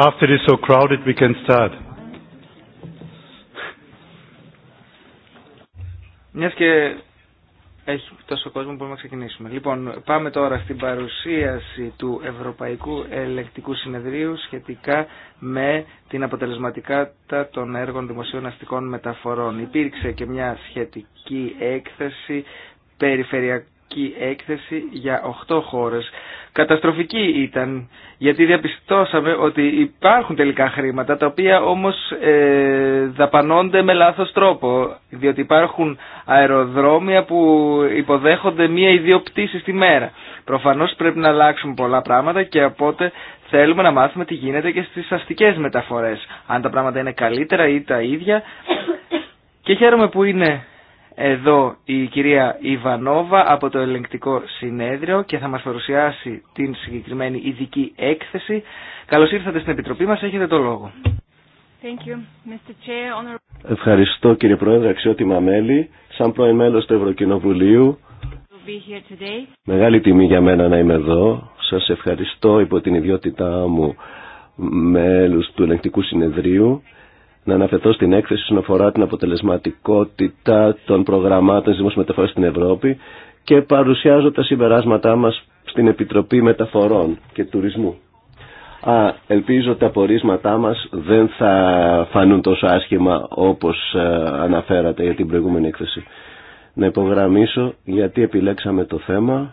After Μιας και έχει τόσο κόσμο μπορούμε να ξεκινήσουμε. Λοιπόν, πάμε τώρα στην παρουσίαση του Ευρωπαϊκού Ελεκτικού Συνεδρίου σχετικά με την αποτελεσματικότητα των έργων δημοσίων αστικών μεταφορών. Υπήρξε και μια σχετική έκθεση περιφερειακή έκθεση για 8 χώρες. Καταστροφική ήταν, γιατί διαπιστώσαμε ότι υπάρχουν τελικά χρήματα, τα οποία όμως ε, δαπανώνται με λάθος τρόπο, διότι υπάρχουν αεροδρόμια που υποδέχονται μία ή δύο πτήσεις τη μέρα. Προφανώς πρέπει να αλλάξουμε πολλά πράγματα και οπότε θέλουμε να μάθουμε τι γίνεται και στις αστικές μεταφορές. Αν τα πράγματα είναι καλύτερα ή τα ίδια. Και χαίρομαι που είναι εδώ η κυρία Ιβανόβα από το Ελεγκτικό Συνέδριο και θα μας παρουσιάσει την συγκεκριμένη ειδική έκθεση. Καλώς ήρθατε στην Επιτροπή μας, έχετε το λόγο. Thank you, Mr. Chair. Ευχαριστώ κύριε Πρόεδρε, αξιότιμα μέλη. Σαν πρώην μέλος του Ευρωκοινοβουλίου, μεγάλη τιμή για μένα να είμαι εδώ. Σας ευχαριστώ υπό την ιδιότητά μου μέλους του Ελεγκτικού Συνεδρίου να αναφερθώ στην έκθεση όσον αφορά την αποτελεσματικότητα των προγραμμάτων της μεταφοράς στην Ευρώπη και παρουσιάζω τα συμπεράσματά μας στην Επιτροπή Μεταφορών και Τουρισμού. Α, ελπίζω τα πορίσματά μας δεν θα φανούν τόσο άσχημα όπως ε, αναφέρατε για την προηγούμενη έκθεση. Να υπογραμμίσω γιατί επιλέξαμε το θέμα.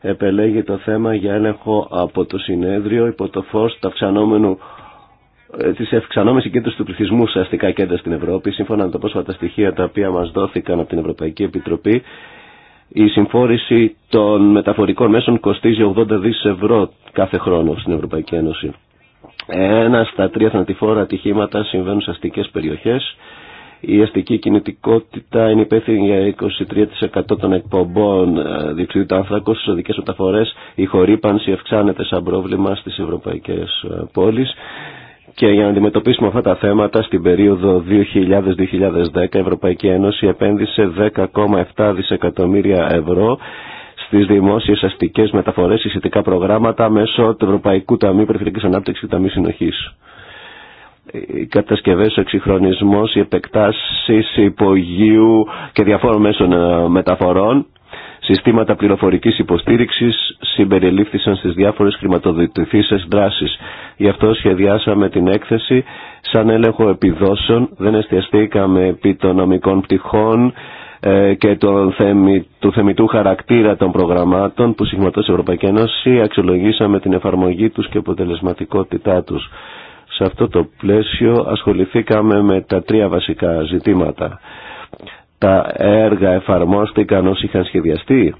Επελέγει το θέμα για έλεγχο από το συνέδριο υπό το φως του αυξανόμενου ε, Τη ευξανόμενης κέντρου του πληθυσμού σε αστικά κέντρα στην Ευρώπη. Σύμφωνα με τα πρόσφατα στοιχεία τα οποία μα δόθηκαν από την Ευρωπαϊκή Επιτροπή, η συμφόρηση των μεταφορικών μέσων κοστίζει 80 δι ευρώ κάθε χρόνο στην Ευρωπαϊκή Ένωση. Ένα στα τρία θανατηφόρα ατυχήματα συμβαίνουν σε αστικέ περιοχές. Η αστική κινητικότητα είναι υπεύθυνη για 23% των εκπομπών ε, διεξιδίου του άνθρακο στι οδικέ μεταφορέ. Η χορύπανση αυξάνεται σαν πρόβλημα στι ευρωπαϊκέ ε, πόλει. Και για να αντιμετωπίσουμε αυτά τα θέματα, στην περίοδο 2000-2010 η Ευρωπαϊκή Ένωση επένδυσε 10,7 δισεκατομμύρια ευρώ στις δημόσιες αστικές μεταφορές και προγράμματα μέσω του Ευρωπαϊκού Ταμείου Περιφερειακής Ανάπτυξης και Ταμείου Συνοχής. Οι κατασκευές, ο εξυγχρονισμός, οι επεκτάσεις υπογείου και διαφόρων μέσων ε, μεταφορών Συστήματα πληροφορικής υποστήριξης συμπεριλήφθησαν στις διάφορες χρηματοδοτηθήσει δράσεις. Γι' αυτό σχεδιάσαμε την έκθεση σαν έλεγχο επιδόσεων. Δεν εστιαστήκαμε επί των νομικών πτυχών ε, και τον του θεμητού χαρακτήρα των προγραμμάτων που συγχωρεί η Ευρωπαϊκή Ένωση αξιολογήσαμε την εφαρμογή τους και αποτελεσματικότητά του. Σε αυτό το πλαίσιο ασχοληθήκαμε με τα τρία βασικά ζητήματα τα έργα εφαρμόστηκαν όσοι είχαν σχεδιαστεί.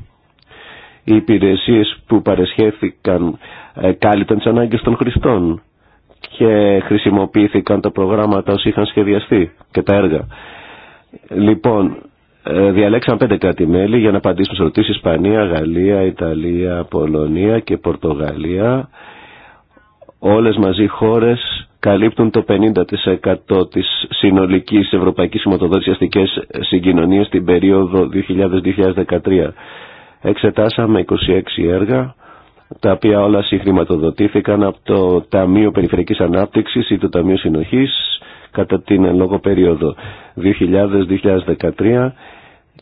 Οι υπηρεσίες που παρεσχέθηκαν ε, κάλυπταν τις ανάγκες των χρηστών και χρησιμοποιήθηκαν τα προγράμματα όσοι είχαν σχεδιαστεί και τα έργα. Λοιπόν, ε, διαλέξαμε πέντε κράτη-μέλη για να απαντήσουν σε ερωτήσεις Ισπανία, Γαλλία, Ιταλία, Πολωνία και Πορτογαλία. Όλες μαζί χώρες καλύπτουν το 50% της συνολικής ευρωπαϊκής χρηματοδότησης αστικές συγκοινωνίες την περίοδο 2000-2013. Εξετάσαμε 26 έργα, τα οποία όλα συγχρηματοδοτήθηκαν από το Ταμείο Περιφερειακής Ανάπτυξης ή το Ταμείο Συνοχής κατά την λόγω περίοδο 2000-2013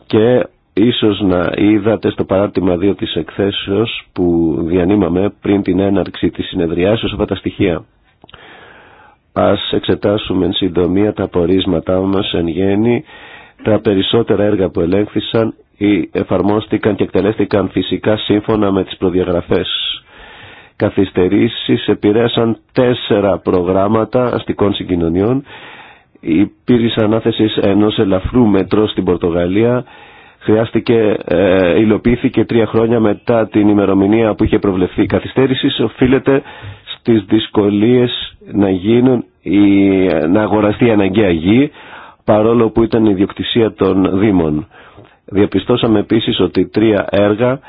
και ίσως να είδατε στο παράρτημα 2 της εκθέσεως που διανύμαμε πριν την έναρξη της συνεδριάσεως αυτά τα στοιχεία. Ας εξετάσουμε εν συντομία τα πορίσματά μας εν γέννη. Τα περισσότερα έργα που ελέγχθησαν ή εφαρμόστηκαν και εκτελέστηκαν φυσικά σύμφωνα με τις προδιαγραφές. Καθυστερήσεις επηρέασαν τέσσερα προγράμματα αστικών συγκοινωνιών. Υπήρξε ανάθεση ενός ελαφρού μετρό στην Πορτογαλία. Χρειάστηκε, ε, υλοποιήθηκε τρία χρόνια μετά την ημερομηνία που είχε προβλεφθεί. Η καθυστέρηση οφείλεται τις δυσκολίες να γίνουν η, να αγοραστεί η αναγκαία γη παρόλο που ήταν η διοκτησία των Δήμων. Διαπιστώσαμε επίσης ότι τρία έργα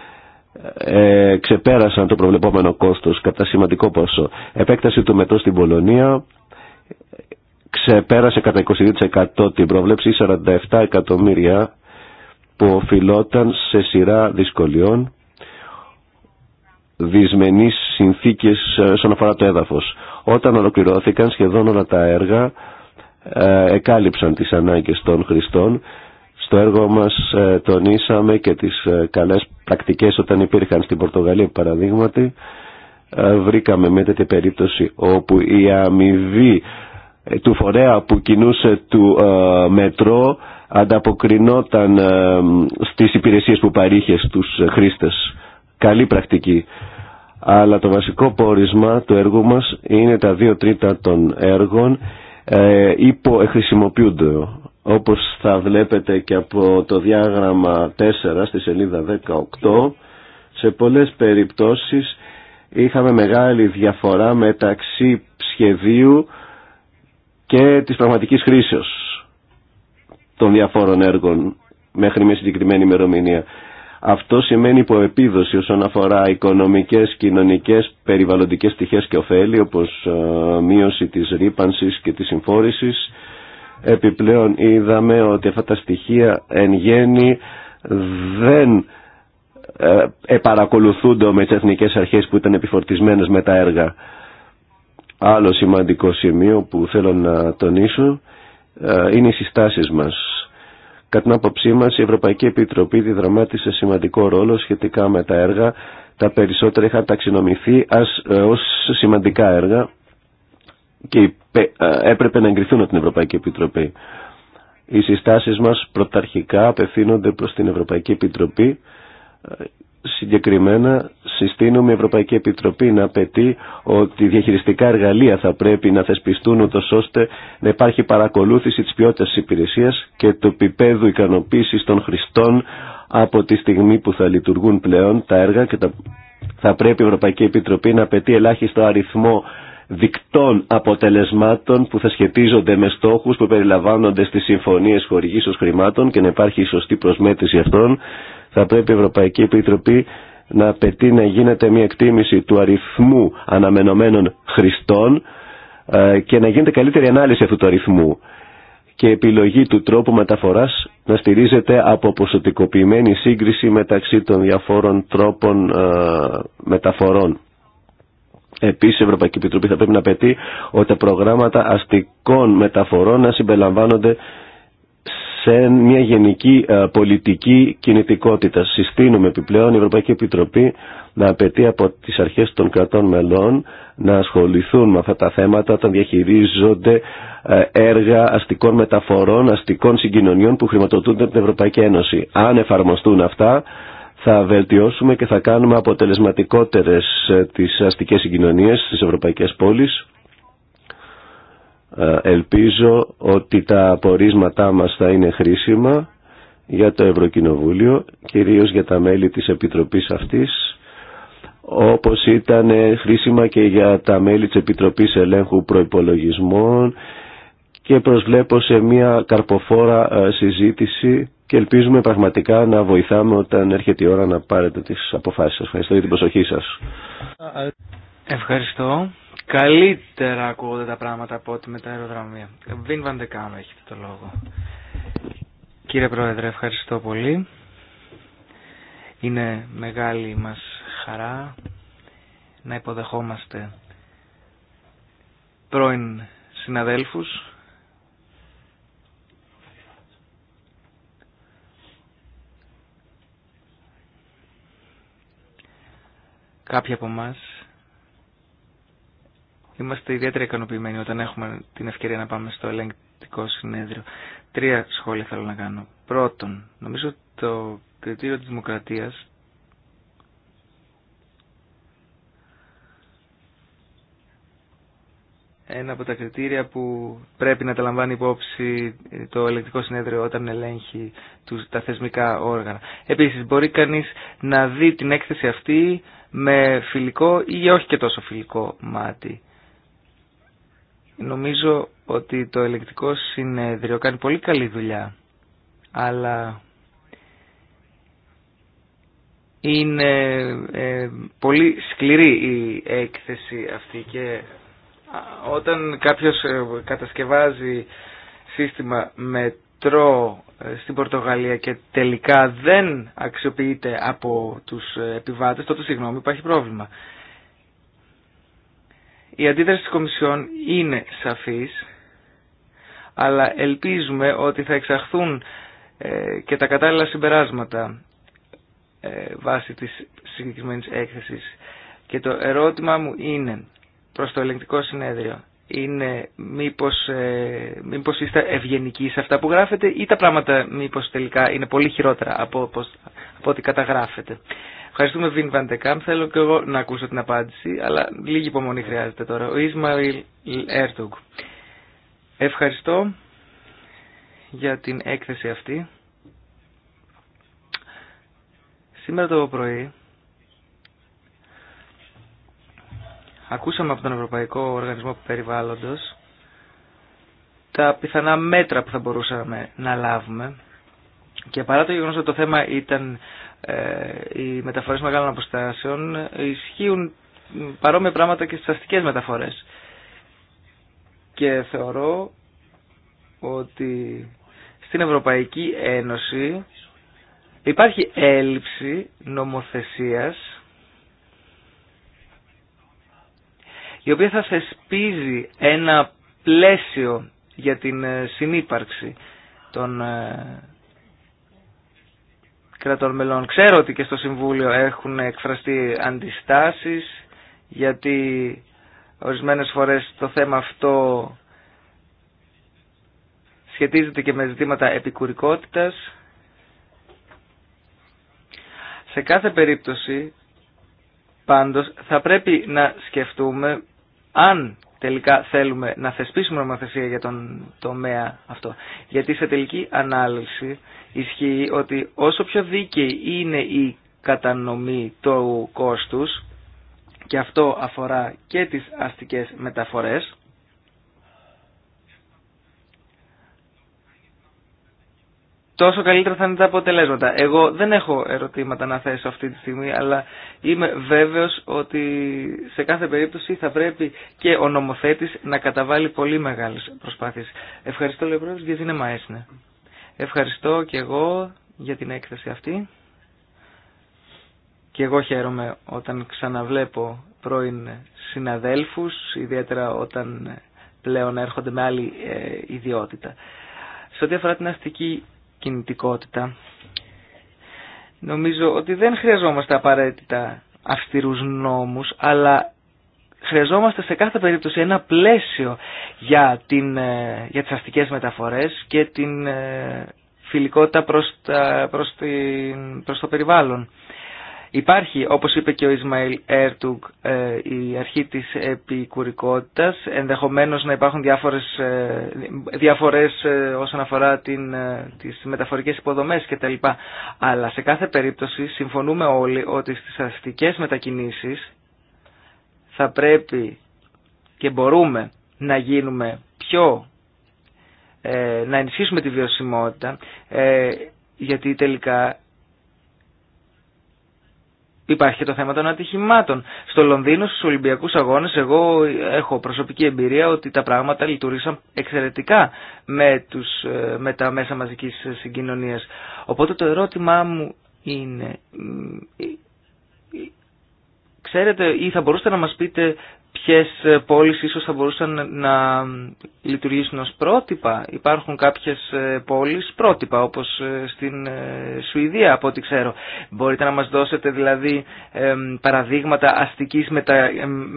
ε, ξεπέρασαν το προβλεπόμενο κόστος κατά σημαντικό πόσο. Επέκταση του μετρό στην Πολωνία ξεπέρασε κατά 22% την πρόβλεψη 47 εκατομμύρια που οφειλόταν σε σειρά δυσκολιών δυσμενείς συνθήκες ε, όσον αφορά το έδαφος. Όταν ολοκληρώθηκαν σχεδόν όλα τα έργα ε, εκάλυψαν τις ανάγκες των χρηστών. Στο έργο μας ε, τονίσαμε και τις καλές πρακτικές όταν υπήρχαν στην Πορτογαλία παραδείγματι. Βρήκαμε με τέτοια περίπτωση όπου η αμοιβή του φορέα που κινούσε του μετρό ανταποκρινόταν στις υπηρεσίες που παρήχε στους χρήστες καλή πρακτική. Αλλά το βασικό πόρισμα του έργου μας είναι τα δύο τρίτα των έργων ε, υποεχρησιμοποιούνται. Όπως θα βλέπετε και από το διάγραμμα 4 στη σελίδα 18, σε πολλές περιπτώσεις είχαμε μεγάλη διαφορά μεταξύ σχεδίου και της πραγματικής χρήσεως των διαφόρων έργων μέχρι μια συγκεκριμένη ημερομηνία. Αυτό σημαίνει υποεπίδοση όσον αφορά οικονομικές, κοινωνικές, περιβαλλοντικές στοιχές και ωφέλη όπως ε, μείωση της ρήπανσης και της συμφόρησης. Επιπλέον είδαμε ότι αυτά τα στοιχεία εν γέννη δεν ε, επαρακολουθούνται με τις εθνικές αρχές που ήταν επιφορτισμένες με τα έργα. Άλλο σημαντικό σημείο που θέλω να τονίσω ε, είναι οι συστάσεις μας Κατά την άποψή μα, η Ευρωπαϊκή Επιτροπή διδραμάτισε σημαντικό ρόλο σχετικά με τα έργα. Τα περισσότερα είχαν ταξινομηθεί ε, ω σημαντικά έργα και ε, έπρεπε να εγκριθούν από την Ευρωπαϊκή Επιτροπή. Οι συστάσεις μας πρωταρχικά απευθύνονται προς την Ευρωπαϊκή Επιτροπή Συγκεκριμένα συστήνουμε η Ευρωπαϊκή Επιτροπή να απαιτεί ότι διαχειριστικά εργαλεία θα πρέπει να θεσπιστούν ούτως ώστε να υπάρχει παρακολούθηση της ποιότητας της υπηρεσίας και του επίπεδου ικανοποίησης των χρηστών από τη στιγμή που θα λειτουργούν πλέον τα έργα και τα... θα πρέπει η Ευρωπαϊκή Επιτροπή να απαιτεί ελάχιστο αριθμό δικτών αποτελεσμάτων που θα σχετίζονται με στόχους που περιλαμβάνονται στις συμφωνίες χορηγήσεως χρημάτων και να υπάρχει η σωστή προσμέτρηση αυτών θα πρέπει η Ευρωπαϊκή Επιτροπή να απαιτεί να γίνεται μια εκτίμηση του αριθμού αναμενωμένων χρηστών ε, και να γίνεται καλύτερη ανάλυση αυτού του αριθμού και επιλογή του τρόπου μεταφοράς να στηρίζεται από ποσοτικοποιημένη σύγκριση μεταξύ των διαφόρων τρόπων ε, μεταφορών. Επίσης η Ευρωπαϊκή Επιτροπή θα πρέπει να απαιτεί ότι τα προγράμματα αστικών μεταφορών να συμπεριλαμβάνονται σε μια γενική ε, πολιτική κινητικότητα. Συστήνουμε επιπλέον η Ευρωπαϊκή Επιτροπή να απαιτεί από τις αρχές των κρατών μελών να ασχοληθούν με αυτά τα θέματα όταν διαχειρίζονται ε, έργα αστικών μεταφορών, αστικών συγκοινωνιών που χρηματοδοτούνται από την Ευρωπαϊκή Ένωση. Αν εφαρμοστούν αυτά θα βελτιώσουμε και θα κάνουμε αποτελεσματικότερες ε, τις αστικές συγκοινωνίες στις ευρωπαϊκές πόλεις ε, ελπίζω ότι τα απορίσματά μας θα είναι χρήσιμα για το Ευρωκοινοβούλιο, κυρίως για τα μέλη της Επιτροπής αυτής, όπως ήταν χρήσιμα και για τα μέλη της Επιτροπής Ελέγχου Προϋπολογισμών και προσβλέπω σε μια καρποφόρα ε, συζήτηση και ελπίζουμε πραγματικά να βοηθάμε όταν έρχεται η ώρα να πάρετε τις αποφάσεις σας. Ευχαριστώ για την προσοχή σας. Ευχαριστώ. Καλύτερα ακούγονται τα πράγματα από ότι με τα αεροδρομία. Βιν Βαντεκάμ έχετε το λόγο. Κύριε Πρόεδρε, ευχαριστώ πολύ. Είναι μεγάλη μας χαρά να υποδεχόμαστε πρώην συναδέλφους Κάποιοι από εμάς Είμαστε ιδιαίτερα ικανοποιημένοι όταν έχουμε την ευκαιρία να πάμε στο ελεγκτικό συνέδριο. Τρία σχόλια θέλω να κάνω. Πρώτον, νομίζω το κριτήριο της δημοκρατίας ένα από τα κριτήρια που πρέπει να τα λαμβάνει υπόψη το ελεγκτικό συνέδριο όταν ελέγχει τα θεσμικά όργανα. Επίσης μπορεί κανείς να δει την έκθεση αυτή με φιλικό ή όχι και τόσο φιλικό μάτι. Νομίζω ότι το ελεκτικό συνέδριο κάνει πολύ καλή δουλειά, αλλά είναι ε, πολύ σκληρή η έκθεση αυτή και όταν κάποιος ε, κατασκευάζει σύστημα μετρό ε, στην Πορτογαλία και τελικά δεν αξιοποιείται από τους επιβάτες, τότε συγγνώμη υπάρχει πρόβλημα. Η αντίδραση της Κομισιόν είναι σαφής, αλλά ελπίζουμε ότι θα εξαχθούν ε, και τα κατάλληλα συμπεράσματα ε, βάσει της συγκεκριμένης έκθεσης. Και το ερώτημα μου είναι προς το ελεγκτικό συνέδριο είναι μήπως, ε, μήπως είστε ευγενικοί σε αυτά που γράφετε ή τα πράγματα μήπως τελικά είναι πολύ χειρότερα από, από, από ό,τι καταγράφετε. Ευχαριστούμε Βιν Βαντεκάμ. Θέλω και εγώ να ακούσω την απάντηση, αλλά λίγη υπομονή χρειάζεται τώρα. Ο Ισμαήλ Έρτουγκ. Ευχαριστώ για την έκθεση αυτή. Σήμερα το πρωί ακούσαμε από τον Ευρωπαϊκό Οργανισμό Περιβάλλοντος τα πιθανά μέτρα που θα μπορούσαμε να λάβουμε και παρά το γεγονός ότι το θέμα ήταν ε, οι μεταφορές μεγάλων αποστάσεων ισχύουν παρόμοια πράγματα και στις αστικές μεταφορές. Και θεωρώ ότι στην Ευρωπαϊκή Ένωση υπάρχει έλλειψη νομοθεσίας η οποία θα θεσπίζει ένα πλαίσιο για την συνύπαρξη των ε, κρατών Ξέρω ότι και στο Συμβούλιο έχουν εκφραστεί αντιστάσεις γιατί ορισμένες φορές το θέμα αυτό σχετίζεται και με ζητήματα επικουρικότητας. Σε κάθε περίπτωση πάντως θα πρέπει να σκεφτούμε αν τελικά θέλουμε να θεσπίσουμε νομοθεσία για τον τομέα αυτό. Γιατί σε τελική ανάλυση ισχύει ότι όσο πιο δίκαιη είναι η κατανομή του κόστους και αυτό αφορά και τις αστικές μεταφορές τόσο καλύτερα θα είναι τα αποτελέσματα. Εγώ δεν έχω ερωτήματα να θέσω αυτή τη στιγμή, αλλά είμαι βέβαιος ότι σε κάθε περίπτωση θα πρέπει και ο νομοθέτης να καταβάλει πολύ μεγάλες προσπάθειες. Ευχαριστώ, Λεπρόεδρος, για την Ευχαριστώ και εγώ για την έκθεση αυτή. Και εγώ χαίρομαι όταν ξαναβλέπω πρώην συναδέλφους, ιδιαίτερα όταν πλέον έρχονται με άλλη ε, ιδιότητα. Σε ό,τι αφορά την αστική κινητικότητα, νομίζω ότι δεν χρειαζόμαστε απαραίτητα αυστηρούς νόμους, αλλά χρειαζόμαστε σε κάθε περίπτωση ένα πλαίσιο για, την, ε, για τις αστικές μεταφορές και την ε, φιλικότητα προς, προς, προς το περιβάλλον. Υπάρχει, όπως είπε και ο Ισμαήλ Έρτουγκ, ε, η αρχή της επικουρικότητας, ενδεχομένως να υπάρχουν διάφορες, διαφορές όσον αφορά την, τις μεταφορικές υποδομές κτλ. Αλλά σε κάθε περίπτωση συμφωνούμε όλοι ότι στις αστικές μετακινήσεις θα πρέπει και μπορούμε να γίνουμε πιο, ε, να ενισχύσουμε τη βιωσιμότητα, ε, γιατί τελικά Υπάρχει και το θέμα των ατυχημάτων. Στο Λονδίνο, στους Ολυμπιακούς Αγώνες, εγώ έχω προσωπική εμπειρία ότι τα πράγματα λειτουργήσαν εξαιρετικά με, τους, ε, με τα μέσα μαζικής συγκοινωνίας. Οπότε το ερώτημά μου είναι, Ξέρετε ή θα μπορούσατε να μας πείτε ποιες πόλεις ίσως θα μπορούσαν να λειτουργήσουν ως πρότυπα. Υπάρχουν κάποιες ε, πόλεις πρότυπα όπως ε, στην ε, Σουηδία από ό,τι ξέρω. Μπορείτε να μας δώσετε δηλαδή παραδείγματα αστικής μετα...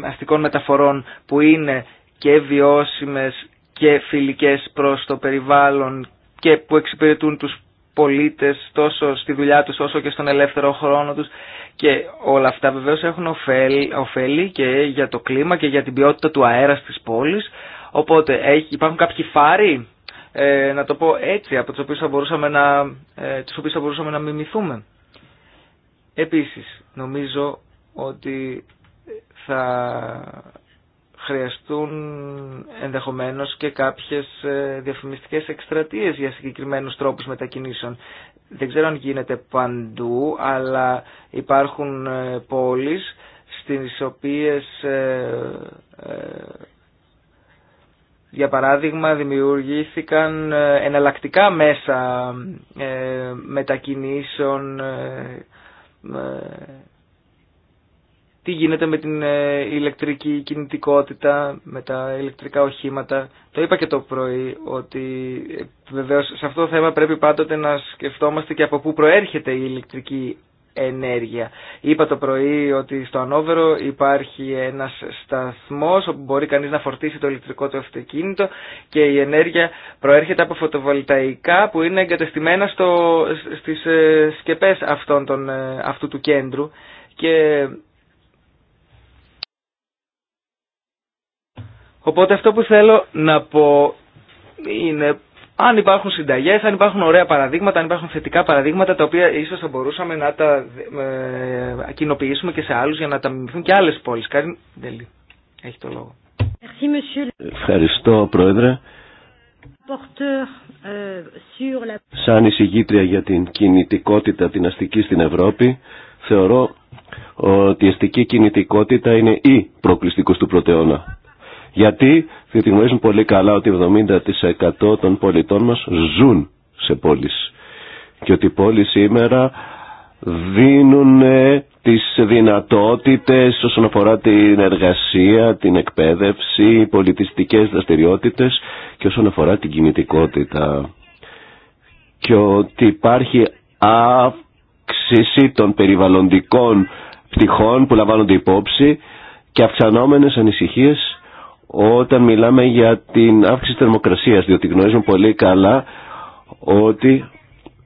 αστικών μεταφορών που είναι και βιώσιμες και φιλικές προς το περιβάλλον και που εξυπηρετούν τους πολίτες τόσο στη δουλειά τους όσο και στον ελεύθερο χρόνο τους και όλα αυτά βεβαίως έχουν ωφέλη, και για το κλίμα και για την ποιότητα του αέρα στις πόλεις οπότε υπάρχουν κάποιοι φάροι ε, να το πω έτσι από τους οποίους θα μπορούσαμε να, ε, τους οποίους θα μπορούσαμε να μιμηθούμε επίσης νομίζω ότι θα χρειαστούν ενδεχομένως και κάποιες ε, διαφημιστικές εκστρατείες για συγκεκριμένους τρόπους μετακινήσεων. Δεν ξέρω αν γίνεται παντού, αλλά υπάρχουν ε, πόλεις στις οποίες, ε, για παράδειγμα, δημιουργήθηκαν εναλλακτικά μέσα μετακινήσεων τι γίνεται με την ε, ηλεκτρική κινητικότητα, με τα ηλεκτρικά οχήματα. Το είπα και το πρωί ότι ε, βεβαίως σε αυτό το θέμα πρέπει πάντοτε να σκεφτόμαστε και από πού προέρχεται η ηλεκτρική ενέργεια. Είπα το πρωί ότι στο Ανόβερο υπάρχει ένας σταθμός όπου μπορεί κανείς να φορτίσει το ηλεκτρικό του αυτοκίνητο και η ενέργεια προέρχεται από φωτοβολταϊκά που είναι εγκατεστημένα στο, στις ε, σκεπές αυτού του κέντρου και Οπότε αυτό που θέλω να πω είναι αν υπάρχουν συνταγέ, αν υπάρχουν ωραία παραδείγματα, αν υπάρχουν θετικά παραδείγματα τα οποία ίσω θα μπορούσαμε να τα ε, κοινοποιήσουμε και σε άλλου για να τα μιμηθούν και άλλε πόλει. έχει το λόγο. Ευχαριστώ, Πρόεδρε. Euh, Σαν εισηγήτρια για την κινητικότητα την αστική στην Ευρώπη, θεωρώ ότι η αστική κινητικότητα είναι ή προκληστικός του πρωτεώνα γιατί, διότι γνωρίζουν πολύ καλά ότι 70% των πολιτών μας ζουν σε πόλεις και ότι οι πόλεις σήμερα δίνουν ε, τις δυνατότητες όσον αφορά την εργασία, την εκπαίδευση, πολιτιστικές δραστηριότητες και όσον αφορά την κινητικότητα. Και ότι υπάρχει αύξηση των περιβαλλοντικών πτυχών που λαμβάνονται υπόψη και αυξανόμενες ανησυχίες όταν μιλάμε για την αύξηση θερμοκρασίας, διότι γνωρίζουμε πολύ καλά ότι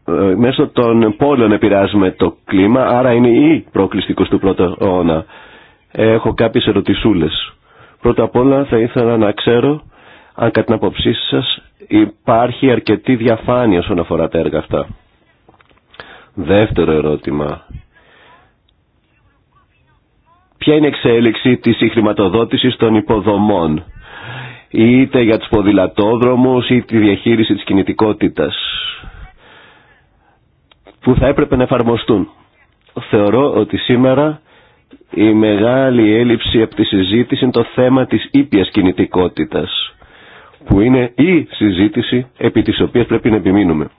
ε, μέσω των πόλεων επηρεάζουμε το κλίμα, άρα είναι η πρόκληση του πρώτου αιώνα. Έχω κάποιες ερωτησούλες. Πρώτα απ' όλα θα ήθελα να ξέρω αν κατά την απόψή σας υπάρχει αρκετή διαφάνεια όσον αφορά τα έργα αυτά. Δεύτερο ερώτημα ποια είναι η εξέλιξη της χρηματοδότησης των υποδομών είτε για τους ποδηλατόδρομους ή τη διαχείριση της κινητικότητας που θα έπρεπε να εφαρμοστούν. Θεωρώ ότι σήμερα η μεγάλη έλλειψη από τη συζήτηση είναι το θέμα της ήπιας κινητικότητας που είναι η συζήτηση επί της οποίας πρέπει να επιμείνουμε.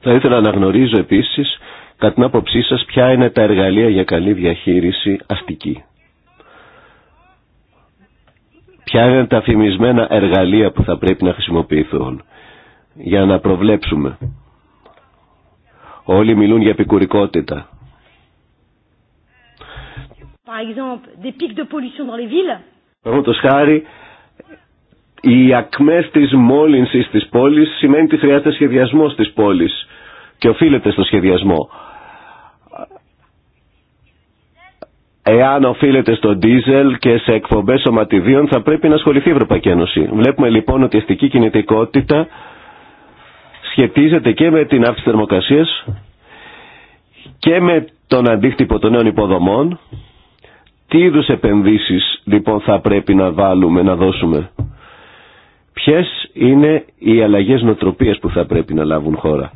Θα ήθελα να γνωρίζω επίσης Κατά την άποψή σας, ποια είναι τα εργαλεία για καλή διαχείριση αστική. Ποια είναι τα φημισμένα εργαλεία που θα πρέπει να χρησιμοποιηθούν για να προβλέψουμε. Όλοι μιλούν για επικουρικότητα. Παραδείγματος χάρη, οι ακμές της μόλυνσης της πόλης σημαίνει ότι χρειάζεται σχεδιασμός της πόλης και οφείλεται στο σχεδιασμό. εάν οφείλεται στο ντίζελ και σε εκπομπέ σωματιδίων θα πρέπει να ασχοληθεί η Ευρωπαϊκή Ένωση. Βλέπουμε λοιπόν ότι η αστική κινητικότητα σχετίζεται και με την αύξηση θερμοκρασία και με τον αντίκτυπο των νέων υποδομών. Τι είδου επενδύσει λοιπόν θα πρέπει να βάλουμε, να δώσουμε. ποιε είναι οι αλλαγέ νοτροπίας που θα πρέπει να λάβουν χώρα.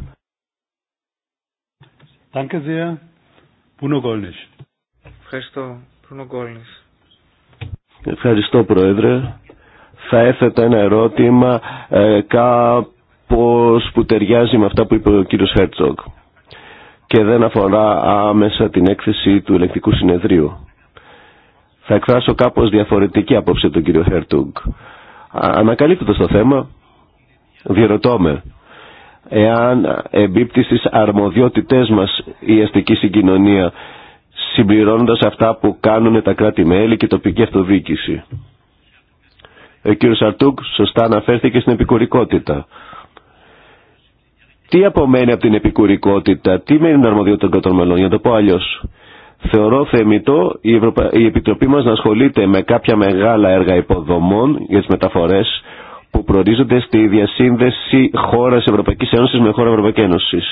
Ευχαριστώ. Ευχαριστώ Πρόεδρε. Θα έθετα ένα ερώτημα ε, κάπως που ταιριάζει με αυτά που είπε ο κύριος Χέρτσογκ και δεν αφορά άμεσα την έκθεση του ελεκτικού συνεδρίου. Θα εκφράσω κάπως διαφορετική απόψη τον κύριο Χέρτσογκ. Ανακαλύπτοντας το θέμα, διερωτώ εάν εμπίπτει στις αρμοδιότητές μας η αστική συγκοινωνία συμπληρώνοντας αυτά που κάνουν τα κράτη-μέλη και η τοπική αυτοδιοίκηση. Ο ε, κύριος Σαρτούκ σωστά αναφέρθηκε στην επικουρικότητα. Τι απομένει από την επικουρικότητα, τι μένει να αρμοδιότητα των κρατών μελών, για να το πω αλλιώ. Θεωρώ θεμητό η, Ευρωπα... Επιτροπή μας να ασχολείται με κάποια μεγάλα έργα υποδομών για τις μεταφορές που προορίζονται στη διασύνδεση χώρας Ευρωπαϊκής Ένωσης με χώρα Ευρωπαϊκής Ένωσης.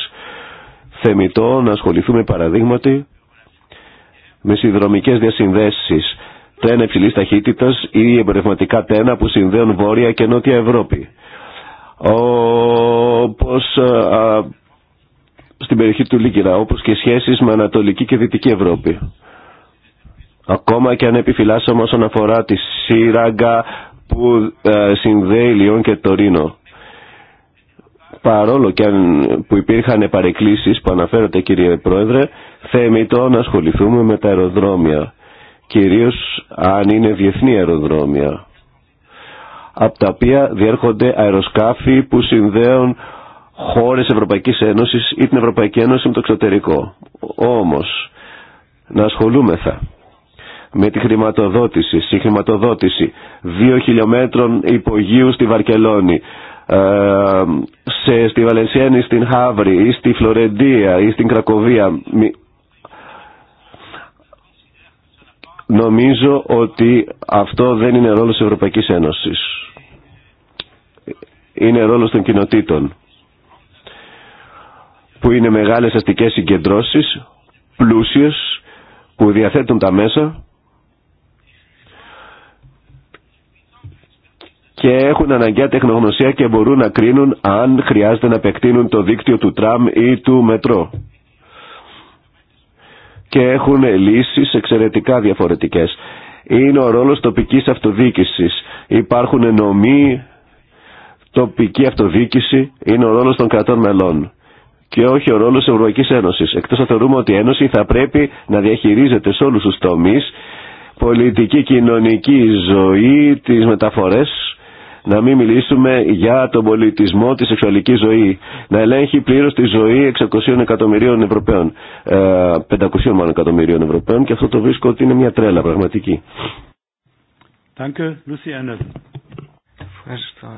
Θεμητό να ασχοληθούμε παραδείγματι με συνδρομικές διασυνδέσεις τρένα υψηλή ταχύτητα ή εμπορευματικά τένα που συνδέουν Βόρεια και Νότια Ευρώπη. Όπως στην περιοχή του Λίγκυρα, όπως και σχέσεις με Ανατολική και Δυτική Ευρώπη. Ακόμα και αν επιφυλάσσομαι όσον αφορά τη σύραγγα που ε, συνδέει Λιόν και Τωρίνο παρόλο και αν που υπήρχαν παρεκκλήσεις που αναφέρατε κύριε Πρόεδρε, θέμητο να ασχοληθούμε με τα αεροδρόμια, κυρίως αν είναι διεθνή αεροδρόμια, από τα οποία διέρχονται αεροσκάφη που συνδέουν χώρες Ευρωπαϊκής Ένωσης ή την Ευρωπαϊκή Ένωση με το εξωτερικό. Όμως, να ασχολούμεθα με τη χρηματοδότηση, στη χρηματοδότηση δύο χιλιόμετρων υπογείου στη Βαρκελόνη ε, σε, στη Βαλενσιένη, στην Χαύρη ή στη Φλωρεντία ή στην Κρακοβία νομίζω ότι αυτό δεν είναι ρόλος της Ευρωπαϊκής Ένωσης. Είναι ρόλος των κοινοτήτων που είναι μεγάλες αστικές συγκεντρώσεις, πλούσιες, που διαθέτουν τα μέσα και έχουν αναγκαία τεχνογνωσία και μπορούν να κρίνουν αν χρειάζεται να επεκτείνουν το δίκτυο του τραμ ή του μετρό. Και έχουν λύσεις εξαιρετικά διαφορετικές. Είναι ο ρόλος τοπικής αυτοδιοίκησης. Υπάρχουν νομοί, τοπική αυτοδιοίκηση, είναι ο ρόλος των κρατών μελών και όχι ο ρόλο τη Ευρωπαϊκή Ένωση. Εκτό αν θεωρούμε ότι η Ένωση θα πρέπει να διαχειρίζεται σε όλου του μετρο και εχουν λυσεις εξαιρετικα διαφορετικες ειναι ο ρολος τοπικης αυτοδικησης υπαρχουν νομοι τοπικη αυτοδικηση ειναι ο ρολος των κρατων μελων και οχι ο ρολος της ευρωπαικη ενωση εκτο θεωρουμε οτι η ενωση ζωή, τι μεταφορέ να μην μιλήσουμε για τον πολιτισμό, τη σεξουαλική ζωή. Να ελέγχει πλήρω τη ζωή 600 εκατομμυρίων Ευρωπαίων. 500 ε, εκατομμυρίων Ευρωπαίων και αυτό το βρίσκω ότι είναι μια τρέλα πραγματική. Ευχαριστώ.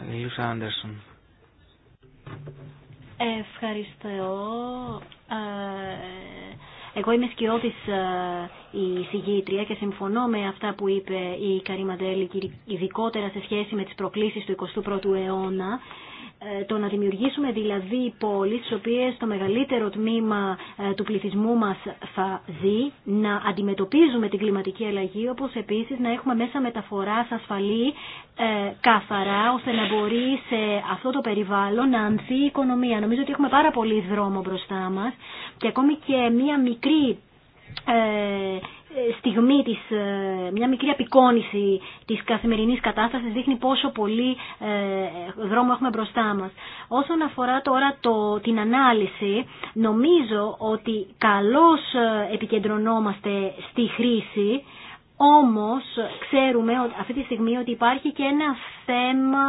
Ευχαριστώ. Ε, εγώ είμαι σκιώδη ε, η συγγήτρια και συμφωνώ με αυτά που είπε η Καρή Μαντέλη, ειδικότερα σε σχέση με τις προκλήσεις του 21ου αιώνα ε, το να δημιουργήσουμε δηλαδή πόλεις στις οποίες το μεγαλύτερο τμήμα ε, του πληθυσμού μας θα δει, να αντιμετωπίζουμε την κλιματική αλλαγή, όπως επίσης να έχουμε μέσα μεταφοράς ασφαλή, ε, καθαρά, ώστε να μπορεί σε αυτό το περιβάλλον να ανθεί η οικονομία. Νομίζω ότι έχουμε πάρα πολύ δρόμο μπροστά μας και ακόμη και μία μικρή στιγμή της, ε, μια μικρή απεικόνηση της καθημερινής κατάστασης δείχνει πόσο πολύ ε, δρόμο έχουμε μπροστά μας. Όσον αφορά τώρα το, την ανάλυση, νομίζω ότι καλώς ε, επικεντρωνόμαστε στη χρήση, όμως ξέρουμε αυτή τη στιγμή ότι υπάρχει και ένα θέμα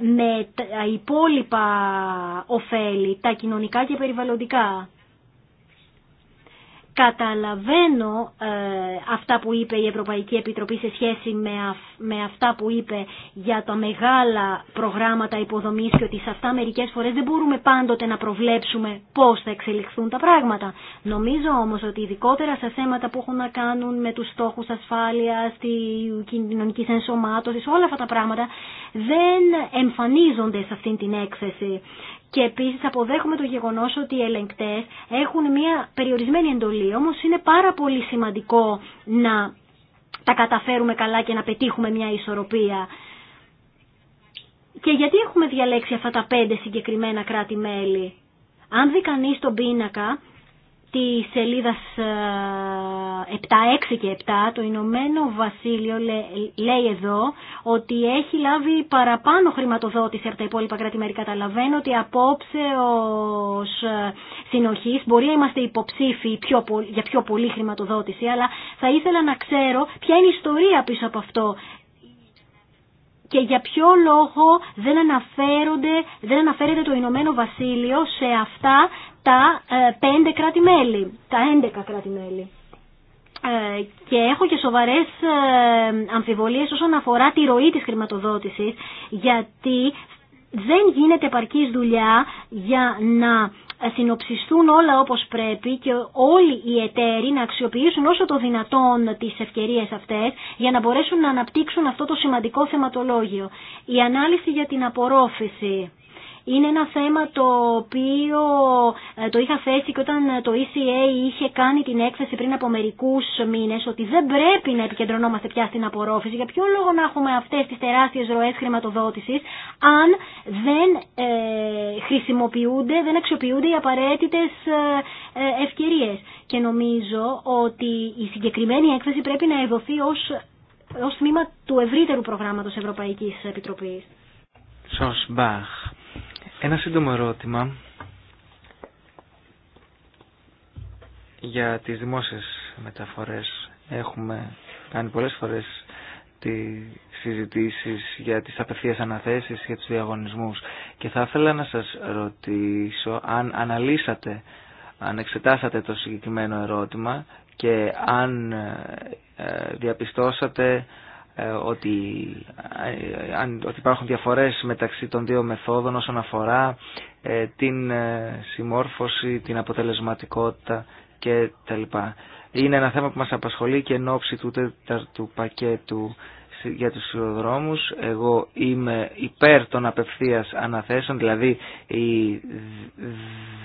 με τα υπόλοιπα ωφέλη, τα κοινωνικά και περιβαλλοντικά. Καταλαβαίνω ε, αυτά που είπε η Ευρωπαϊκή Επιτροπή σε σχέση με, με αυτά που είπε για τα μεγάλα προγράμματα υποδομής και ότι σε αυτά μερικές φορές δεν μπορούμε πάντοτε να προβλέψουμε πώς θα εξελιχθούν τα πράγματα. Νομίζω όμως ότι ειδικότερα σε θέματα που έχουν να κάνουν με τους στόχους ασφάλειας, τη κοινωνική ενσωμάτωση, όλα αυτά τα πράγματα δεν εμφανίζονται σε αυτή την έκθεση και επίση αποδέχομαι το γεγονό ότι οι ελεγκτέ έχουν μια περιορισμένη εντολή, όμω είναι πάρα πολύ σημαντικό να τα καταφέρουμε καλά και να πετύχουμε μια ισορροπία. Και γιατί έχουμε διαλέξει αυτά τα πέντε συγκεκριμένα κράτη-μέλη. Αν δει κανεί τον πίνακα, τη σελίδα 7, ε, 6 και 7, το Ηνωμένο Βασίλειο λέει εδώ ότι έχει λάβει παραπάνω χρηματοδότηση από τα υπόλοιπα Καταλαβαίνω ότι απόψε ω ε, συνοχή μπορεί να είμαστε υποψήφοι για πιο πολύ χρηματοδότηση, αλλά θα ήθελα να ξέρω ποια είναι η ιστορία πίσω από αυτό και για ποιο λόγο δεν, δεν αναφέρεται το Ηνωμένο Βασίλειο σε αυτά τα ε, πέντε κράτη-μέλη, τα 11 κράτη-μέλη ε, και έχω και σοβαρές ε, αμφιβολίες όσον αφορά τη ροή της χρηματοδότησης γιατί δεν γίνεται επαρκής δουλειά για να ε, συνοψιστούν όλα όπως πρέπει και όλοι οι εταίροι να αξιοποιήσουν όσο το δυνατόν τις ευκαιρίες αυτές για να μπορέσουν να αναπτύξουν αυτό το σημαντικό θεματολόγιο. Η ανάλυση για την απορρόφηση είναι ένα θέμα το οποίο ε, το είχα θέσει και όταν ε, το ECA είχε κάνει την έκθεση πριν από μερικού μήνε ότι δεν πρέπει να επικεντρωνόμαστε πια στην απορρόφηση. Για ποιο λόγο να έχουμε αυτέ τι τεράστιε ροέ χρηματοδότηση αν δεν ε, χρησιμοποιούνται, δεν αξιοποιούνται οι απαραίτητε ευκαιρίε. Και νομίζω ότι η συγκεκριμένη έκθεση πρέπει να εδωθεί ω ως τμήμα του ευρύτερου προγράμματος Ευρωπαϊκής Επιτροπής. Σωσμπάχ. Ένα σύντομο ερώτημα για τις δημόσιες μεταφορές. Έχουμε κάνει πολλές φορές τις συζητήσεις για τις απευθείας αναθέσεις, για τους διαγωνισμούς και θα ήθελα να σας ρωτήσω αν αναλύσατε, αν εξετάσατε το συγκεκριμένο ερώτημα και αν ε, διαπιστώσατε ε, ότι, ε, ότι υπάρχουν διαφορές μεταξύ των δύο μεθόδων όσον αφορά ε, την συμμόρφωση, την αποτελεσματικότητα και τα Είναι ένα θέμα που μας απασχολεί και εν ώψη του τέταρτου πακέτου για τους σιδηροδρόμους. Εγώ είμαι υπέρ των απευθείας αναθέσεων, δηλαδή οι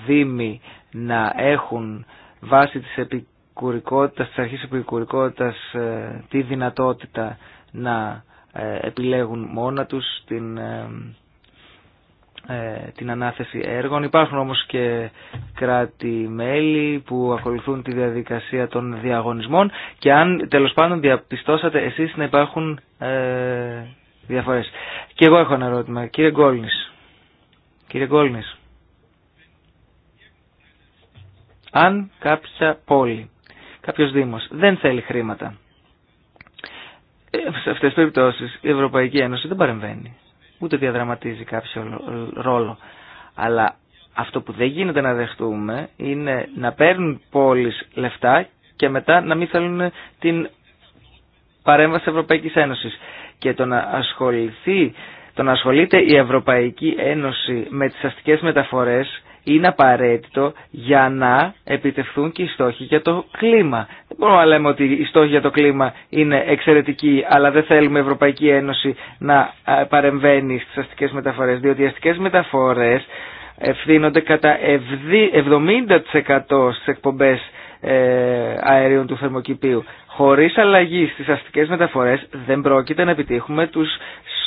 δήμοι να έχουν βάσει της επικουρικότητας, της αρχής επικουρικότητας τη δυνατότητα να ε, επιλέγουν μόνα τους την, ε, ε, την ανάθεση έργων. Υπάρχουν όμως και κράτη-μέλη που ακολουθούν τη διαδικασία των διαγωνισμών και αν τέλος πάντων διαπιστώσατε εσείς να υπάρχουν διαφορές. Και εγώ έχω ένα ερώτημα. Κύριε Γκόλνης. Κύριε Γκόλνης. Αν κάποια πόλη, κάποιος δήμος δεν θέλει χρήματα ε, σε αυτές τις περιπτώσεις η Ευρωπαϊκή Ένωση δεν παρεμβαίνει, ούτε διαδραματίζει κάποιο ρόλο. Αλλά αυτό που δεν γίνεται να δεχτούμε είναι να παίρνουν πόλεις λεφτά και μετά να μην θέλουν την παρέμβαση Ευρωπαϊκής Ένωσης. Και το να, ασχοληθεί, το να ασχολείται η Ευρωπαϊκή Ένωση με τις αστικές μεταφορές είναι απαραίτητο για να επιτευχθούν και οι στόχοι για το κλίμα. Δεν μπορούμε να λέμε ότι οι στόχοι για το κλίμα είναι εξαιρετικοί, αλλά δεν θέλουμε η Ευρωπαϊκή Ένωση να παρεμβαίνει στις αστικές μεταφορές, διότι οι αστικές μεταφορές ευθύνονται κατά 70% στις εκπομπές ε, αερίων του θερμοκηπίου. Χωρίς αλλαγή στις αστικές μεταφορές δεν πρόκειται να επιτύχουμε τους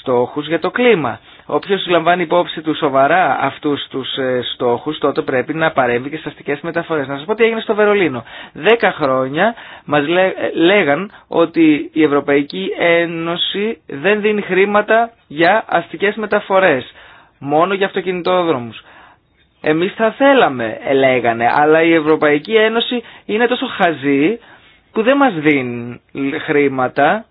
στόχους για το κλίμα. Όποιος λαμβάνει υπόψη του σοβαρά αυτούς τους ε, στόχους, τότε πρέπει να παρέμβει και στις αστικές μεταφορές. Να σας πω τι έγινε στο Βερολίνο. Δέκα χρόνια μας ε, λέγαν ότι η Ευρωπαϊκή Ένωση δεν δίνει χρήματα για αστικές μεταφορές, μόνο για αυτοκινητόδρομους. Εμείς θα θέλαμε, ε, λέγανε, αλλά η Ευρωπαϊκή Ένωση είναι τόσο χαζή που δεν μας δίνει χρήματα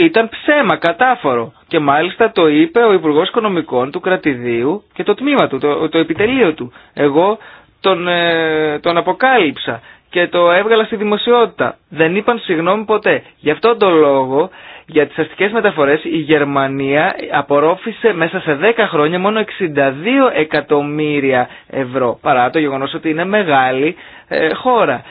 ήταν ψέμα, κατάφορο. Και μάλιστα το είπε ο Υπουργό Οικονομικών του κρατηδίου και το τμήμα του, το, το επιτελείο του. Εγώ τον, ε, τον αποκάλυψα και το έβγαλα στη δημοσιότητα. Δεν είπαν συγγνώμη ποτέ. Γι' αυτόν τον λόγο, για τις αστικές μεταφορές, η Γερμανία απορρόφησε μέσα σε 10 χρόνια μόνο 62 εκατομμύρια ευρώ, παρά το γεγονός ότι είναι μεγάλη ε, χώρα.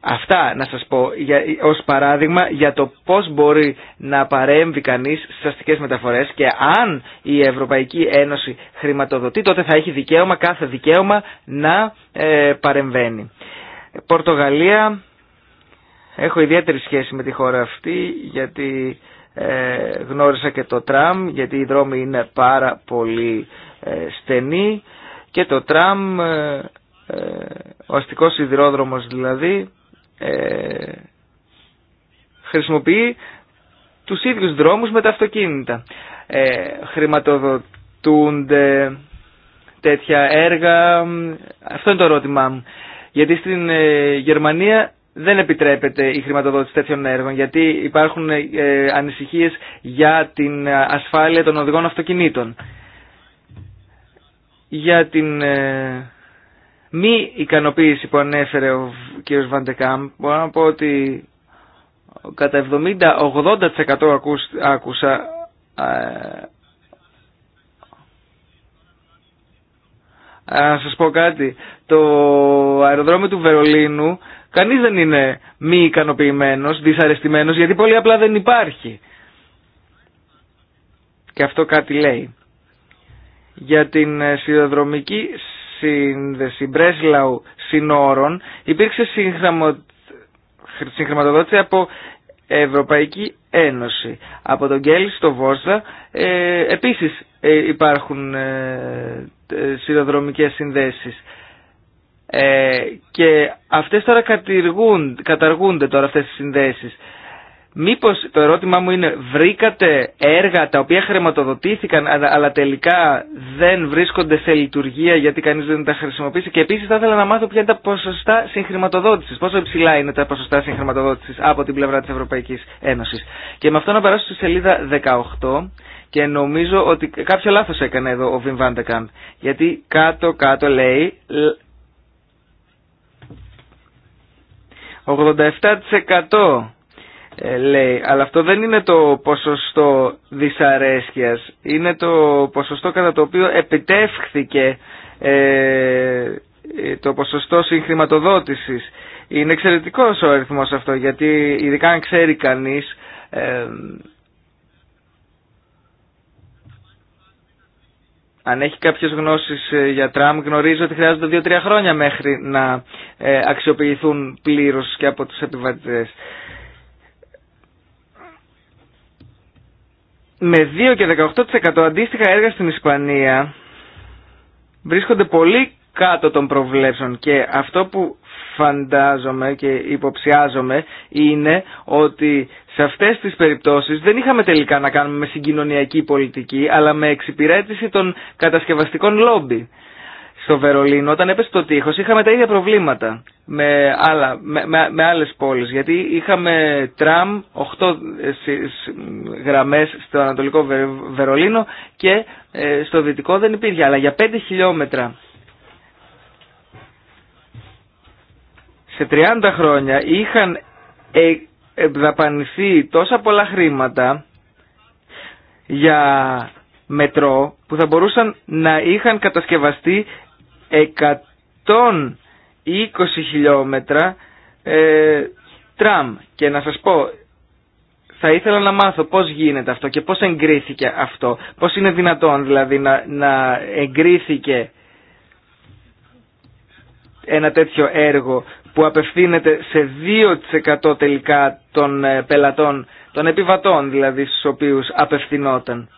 Αυτά να σας πω για, ως παράδειγμα για το πώς μπορεί να παρέμβει κανείς στις αστικές μεταφορές και αν η Ευρωπαϊκή Ένωση χρηματοδοτεί τότε θα έχει δικαίωμα, κάθε δικαίωμα να ε, παρεμβαίνει. Πορτογαλία, έχω ιδιαίτερη σχέση με τη χώρα αυτή γιατί ε, γνώρισα και το τραμ γιατί οι δρόμοι είναι πάρα πολύ ε, στενοί και το τραμ, ε, ε, ο αστικός σιδηρόδρομος δηλαδή, ε, χρησιμοποιεί τους ίδιους δρόμους με τα αυτοκίνητα. Ε, χρηματοδοτούνται τέτοια έργα. Αυτό είναι το ερώτημά μου. Γιατί στην ε, Γερμανία δεν επιτρέπεται η χρηματοδότηση τέτοιων έργων γιατί υπάρχουν ε, ανησυχίες για την ασφάλεια των οδηγών αυτοκινήτων. Για την ε, μη ικανοποίηση που ανέφερε ο κύριος Βαντεκάμ, μπορώ να πω ότι κατά 70-80% άκουσα Να ε, σας πω κάτι, το αεροδρόμιο του Βερολίνου κανείς δεν είναι μη ικανοποιημένος, δυσαρεστημένος, γιατί πολύ απλά δεν υπάρχει. Και αυτό κάτι λέει. Για την σιδηροδρομική σύνδεση Μπρέσλαου συνόρων υπήρξε συγχρηματοδότηση από Ευρωπαϊκή Ένωση. Από τον Γκέλ στο Βόρσα ε, επίσης ε, υπάρχουν ε, σιδηροδρομικές συνδέσεις. Ε, και αυτές τώρα καταργούνται τώρα αυτές οι συνδέσεις. Μήπως το ερώτημά μου είναι βρήκατε έργα τα οποία χρηματοδοτήθηκαν αλλά τελικά δεν βρίσκονται σε λειτουργία γιατί κανείς δεν τα χρησιμοποιήσει. και επίσης θα ήθελα να μάθω ποια είναι τα ποσοστά συγχρηματοδότησης, πόσο υψηλά είναι τα ποσοστά συγχρηματοδότησης από την πλευρά της Ευρωπαϊκής Ένωσης. Και με αυτό να περάσω στη σελίδα 18 και νομίζω ότι κάποιο λάθος έκανε εδώ ο Βιμ Βάντεκαμπ γιατί κάτω κάτω λέει 87% ε, λέει, αλλά αυτό δεν είναι το ποσοστό δυσαρέσκειας, είναι το ποσοστό κατά το οποίο επιτεύχθηκε ε, το ποσοστό συγχρηματοδότησης. Είναι εξαιρετικός ο αριθμός αυτό, γιατί ειδικά αν ξέρει κανείς ε, αν έχει κάποιες γνώσεις για Τραμ γνωρίζει ότι χρειάζονται 2-3 χρόνια μέχρι να αξιοποιηθούν πλήρως και από τους επιβατητές. με 2 και 18% αντίστοιχα έργα στην Ισπανία βρίσκονται πολύ κάτω των προβλέψεων και αυτό που φαντάζομαι και υποψιάζομαι είναι ότι σε αυτές τις περιπτώσεις δεν είχαμε τελικά να κάνουμε με συγκοινωνιακή πολιτική αλλά με εξυπηρέτηση των κατασκευαστικών λόμπι στο Βερολίνο, όταν έπεσε το τείχο, είχαμε τα ίδια προβλήματα με, άλλα, με, με, άλλες πόλεις. Γιατί είχαμε τραμ, 8 ε, γραμμές στο Ανατολικό Βερολίνο και ε, στο Δυτικό δεν υπήρχε. Αλλά για 5 χιλιόμετρα σε 30 χρόνια είχαν ε, δαπανηθεί τόσα πολλά χρήματα για μετρό που θα μπορούσαν να είχαν κατασκευαστεί 120 χιλιόμετρα ε, τραμ και να σας πω θα ήθελα να μάθω πώς γίνεται αυτό και πώς εγκρίθηκε αυτό πώς είναι δυνατόν δηλαδή να, να εγκρίθηκε ένα τέτοιο έργο που απευθύνεται σε 2% τελικά των ε, πελατών των επιβατών δηλαδή στους οποίους απευθυνόταν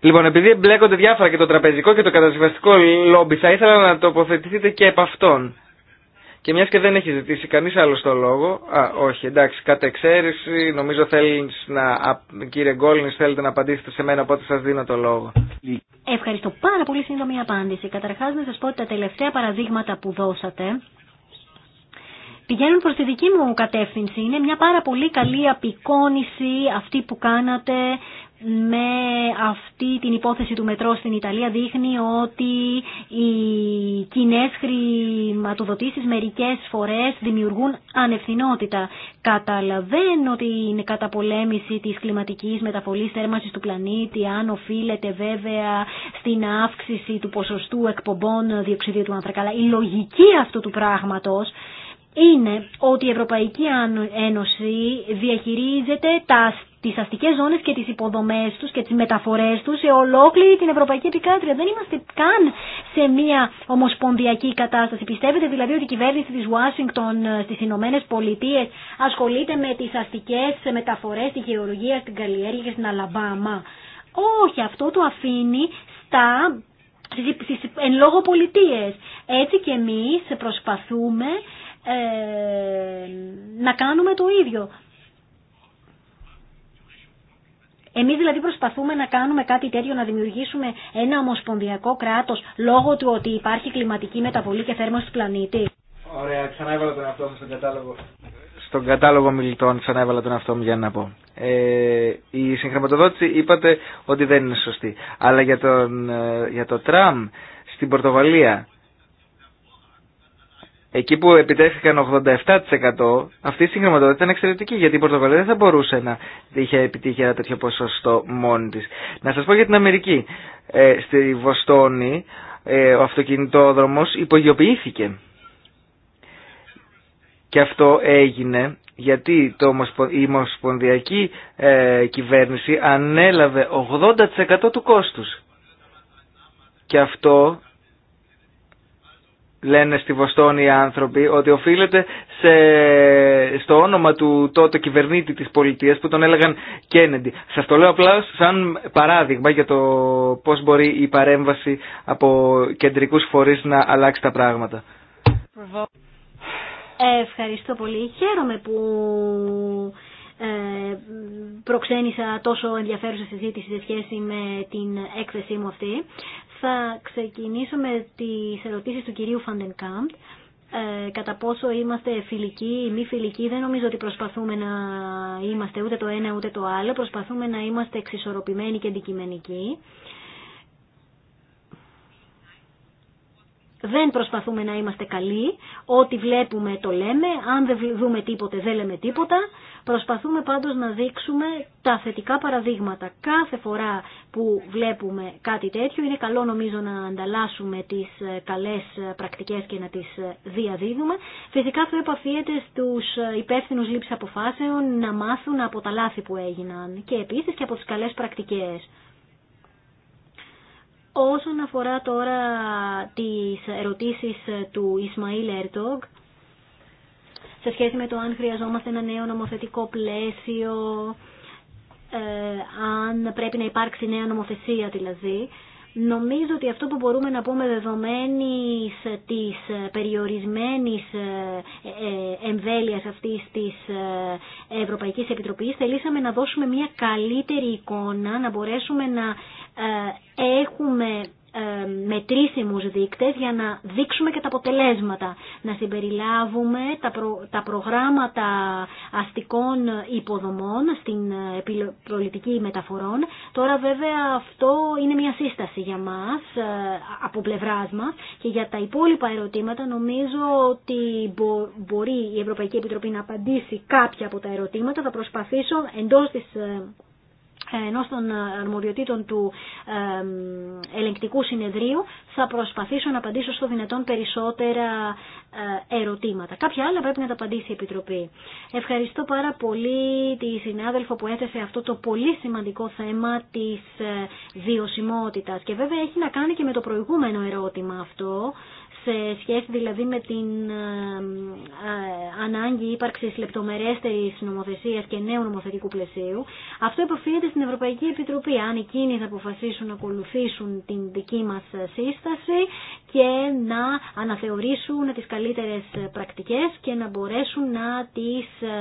Λοιπόν, επειδή μπλέκονται διάφορα και το τραπεζικό και το κατασκευαστικό λόμπι, θα ήθελα να τοποθετηθείτε και επ' αυτών. Και μια και δεν έχει ζητήσει κανεί άλλο το λόγο. Α, όχι, εντάξει, κατά εξαίρεση, νομίζω θέλει να. Κύριε Γκόλνη, θέλετε να απαντήσετε σε μένα, οπότε σα δίνω το λόγο. Ευχαριστώ πάρα πολύ σύντομη απάντηση. Καταρχά, να σα πω ότι τα τελευταία παραδείγματα που δώσατε πηγαίνουν προ τη δική μου κατεύθυνση. Είναι μια πάρα πολύ καλή απεικόνηση αυτή που κάνατε με αυτή την υπόθεση του μετρό στην Ιταλία δείχνει ότι οι κοινέ χρηματοδοτήσεις μερικές φορές δημιουργούν ανευθυνότητα. Καταλαβαίνω ότι είναι καταπολέμηση της κλιματικής μεταβολής θέρμανσης του πλανήτη αν οφείλεται βέβαια στην αύξηση του ποσοστού εκπομπών διοξιδίου του άνθρακα. Αλλά η λογική αυτού του πράγματος είναι ότι η Ευρωπαϊκή Ένωση διαχειρίζεται τα, τις αστικές ζώνες και τις υποδομές τους και τις μεταφορές τους σε ολόκληρη την Ευρωπαϊκή Επικράτρια. Δεν είμαστε καν σε μια ομοσπονδιακή κατάσταση. Πιστεύετε δηλαδή ότι η κυβέρνηση της Ουάσιγκτον ε, στις Ηνωμένε Πολιτείες ασχολείται με τις αστικές μεταφορές, τη γεωργία, στην καλλιέργεια και στην Αλαμπάμα. Όχι, αυτό το αφήνει στα στις εν λόγω πολιτείες. Έτσι και εμείς προσπαθούμε ε, να κάνουμε το ίδιο. Εμείς δηλαδή προσπαθούμε να κάνουμε κάτι τέτοιο, να δημιουργήσουμε ένα ομοσπονδιακό κράτος λόγω του ότι υπάρχει κλιματική μεταβολή και θέρμανση του πλανήτη. Ωραία, ξανά έβαλα τον αυτό μου στον κατάλογο. Στον κατάλογο μιλητών ξανά έβαλα τον αυτό μου για να πω. Ε, η συγχρηματοδότηση είπατε ότι δεν είναι σωστή. Αλλά για, τον, ε, για το τραμ στην Πορτοβαλία εκεί που επιτέθηκαν 87% αυτή η συγχρηματοδότητα ήταν εξαιρετική γιατί η Πορτογαλία δεν θα μπορούσε να είχε επιτύχει ένα τέτοιο ποσοστό μόνη της. Να σας πω για την Αμερική. Ε, στη Βοστόνη ε, ο αυτοκινητόδρομος υπογειοποιήθηκε. Και αυτό έγινε γιατί το, η ομοσπονδιακή ε, κυβέρνηση ανέλαβε 80% του κόστους. Και αυτό λένε στη Βοστόνη οι άνθρωποι ότι οφείλεται στο όνομα του τότε κυβερνήτη της πολιτείας που τον έλεγαν Κέννεντι. Σας το λέω απλά σαν παράδειγμα για το πώς μπορεί η παρέμβαση από κεντρικούς φορείς να αλλάξει τα πράγματα. Ε, ευχαριστώ πολύ. Χαίρομαι που ε, προξένησα τόσο ενδιαφέρουσα συζήτηση σε σχέση με την έκθεσή μου αυτή. Θα ξεκινήσω με τις ερωτήσεις του κυρίου Φαντενκάμπτ. Ε, κατά πόσο είμαστε φιλικοί ή μη φιλικοί, δεν νομίζω ότι προσπαθούμε να είμαστε ούτε το ένα ούτε το άλλο. Προσπαθούμε να είμαστε εξισορροπημένοι και αντικειμενικοί. δεν προσπαθούμε να είμαστε καλοί, ό,τι βλέπουμε το λέμε, αν δεν δούμε τίποτε δεν λέμε τίποτα. Προσπαθούμε πάντως να δείξουμε τα θετικά παραδείγματα. Κάθε φορά που βλέπουμε κάτι τέτοιο είναι καλό νομίζω να ανταλλάσσουμε τις ε, καλές ε, πρακτικές και να τις ε, διαδίδουμε. Φυσικά θα επαφίεται στους υπεύθυνους λήψης αποφάσεων να μάθουν από τα λάθη που έγιναν και επίσης και από τις καλές πρακτικές. Όσον αφορά τώρα τις ερωτήσεις του Ισμαήλ Έρτογ, σε σχέση με το αν χρειαζόμαστε ένα νέο νομοθετικό πλαίσιο, ε, αν πρέπει να υπάρξει νέα νομοθεσία δηλαδή, Νομίζω ότι αυτό που μπορούμε να πούμε δεδομένης της περιορισμένης ε, ε, εμβέλειας αυτής της ε, Ευρωπαϊκής Επιτροπής θελήσαμε να δώσουμε μια καλύτερη εικόνα, να μπορέσουμε να έχουμε ε, μετρήσιμους δείκτες για να δείξουμε και τα αποτελέσματα. Να συμπεριλάβουμε τα, τα προγράμματα αστικών υποδομών στην ε, πολιτική μεταφορών. Τώρα βέβαια αυτό είναι μια σύσταση για μας, ε, από πλευράς μας και για τα υπόλοιπα ερωτήματα νομίζω ότι μπορεί η Ευρωπαϊκή Επιτροπή να απαντήσει κάποια από τα ερωτήματα. Θα προσπαθήσω εντός της ενός των αρμοδιοτήτων του ελεγκτικού συνεδρίου θα προσπαθήσω να απαντήσω στο δυνατόν περισσότερα ε, ερωτήματα. Κάποια άλλα πρέπει να τα απαντήσει η Επιτροπή. Ευχαριστώ πάρα πολύ τη συνάδελφο που έθεσε αυτό το πολύ σημαντικό θέμα της ε, βιωσιμότητας και βέβαια έχει να κάνει και με το προηγούμενο ερώτημα αυτό σε σχέση δηλαδή με την ε, ε, ανάγκη ύπαρξης λεπτομερέστερης νομοθεσίας και νέου νομοθετικού πλαισίου. Αυτό υποφύεται στην Ευρωπαϊκή Επιτροπή. Αν εκείνοι θα αποφασίσουν να ακολουθήσουν την δική μας ε, σύσταση και να αναθεωρήσουν τις καλύτερες πρακτικές και να μπορέσουν να τις ε,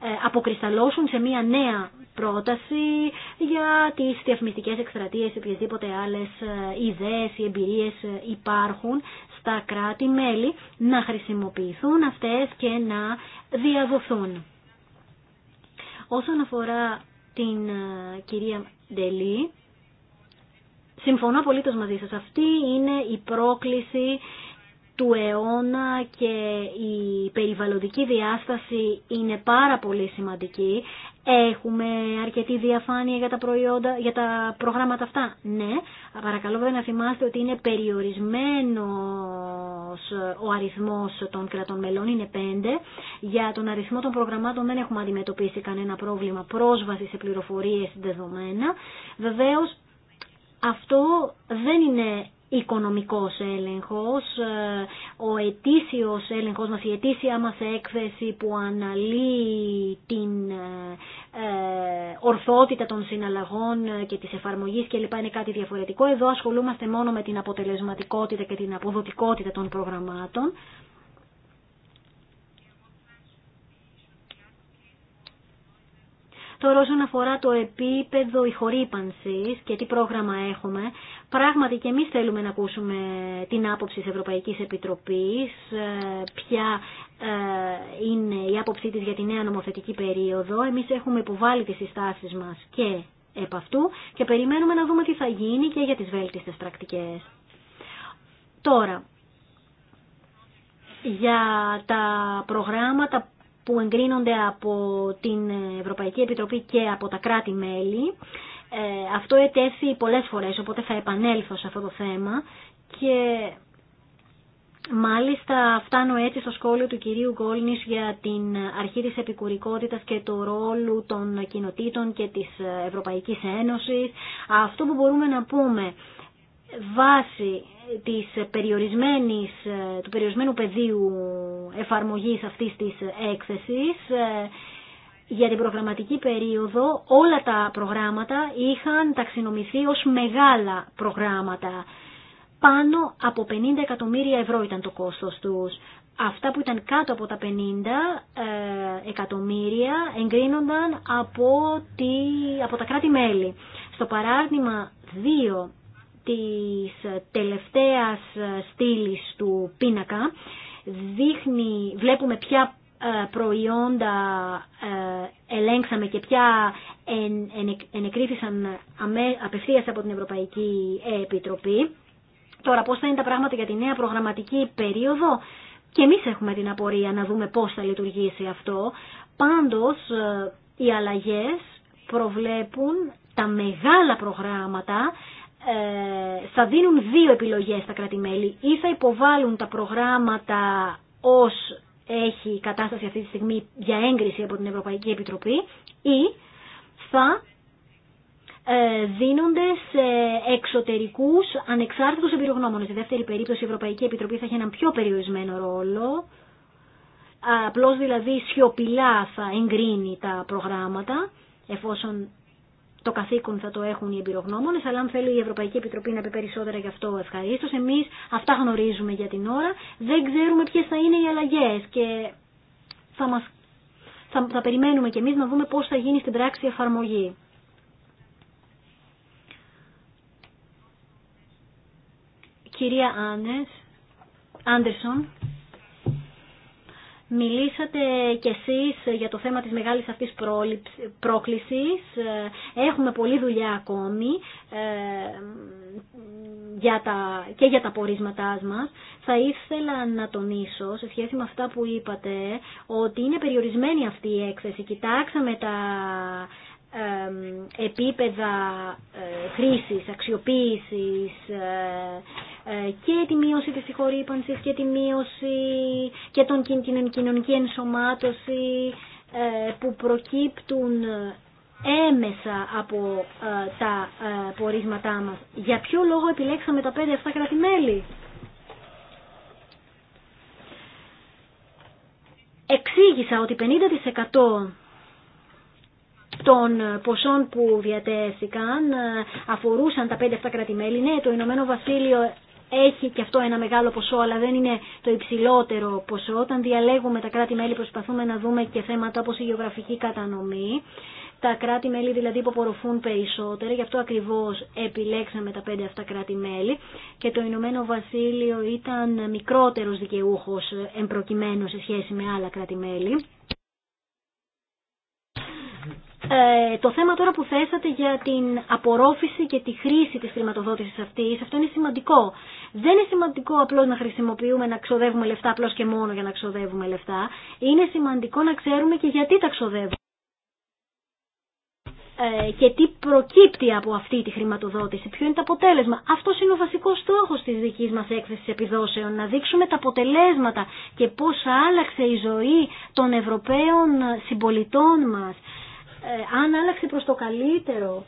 ε, αποκρισταλώσουν σε μια νέα πρόταση για τις διαφημιστικές εκστρατείες ή οποιασδήποτε άλλες ε, ιδέες ή εμπειρίες υπάρχουν στα κράτη-μέλη να χρησιμοποιηθούν αυτές και να διαδοθούν. Όσον αφορά την κυρία Ντελή, Συμφωνώ απολύτως μαζί σας. Αυτή είναι η πρόκληση του αιώνα και η περιβαλλοντική διάσταση είναι πάρα πολύ σημαντική. Έχουμε αρκετή διαφάνεια για τα προϊόντα, για τα προγράμματα αυτά. Ναι, παρακαλώ να θυμάστε ότι είναι περιορισμένος ο αριθμός των κρατών μελών, είναι πέντε. Για τον αριθμό των προγραμμάτων δεν έχουμε αντιμετωπίσει κανένα πρόβλημα πρόσβαση σε πληροφορίες δεδομένα. Βεβαίως αυτό δεν είναι οικονομικός έλεγχος, ο ετήσιος έλεγχος μας, η ετήσια μας έκθεση που αναλύει την ε, ορθότητα των συναλλαγών και της εφαρμογής και λοιπά είναι κάτι διαφορετικό. Εδώ ασχολούμαστε μόνο με την αποτελεσματικότητα και την αποδοτικότητα των προγραμμάτων Τώρα όσον αφορά το επίπεδο ηχορύπανσης και τι πρόγραμμα έχουμε, πράγματι και εμείς θέλουμε να ακούσουμε την άποψη της Ευρωπαϊκής Επιτροπής, ε, ποια ε, είναι η άποψή της για τη νέα νομοθετική περίοδο. Εμείς έχουμε υποβάλει τις συστάσεις μας και επ' αυτού και περιμένουμε να δούμε τι θα γίνει και για τις βέλτιστες πρακτικές. Τώρα, για τα προγράμματα που εγκρίνονται από την Ευρωπαϊκή Επιτροπή και από τα κράτη-μέλη. Ε, αυτό ετέθη πολλές φορές, οπότε θα επανέλθω σε αυτό το θέμα και μάλιστα φτάνω έτσι στο σχόλιο του κυρίου Γκόλνης για την αρχή της επικουρικότητας και το ρόλου των κοινοτήτων και της Ευρωπαϊκής Ένωσης. Αυτό που μπορούμε να πούμε βάση της περιορισμένης, του περιορισμένου πεδίου εφαρμογής αυτής της έκθεσης ε, για την προγραμματική περίοδο όλα τα προγράμματα είχαν ταξινομηθεί ως μεγάλα προγράμματα. Πάνω από 50 εκατομμύρια ευρώ ήταν το κόστος τους. Αυτά που ήταν κάτω από τα 50 ε, εκατομμύρια εγκρίνονταν από, τη, από τα κράτη-μέλη. Στο παράδειγμα 2 της τελευταίας στήλης του πίνακα δείχνει, βλέπουμε ποια ε, προϊόντα ε, ελέγξαμε και ποια ενεκρίθησαν απευθείας από την Ευρωπαϊκή Επιτροπή. Τώρα πώς θα είναι τα πράγματα για τη νέα προγραμματική περίοδο και εμείς έχουμε την απορία να δούμε πώς θα λειτουργήσει αυτό. Πάντως ε, οι αλλαγές προβλέπουν τα μεγάλα προγράμματα ε, θα δίνουν δύο επιλογές στα κράτη-μέλη. Ή θα υποβάλουν τα προγράμματα ως έχει η κατάσταση αυτή τη στιγμή για έγκριση από την Ευρωπαϊκή Επιτροπή ή θα ε, δίνονται σε εξωτερικούς ανεξάρτητους εμπειρογνώμονες. Στη δεύτερη περίπτωση η Ευρωπαϊκή Επιτροπή θα έχει έναν πιο περιορισμένο ρόλο, απλώς δηλαδή σιωπηλά θα εγκρίνει τα προγράμματα, εφόσον το καθήκον θα το έχουν οι εμπειρογνώμονε, αλλά αν θέλει η Ευρωπαϊκή Επιτροπή να πει περισσότερα γι' αυτό, ευχαρίστω. Εμεί αυτά γνωρίζουμε για την ώρα. Δεν ξέρουμε ποιε θα είναι οι αλλαγέ και θα, μας, θα, περιμένουμε κι εμεί να δούμε πώ θα γίνει στην πράξη η εφαρμογή. Κυρία Άνες, Άντερσον. Μιλήσατε κι εσείς για το θέμα της μεγάλης αυτής πρόκλησης. Έχουμε πολλή δουλειά ακόμη ε, για και για τα πορίσματά μας. Θα ήθελα να τονίσω σε σχέση με αυτά που είπατε ότι είναι περιορισμένη αυτή η έκθεση. Κοιτάξαμε τα επίπεδα ε, χρήσης, αξιοποίησης ε, ε, και τη μείωση της συγχωρήπανσης και τη μείωση και τον, την κοινωνική ενσωμάτωση που προκύπτουν έμεσα από τα πορίσματά μας. Για ποιο λόγο επιλέξαμε τα πέντε αυτά κρατημέλη. Εξήγησα ότι 50% των ποσών που διατέθηκαν ε, αφορούσαν τα 5-7 κρατημέλη. Ναι, το Ηνωμένο Βασίλειο έχει και αυτό ένα μεγάλο ποσό, αλλά δεν είναι το υψηλότερο ποσό. Όταν διαλέγουμε τα κράτη-μέλη προσπαθούμε να δούμε και θέματα όπως η γεωγραφική κατανομή. Τα κράτη-μέλη δηλαδή που απορροφούν περισσότερα, γι' αυτό ακριβώς επιλέξαμε τα 5 αυτά να δουμε και θεματα οπως η γεωγραφικη κατανομη τα κρατη μελη δηλαδη που απορροφουν περισσοτερα γι αυτο ακριβως επιλεξαμε τα πεντε αυτα κρατη μελη και το Ηνωμένο Βασίλειο ήταν μικρότερος δικαιούχος ε, εμπροκειμένου σε σχέση με άλλα κράτη-μέλη. Ε, το θέμα τώρα που θέσατε για την απορρόφηση και τη χρήση της χρηματοδότησης αυτής, αυτό είναι σημαντικό. Δεν είναι σημαντικό απλώς να χρησιμοποιούμε, να ξοδεύουμε λεφτά απλώς και μόνο για να ξοδεύουμε λεφτά. Είναι σημαντικό να ξέρουμε και γιατί τα ξοδεύουμε ε, και τι προκύπτει από αυτή τη χρηματοδότηση, ποιο είναι το αποτέλεσμα. Αυτό είναι ο βασικός στόχος της δικής μας έκθεσης επιδόσεων, να δείξουμε τα αποτελέσματα και πώς άλλαξε η ζωή των Ευρωπαίων συμπολιτών μας ε, αν άλλαξε προς το καλύτερο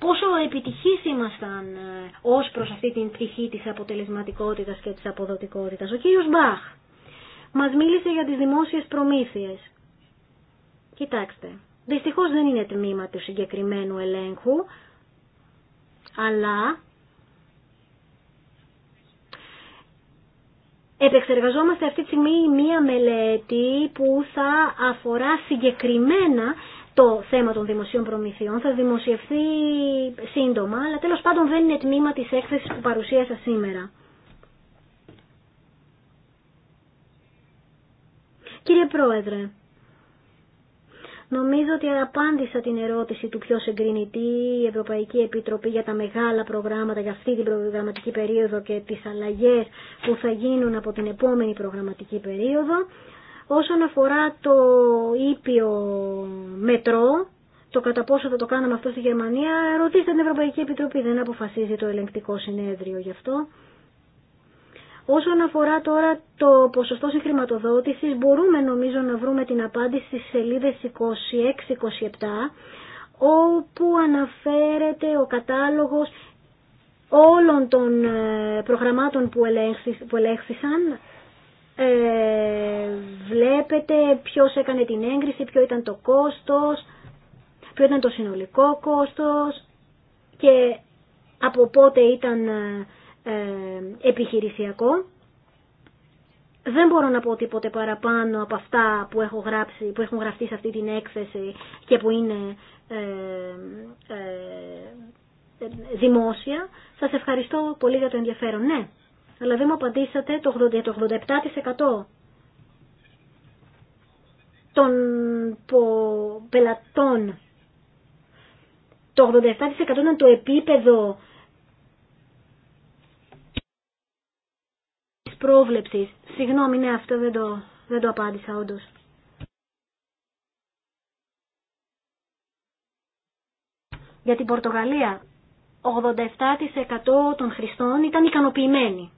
πόσο επιτυχείς ήμασταν ε, ως προς αυτή την πτυχή της αποτελεσματικότητας και της αποδοτικότητας. Ο κύριος Μπαχ μας μίλησε για τις δημόσιες προμήθειες. Κοιτάξτε, δυστυχώς δεν είναι τμήμα του συγκεκριμένου ελέγχου, αλλά Επεξεργαζόμαστε αυτή τη στιγμή μία μελέτη που θα αφορά συγκεκριμένα το θέμα των δημοσίων προμηθειών. Θα δημοσιευθεί σύντομα, αλλά τέλος πάντων δεν είναι τμήμα της έκθεσης που παρουσίασα σήμερα. Κύριε Πρόεδρε, Νομίζω ότι απάντησα την ερώτηση του ποιο εγκρίνει η Ευρωπαϊκή Επιτροπή για τα μεγάλα προγράμματα για αυτή την προγραμματική περίοδο και τις αλλαγές που θα γίνουν από την επόμενη προγραμματική περίοδο. Όσον αφορά το ήπιο μετρό, το κατά πόσο θα το κάναμε αυτό στη Γερμανία, ρωτήστε την Ευρωπαϊκή Επιτροπή, δεν αποφασίζει το ελεγκτικό συνέδριο γι' αυτό. Όσον αφορά τώρα το ποσοστό συγχρηματοδότησης, μπορούμε νομίζω να βρούμε την απάντηση στις σελίδες 26-27, όπου αναφέρεται ο κατάλογος όλων των ε, προγραμμάτων που ελέγχθησαν. Ε, βλέπετε ποιος έκανε την έγκριση, ποιο ήταν το κόστος, ποιο ήταν το συνολικό κόστος και από πότε ήταν ε, ε, επιχειρησιακό. Δεν μπορώ να πω τίποτε παραπάνω από αυτά που, έχω γράψει, που έχουν γραφτεί σε αυτή την έκθεση και που είναι ε, ε, δημόσια. Σας ευχαριστώ πολύ για το ενδιαφέρον. Ναι, αλλά δεν μου απαντήσατε το 87% των πελατών. Το 87% είναι το επίπεδο πρόβλεψης. Συγγνώμη, ναι, αυτό δεν το, δεν το απάντησα όντω. Για την Πορτογαλία, 87% των χρηστών ήταν ικανοποιημένοι.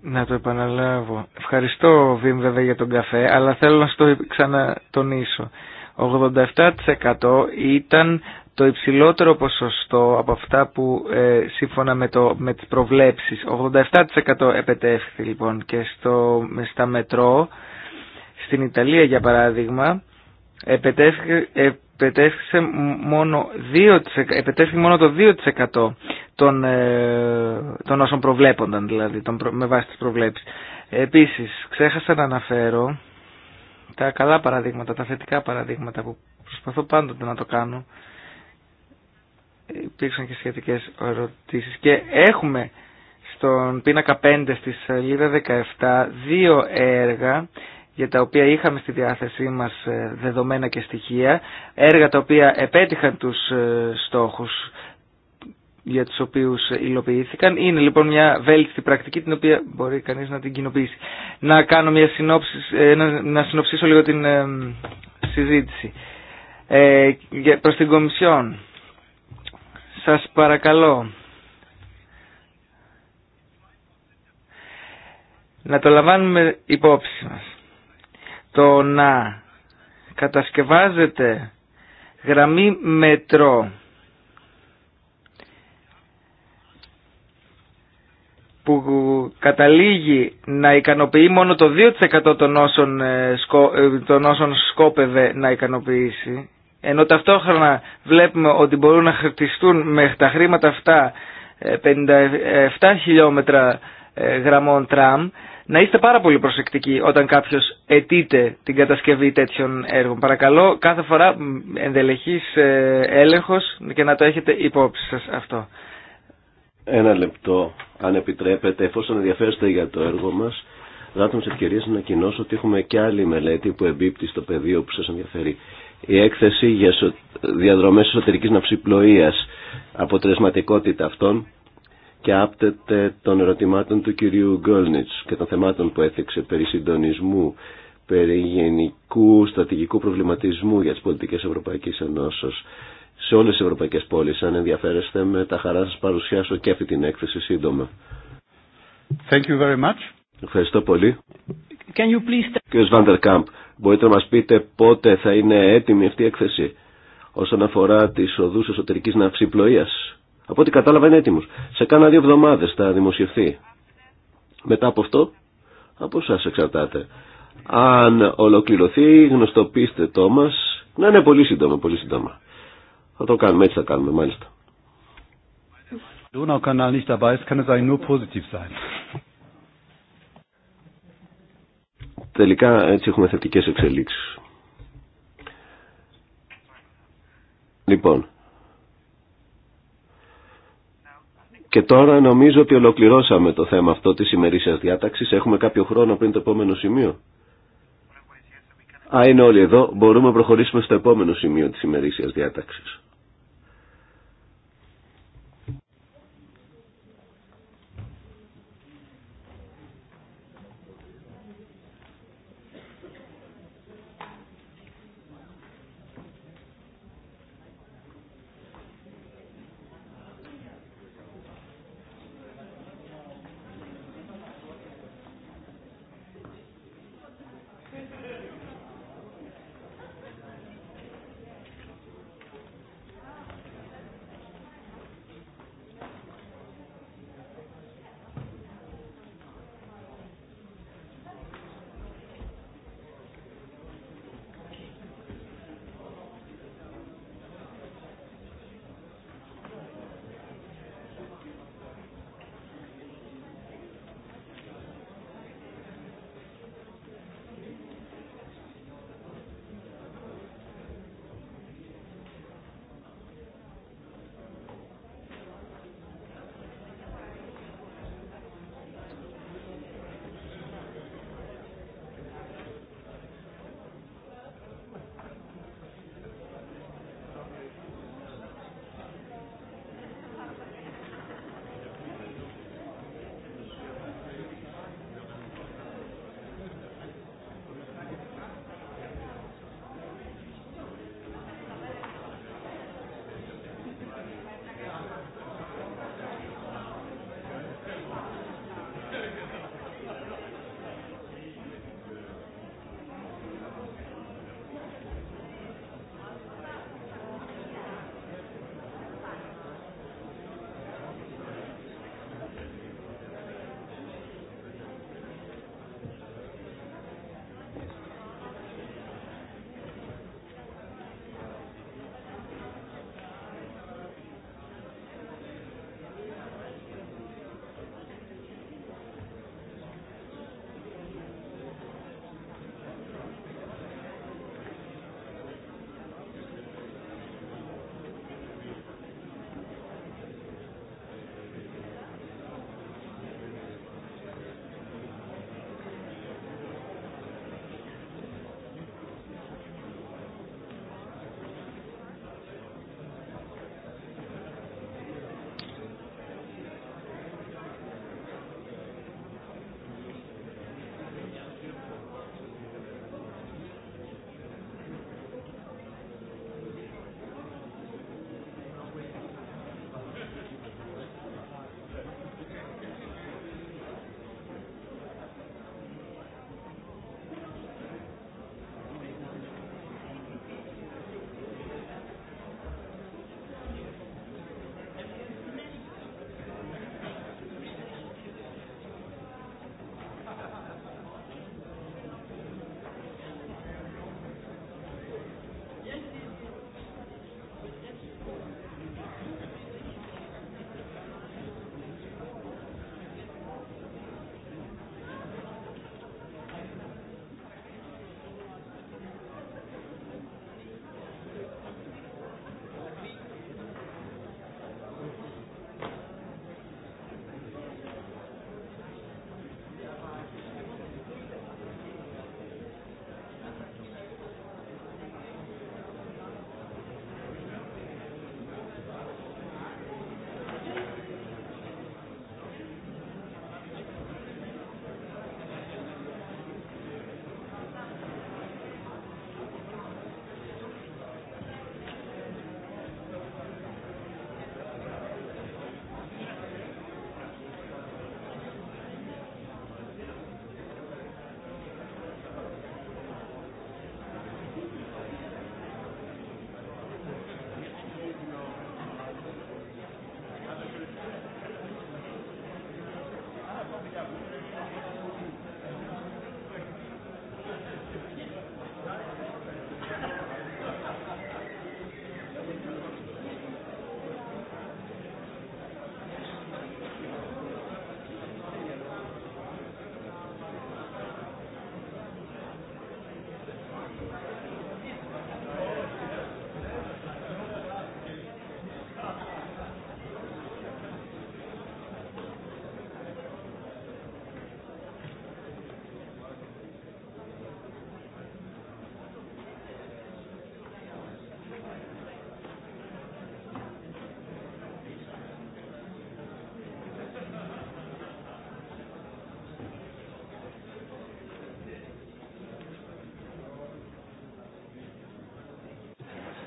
Να το επαναλάβω. Ευχαριστώ Βίμ βέβαια για τον καφέ, αλλά θέλω να το ξανατονίσω. 87% ήταν το υψηλότερο ποσοστό από αυτά που ε, σύμφωνα με, το, με τις προβλέψεις. 87% επετεύχθη λοιπόν και στο, στα μετρό. Στην Ιταλία για παράδειγμα επετεύχθη, μόνο, μόνο το 2% των, ε, των όσων προβλέπονταν δηλαδή των, με βάση τις προβλέψεις. Επίσης ξέχασα να αναφέρω τα καλά παραδείγματα, τα θετικά παραδείγματα που προσπαθώ πάντοτε να το κάνω υπήρξαν και σχετικές ερωτήσεις και έχουμε στον πίνακα 5 στη σελίδα 17 δύο έργα για τα οποία είχαμε στη διάθεσή μας ε, δεδομένα και στοιχεία, έργα τα οποία επέτυχαν τους ε, στόχους για τους οποίους υλοποιήθηκαν. Είναι λοιπόν μια βέλτιστη πρακτική την οποία μπορεί κανείς να την κοινοποιήσει. Να κάνω μια συνόψη, ε, να συνοψίσω λίγο την συζήτηση. Ε, προς την Κομισιόν, σας παρακαλώ. Να το λαμβάνουμε υπόψη μας. Το να κατασκευάζεται γραμμή μετρό που καταλήγει να ικανοποιεί μόνο το 2% των όσων, ε, ε, των όσων σκόπευε να ικανοποιήσει ενώ ταυτόχρονα βλέπουμε ότι μπορούν να χρτιστούν με τα χρήματα αυτά 57 ε, χιλιόμετρα ε, γραμμών τραμ, να είστε πάρα πολύ προσεκτικοί όταν κάποιος αιτείται την κατασκευή τέτοιων έργων. Παρακαλώ κάθε φορά ενδελεχής ε, έλεγχος και να το έχετε υπόψη σας αυτό. Ένα λεπτό, αν επιτρέπετε, εφόσον ενδιαφέρεστε για το έργο μας, δάτω τι ευκαιρίες να ανακοινώσω ότι έχουμε και άλλη μελέτη που εμπίπτει στο πεδίο που σας ενδιαφέρει η έκθεση για διαδρομές εσωτερικής ναυσιπλοείας, αποτελεσματικότητα αυτών και άπτεται των ερωτημάτων του κυρίου Γκόλνιτς και των θεμάτων που έθιξε περί συντονισμού, περί γενικού στρατηγικού προβληματισμού για τις πολιτικές Ευρωπαϊκής Ενώσεως σε όλες τις ευρωπαϊκές πόλεις. Αν ενδιαφέρεστε με τα χαρά σας παρουσιάσω και αυτή την έκθεση σύντομα. Thank you very much. Ευχαριστώ πολύ. Can you please... Βάντερ Κάμπ, Μπορείτε να μας πείτε πότε θα είναι έτοιμη αυτή η έκθεση όσον αφορά τις οδούς εσωτερικής ναυσιπλοείας. Από ό,τι κατάλαβα είναι έτοιμος. Σε κάνα δύο εβδομάδες θα δημοσιευθεί. Μετά από αυτό, από σας εξαρτάται. Αν ολοκληρωθεί, γνωστοποιήστε το μας. Να είναι πολύ σύντομα, πολύ σύντομα. Θα το κάνουμε, έτσι θα κάνουμε μάλιστα. nicht dabei ist, kann es eigentlich nur positiv sein τελικά έτσι έχουμε θετικές εξελίξεις. Λοιπόν, και τώρα νομίζω ότι ολοκληρώσαμε το θέμα αυτό της ημερήσιας διάταξης. Έχουμε κάποιο χρόνο πριν το επόμενο σημείο. Α, είναι όλοι εδώ. Μπορούμε να προχωρήσουμε στο επόμενο σημείο της ημερήσιας διάταξης.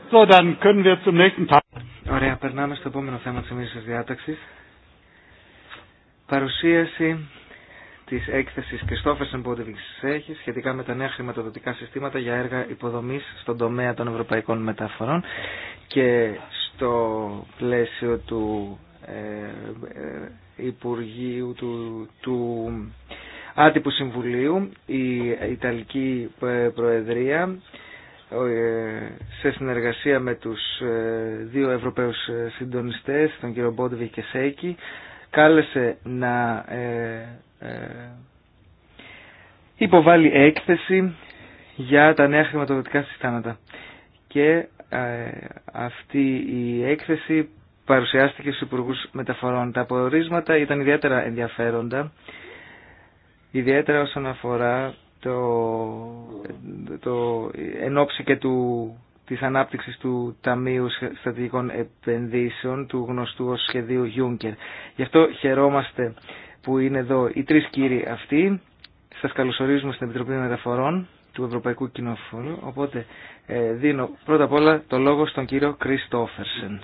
So, dann können wir zum nächsten Ωραία, περνάμε στο επόμενο θέμα της ημέρας διάταξης. Παρουσίαση της έκθεσης Κριστόφερ Μπόντεβιξ έχει σχετικά με τα νέα χρηματοδοτικά συστήματα για έργα υποδομής στον τομέα των ευρωπαϊκών μεταφορών και στο πλαίσιο του ε, ε, Υπουργείου του, του Άτυπου Συμβουλίου η Ιταλική ε, Προεδρία ε, σε συνεργασία με τους ε, δύο Ευρωπαίους ε, συντονιστές, τον κύριο Μπόντεβι και Σέικη, κάλεσε να υποβάλει έκθεση για τα νέα χρηματοδοτικά συστάματα. Και αυτή η έκθεση παρουσιάστηκε στους Υπουργούς Μεταφορών. Τα απορίσματα ήταν ιδιαίτερα ενδιαφέροντα, ιδιαίτερα όσον αφορά το, το εν και του, της ανάπτυξης του Ταμείου Στατηγικών Επενδύσεων του γνωστού ως σχεδίου Juncker. Γι' αυτό χαιρόμαστε που είναι εδώ οι τρεις κύριοι αυτοί. Σας καλωσορίζουμε στην Επιτροπή Μεταφορών του Ευρωπαϊκού Κοινοφόρου. Οπότε ε, δίνω πρώτα απ' όλα το λόγο στον κύριο Κριστόφερσεν.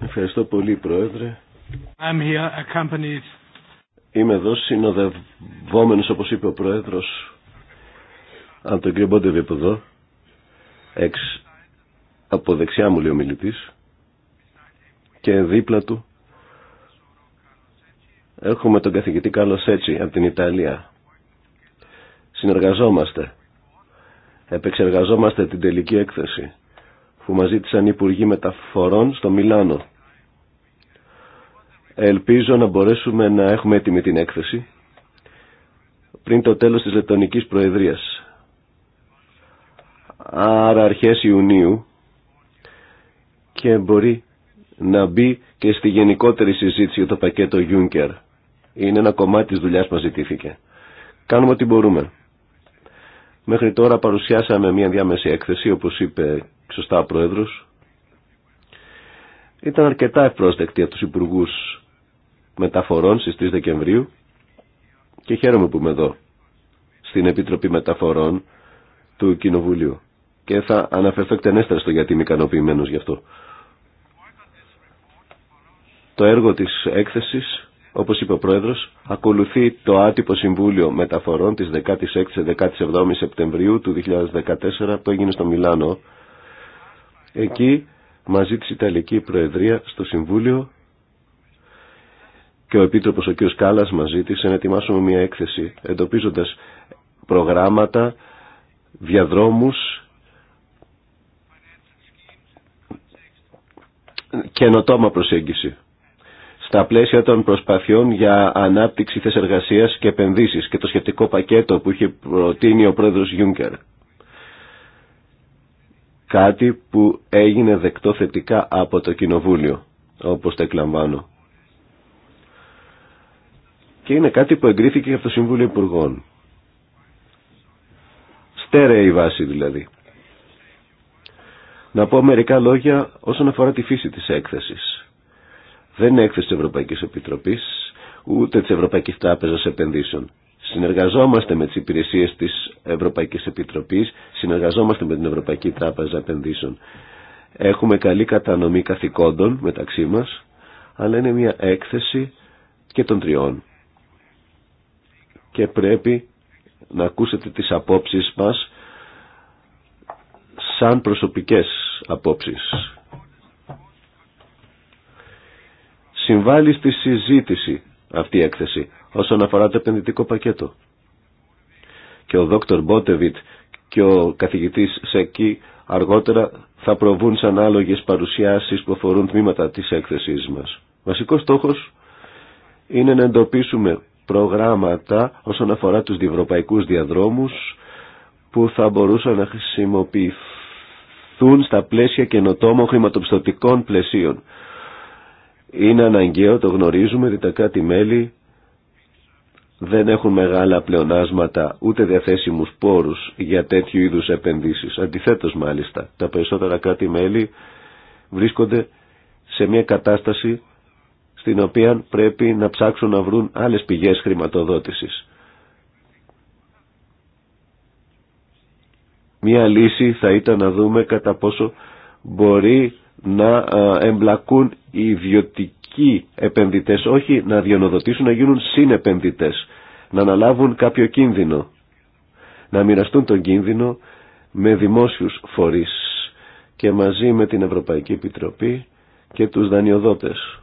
Ευχαριστώ πολύ Πρόεδρε. I'm here accompanied Είμαι εδώ συνοδευόμενος, όπως είπε ο Πρόεδρος, από τον κύριο Μπόντεβι από εδώ, από δεξιά μου λέει ο μιλητής, και δίπλα του έχουμε τον καθηγητή Κάλος έτσι από την Ιταλία. Συνεργαζόμαστε. Επεξεργαζόμαστε την τελική έκθεση που μας ζήτησαν οι Υπουργοί Μεταφορών στο Μιλάνο. Ελπίζω να μπορέσουμε να έχουμε έτοιμη την έκθεση πριν το τέλος της Λετωνικής Προεδρίας. Άρα αρχές Ιουνίου και μπορεί να μπει και στη γενικότερη συζήτηση για το πακέτο Juncker. Είναι ένα κομμάτι της δουλειάς που ζητήθηκε. Κάνουμε ό,τι μπορούμε. Μέχρι τώρα παρουσιάσαμε μια διάμεση έκθεση, όπως είπε σωστά ο Πρόεδρος. Ήταν αρκετά ευπρόσδεκτη από τους υπουργούς Μεταφορών στις 3 Δεκεμβρίου και χαίρομαι που είμαι εδώ στην Επιτροπή Μεταφορών του Κοινοβουλίου και θα αναφερθώ εκτενέστερα στο γιατί είμαι ικανοποιημένος γι' αυτό. Το έργο της έκθεσης, όπως είπε ο Πρόεδρος, ακολουθεί το άτυπο Συμβούλιο Μεταφορών της 16-17 Σεπτεμβρίου του 2014 που έγινε στο Μιλάνο. Εκεί μαζί της Ιταλική Προεδρία στο Συμβούλιο και ο Επίτροπος ο κ. Κάλλας μας ζήτησε να ετοιμάσουμε μια έκθεση εντοπίζοντας προγράμματα, διαδρόμους καινοτόμα προσέγγιση στα πλαίσια των προσπαθειών για ανάπτυξη θέσης και επενδύσεις και το σχετικό πακέτο που είχε προτείνει ο πρόεδρος Γιούγκερ. Κάτι που έγινε δεκτό θετικά από το Κοινοβούλιο, όπως το εκλαμβάνω και είναι κάτι που εγκρίθηκε από το Συμβούλιο Υπουργών. Στέρεη βάση δηλαδή. Να πω μερικά λόγια όσον αφορά τη φύση της έκθεσης. Δεν είναι έκθεση της Ευρωπαϊκής Επιτροπής, ούτε της Ευρωπαϊκής Τράπεζας Επενδύσεων. Συνεργαζόμαστε με τις υπηρεσίες της Ευρωπαϊκής Επιτροπής, συνεργαζόμαστε με την Ευρωπαϊκή Τράπεζα Επενδύσεων. Έχουμε καλή κατανομή καθηκόντων μεταξύ μας, αλλά είναι μια έκθεση και των τριών και πρέπει να ακούσετε τις απόψεις μας σαν προσωπικές απόψεις. Συμβάλλει στη συζήτηση αυτή η έκθεση όσον αφορά το επενδυτικό πακέτο. Και ο δόκτωρ Μπότεβιτ και ο καθηγητής Σεκί αργότερα θα προβούν σαν ανάλογες παρουσιάσεις που αφορούν τμήματα της έκθεσής μας. Βασικός στόχος είναι να εντοπίσουμε προγράμματα όσον αφορά τους διευρωπαϊκούς διαδρόμους που θα μπορούσαν να χρησιμοποιηθούν στα πλαίσια καινοτόμων χρηματοπιστωτικών πλαισίων. Είναι αναγκαίο, το γνωρίζουμε, ότι τα κάτι μέλη δεν έχουν μεγάλα πλεονάσματα ούτε διαθέσιμους πόρους για τέτοιου είδους επενδύσεις. Αντιθέτως μάλιστα, τα περισσοτερα κάτι κράτη-μέλη βρίσκονται σε μια κατάσταση στην οποία πρέπει να ψάξουν να βρουν άλλες πηγές χρηματοδότησης. Μία λύση θα ήταν να δούμε κατά πόσο μπορεί να ε, εμπλακούν οι ιδιωτικοί επενδυτές, όχι να διονοδοτήσουν, να γίνουν συνεπενδυτές, να αναλάβουν κάποιο κίνδυνο, να μοιραστούν τον κίνδυνο με δημόσιους φορείς και μαζί με την Ευρωπαϊκή Επιτροπή και τους δανειοδότες.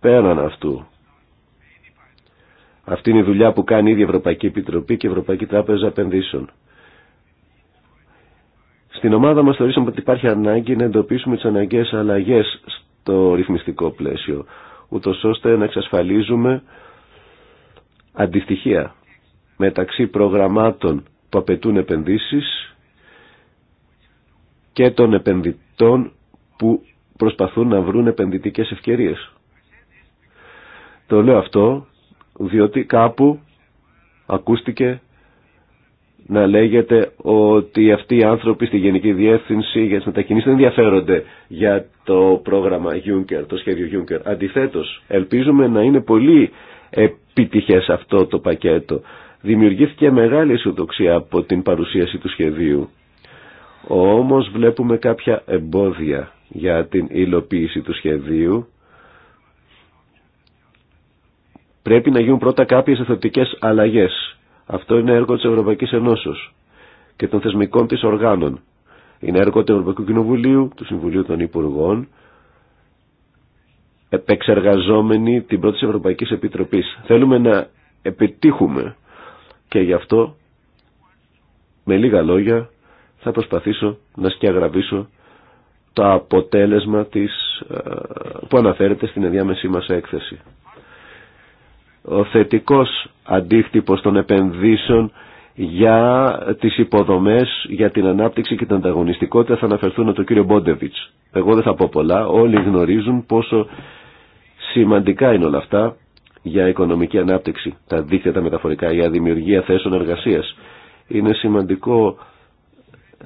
πέραν αυτού. Αυτή είναι η δουλειά που κάνει η ίδια Ευρωπαϊκή Επιτροπή και η Ευρωπαϊκή Τράπεζα Επενδύσεων. Στην ομάδα μας θεωρήσαμε ότι υπάρχει ανάγκη να εντοπίσουμε τις αναγκαίες αλλαγές στο ρυθμιστικό πλαίσιο, ούτω ώστε να εξασφαλίζουμε αντιστοιχεία μεταξύ προγραμμάτων που απαιτούν επενδύσεις και των επενδυτών που προσπαθούν να βρουν επενδυτικές ευκαιρίες. Το λέω αυτό διότι κάπου ακούστηκε να λέγεται ότι αυτοί οι άνθρωποι στη Γενική Διεύθυνση για τι μετακινήσεις δεν ενδιαφέρονται για το πρόγραμμα Juncker, το σχέδιο Juncker. Αντιθέτως, ελπίζουμε να είναι πολύ επιτυχές αυτό το πακέτο. Δημιουργήθηκε μεγάλη αισιοδοξία από την παρουσίαση του σχεδίου. Όμως βλέπουμε κάποια εμπόδια για την υλοποίηση του σχεδίου Πρέπει να γίνουν πρώτα κάποιες εθνοτικέ αλλαγές. Αυτό είναι έργο τη Ευρωπαϊκή Ενώσεω και των θεσμικών τη οργάνων. Είναι έργο του Ευρωπαϊκού Κοινοβουλίου, του Συμβουλίου των Υπουργών, επεξεργαζόμενοι την πρώτη ευρωπαϊκή Επιτροπή. Θέλουμε να επιτύχουμε και γι' αυτό με λίγα λόγια θα προσπαθήσω να σκιαγραβήσω το αποτέλεσμα της, ε, που αναφέρεται στην ενδιάμεσή μας έκθεση ο θετικός αντίκτυπος των επενδύσεων για τις υποδομές, για την ανάπτυξη και την ανταγωνιστικότητα θα αναφερθούν από τον κύριο Μπόντεβιτς. Εγώ δεν θα πω πολλά, όλοι γνωρίζουν πόσο σημαντικά είναι όλα αυτά για οικονομική ανάπτυξη, τα δίκτυα τα μεταφορικά, για δημιουργία θέσεων εργασίας. Είναι σημαντικό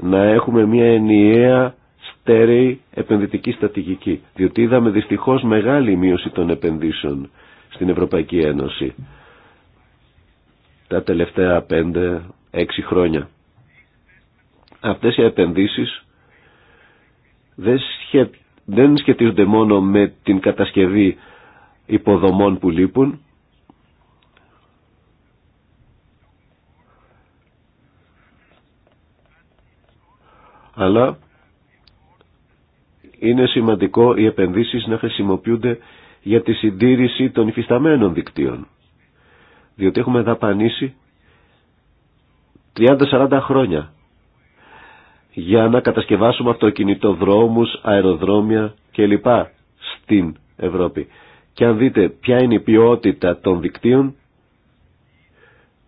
να έχουμε μια ενιαία στέρεη επενδυτική στατηγική, διότι είδαμε δυστυχώς μεγάλη μείωση των επενδύσεων στην Ευρωπαϊκή Ένωση τα τελευταία 5-6 χρόνια. Αυτές οι επενδύσεις δεν, σχε... σχετίζονται μόνο με την κατασκευή υποδομών που λείπουν, αλλά είναι σημαντικό οι επενδύσεις να χρησιμοποιούνται για τη συντήρηση των υφισταμένων δικτύων. Διότι έχουμε δαπανίσει 30-40 χρόνια για να κατασκευάσουμε αυτοκινητοδρόμους, αεροδρόμια κλπ. στην Ευρώπη. Και αν δείτε ποια είναι η ποιότητα των δικτύων,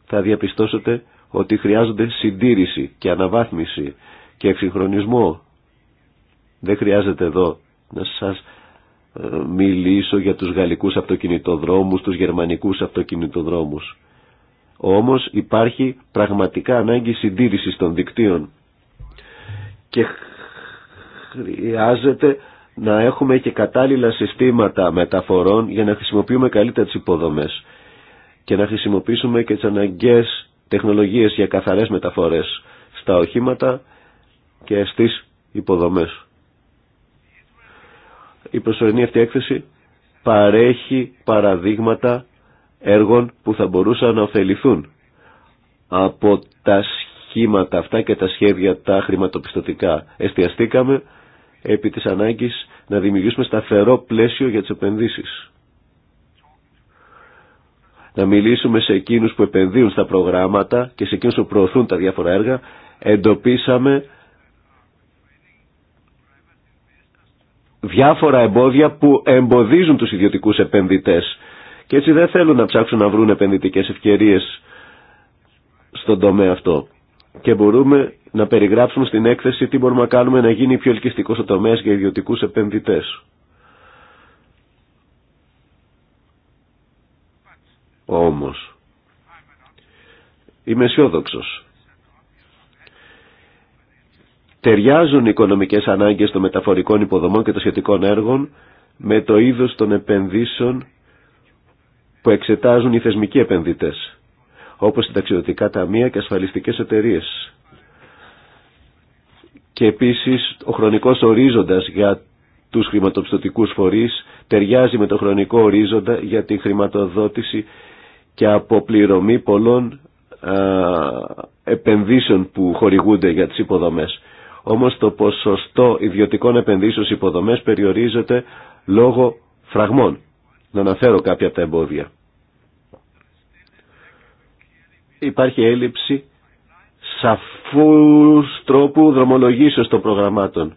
θα διαπιστώσετε ότι χρειάζονται συντήρηση και αναβάθμιση και εξυγχρονισμό. Δεν χρειάζεται εδώ να σας μιλήσω για τους γαλλικούς αυτοκινητοδρόμους, τους γερμανικούς αυτοκινητοδρόμους. Όμως υπάρχει πραγματικά ανάγκη συντήρησης των δικτύων και χρειάζεται να έχουμε και κατάλληλα συστήματα μεταφορών για να χρησιμοποιούμε καλύτερα τις υποδομές και να χρησιμοποιήσουμε και τις αναγκαίες τεχνολογίες για καθαρές μεταφορές στα οχήματα και στις υποδομές η προσωρινή αυτή έκθεση παρέχει παραδείγματα έργων που θα μπορούσαν να ωφεληθούν από τα σχήματα αυτά και τα σχέδια τα χρηματοπιστωτικά. Εστιαστήκαμε επί της ανάγκης να δημιουργήσουμε σταθερό πλαίσιο για τις επενδύσεις. Να μιλήσουμε σε εκείνους που επενδύουν στα προγράμματα και σε εκείνους που προωθούν τα διάφορα έργα. Εντοπίσαμε διάφορα εμπόδια που εμποδίζουν τους ιδιωτικούς επενδυτές και έτσι δεν θέλουν να ψάξουν να βρουν επενδυτικές ευκαιρίες στον τομέα αυτό. Και μπορούμε να περιγράψουμε στην έκθεση τι μπορούμε να κάνουμε να γίνει πιο ελκυστικό ο τομέας για ιδιωτικούς επενδυτές. Όμως, είμαι αισιόδοξο ταιριάζουν οι οικονομικές ανάγκες των μεταφορικών υποδομών και των σχετικών έργων με το είδος των επενδύσεων που εξετάζουν οι θεσμικοί επενδυτές, όπως ταξιδιωτικά ταμεία και ασφαλιστικές εταιρείε. Και επίσης ο χρονικός ορίζοντας για τους χρηματοπιστωτικούς φορείς ταιριάζει με το χρονικό ορίζοντα για τη χρηματοδότηση και αποπληρωμή πολλών επενδύσεων που χορηγούνται για τις υποδομές όμως το ποσοστό ιδιωτικών επενδύσεων υποδομές περιορίζεται λόγω φραγμών. Να αναφέρω κάποια από τα εμπόδια. Υπάρχει έλλειψη σαφούς τρόπου δρομολογήσεως των προγραμμάτων.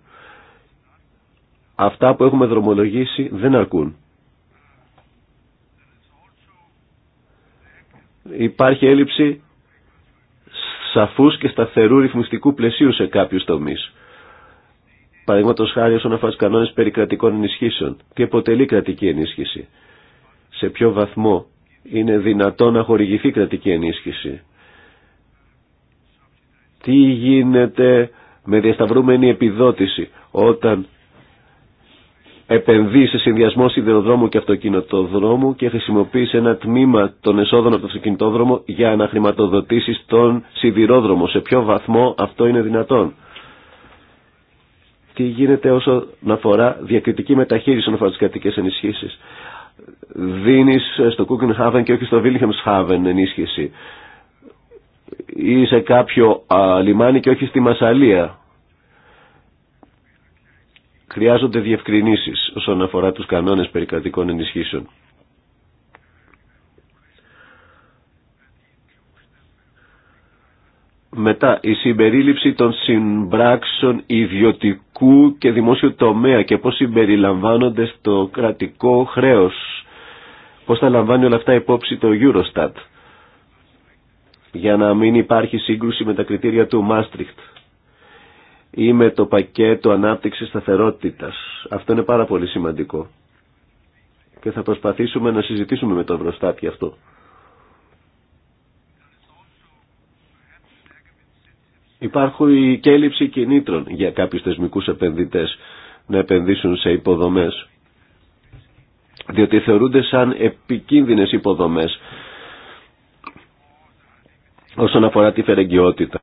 Αυτά που έχουμε δρομολογήσει δεν αρκούν. Υπάρχει έλλειψη σαφούς και σταθερού ρυθμιστικού πλαισίου σε κάποιους τομείς. Παραδείγματο χάρη όσον αφορά τους κανόνες περί κρατικών ενισχύσεων. Τι αποτελεί κρατική ενίσχυση. Σε ποιο βαθμό είναι δυνατό να χορηγηθεί κρατική ενίσχυση. Τι γίνεται με διασταυρούμενη επιδότηση όταν επενδύει σε συνδυασμό σιδηροδρόμου και αυτοκινητοδρόμου και χρησιμοποιεί ένα τμήμα των εσόδων από το αυτοκινητόδρομο για να χρηματοδοτήσει τον σιδηρόδρομο. Σε ποιο βαθμό αυτό είναι δυνατόν. Τι γίνεται όσον αφορά διακριτική μεταχείριση όσον αφορά τι κρατικέ ενισχύσει. Δίνει στο Κούκενχάβεν και όχι στο Βίλχεμσχάβεν ενίσχυση. Ή σε κάποιο λιμάνι και όχι στη Μασαλία Χρειάζονται διευκρινήσεις όσον αφορά τους κανόνες περί κρατικών ενισχύσεων. Μετά, η συμπερίληψη των συμπράξεων ιδιωτικού και δημόσιου τομέα και πώς συμπεριλαμβάνονται στο κρατικό χρέος. Πώς θα λαμβάνει όλα αυτά υπόψη το Eurostat για να μην υπάρχει σύγκρουση με τα κριτήρια του Μάστριχτ ή με το πακέτο ανάπτυξης σταθερότητας. Αυτό είναι πάρα πολύ σημαντικό. Και θα προσπαθήσουμε να συζητήσουμε με το Βροστάτη αυτό. Υπάρχουν και έλλειψη κινήτρων για κάποιους θεσμικούς επενδυτές να επενδύσουν σε υποδομές. Διότι θεωρούνται σαν επικίνδυνες υποδομές όσον αφορά τη φερεγγιότητα.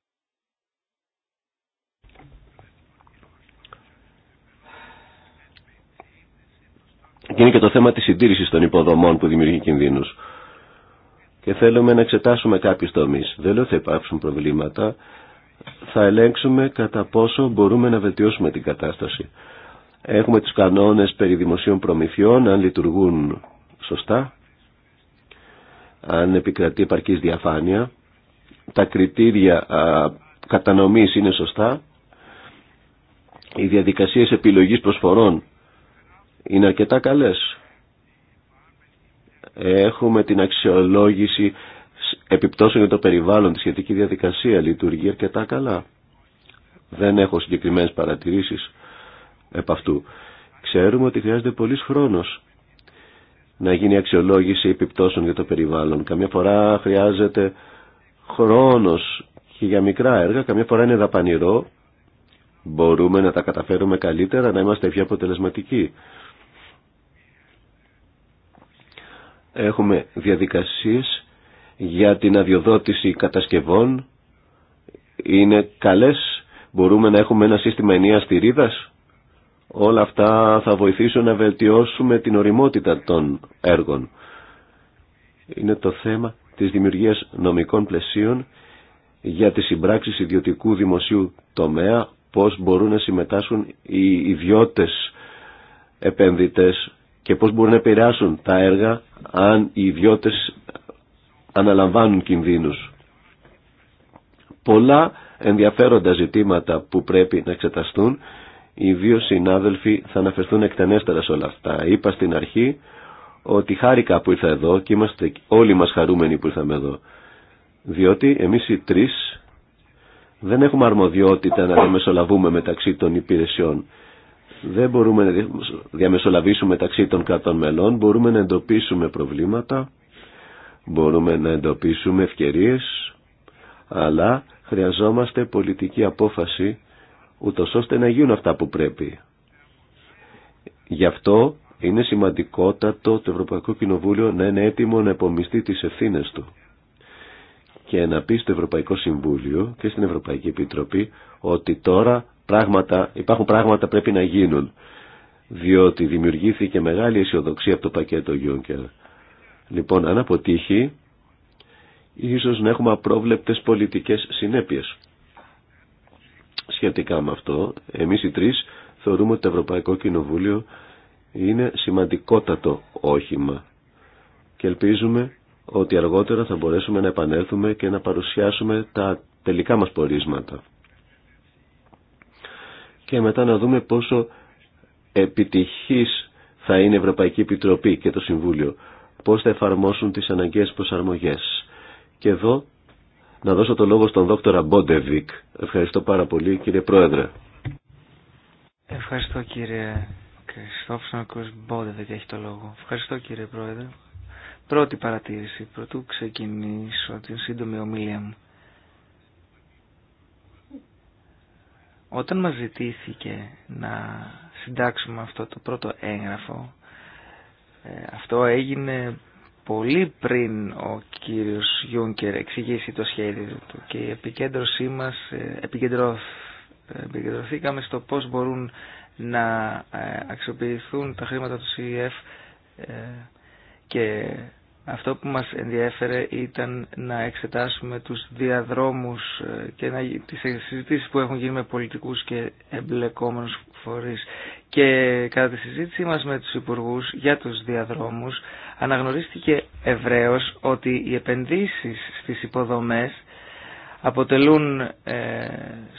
Και είναι και το θέμα της συντήρηση των υποδομών που δημιουργεί κινδύνου. Και θέλουμε να εξετάσουμε κάποιου τομεί. Δεν λέω θα υπάρξουν προβλήματα. Θα ελέγξουμε κατά πόσο μπορούμε να βελτιώσουμε την κατάσταση. Έχουμε του κανόνες περί δημοσίων προμηθειών, αν λειτουργούν σωστά, αν επικρατεί επαρκή διαφάνεια, τα κριτήρια κατανομής είναι σωστά, οι διαδικασίες επιλογής προσφορών είναι αρκετά καλές. Έχουμε την αξιολόγηση επιπτώσεων για το περιβάλλον, τη σχετική διαδικασία λειτουργεί αρκετά καλά. Δεν έχω συγκεκριμένες παρατηρήσεις επ' αυτού. Ξέρουμε ότι χρειάζεται πολύς χρόνος να γίνει αξιολόγηση επιπτώσεων για το περιβάλλον. Καμιά φορά χρειάζεται χρόνος και για μικρά έργα, καμιά φορά είναι δαπανηρό. Μπορούμε να τα καταφέρουμε καλύτερα, να είμαστε πιο αποτελεσματικοί. Έχουμε διαδικασίες για την αδειοδότηση κατασκευών. Είναι καλές. Μπορούμε να έχουμε ένα σύστημα ενία θηρίδας. Όλα αυτά θα βοηθήσουν να βελτιώσουμε την οριμότητα των έργων. Είναι το θέμα της δημιουργίας νομικών πλαισίων για τις συμπράξεις ιδιωτικού δημοσίου τομέα, πώς μπορούν να συμμετάσχουν οι ιδιώτες επενδυτές και πώς μπορούν να επηρεάσουν τα έργα αν οι ιδιώτες αναλαμβάνουν κινδύνους. Πολλά ενδιαφέροντα ζητήματα που πρέπει να εξεταστούν. Οι δύο συνάδελφοι θα αναφερθούν εκτενέστερα σε όλα αυτά. Είπα στην αρχή ότι χάρηκα που ήρθα εδώ και είμαστε όλοι μας χαρούμενοι που ήρθαμε εδώ. Διότι εμείς οι τρεις δεν έχουμε αρμοδιότητα να διαμεσολαβούμε μεταξύ των υπηρεσιών. Δεν μπορούμε να διαμεσολαβήσουμε μεταξύ των κρατών μελών, μπορούμε να εντοπίσουμε προβλήματα, μπορούμε να εντοπίσουμε ευκαιρίες, αλλά χρειαζόμαστε πολιτική απόφαση ούτω ώστε να γίνουν αυτά που πρέπει. Γι' αυτό είναι σημαντικότατο το Ευρωπαϊκό Κοινοβούλιο να είναι έτοιμο να επομιστεί τις ευθύνε του και να πει στο Ευρωπαϊκό Συμβούλιο και στην Ευρωπαϊκή Επιτροπή ότι τώρα πράγματα, υπάρχουν πράγματα πρέπει να γίνουν διότι δημιουργήθηκε μεγάλη αισιοδοξία από το πακέτο Γιούνκερ. Λοιπόν, αν αποτύχει, ίσως να έχουμε απρόβλεπτες πολιτικές συνέπειες. Σχετικά με αυτό, εμείς οι τρεις θεωρούμε ότι το Ευρωπαϊκό Κοινοβούλιο είναι σημαντικότατο όχημα και ελπίζουμε ότι αργότερα θα μπορέσουμε να επανέλθουμε και να παρουσιάσουμε τα τελικά μας πορίσματα και μετά να δούμε πόσο επιτυχής θα είναι η Ευρωπαϊκή Επιτροπή και το Συμβούλιο, πώς θα εφαρμόσουν τις αναγκαίες προσαρμογές. Και εδώ να δώσω το λόγο στον δόκτωρα Μπόντεβικ. Ευχαριστώ πάρα πολύ κύριε Πρόεδρε. Ευχαριστώ κύριε Κριστόφσον Μπόντεβικ έχει το λόγο. Ευχαριστώ κύριε Πρόεδρε. Πρώτη παρατήρηση, πρωτού ξεκινήσω την σύντομη ομιλία μου. Όταν μας ζητήθηκε να συντάξουμε αυτό το πρώτο έγγραφο, ε, αυτό έγινε πολύ πριν ο κύριος Γιούνκερ εξηγήσει το σχέδιο του και η επικέντρωσή μας ε, ε, επικεντρωθήκαμε στο πώς μπορούν να αξιοποιηθούν τα χρήματα του ΣΥΕΦ e και αυτό που μας ενδιέφερε ήταν να εξετάσουμε τους διαδρόμους ε, και να, τις συζητήσεις που έχουν γίνει με πολιτικούς και εμπλεκόμενους φορείς. Και κατά τη συζήτησή μας με τους υπουργούς για τους διαδρόμους αναγνωρίστηκε ευρέως ότι οι επενδύσεις στις υποδομές αποτελούν ε,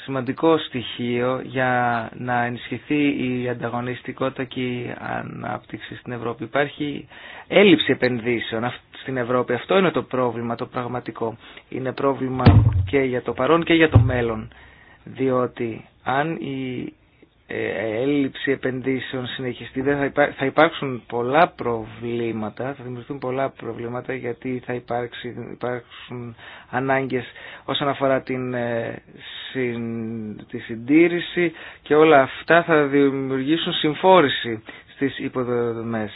σημαντικό στοιχείο για να ενισχυθεί η ανταγωνιστικότητα και η ανάπτυξη στην Ευρώπη. Υπάρχει έλλειψη επενδύσεων στην Ευρώπη. Αυτό είναι το πρόβλημα, το πραγματικό. Είναι πρόβλημα και για το παρόν και για το μέλλον. Διότι αν η ε, έλλειψη επενδύσεων συνεχιστεί θα, θα υπάρξουν πολλά προβλήματα θα δημιουργηθούν πολλά προβλήματα γιατί θα υπάρξουν ανάγκες όσον αφορά την, ε, συν... τη συντήρηση και όλα αυτά θα δημιουργήσουν συμφόρηση στις υποδομές.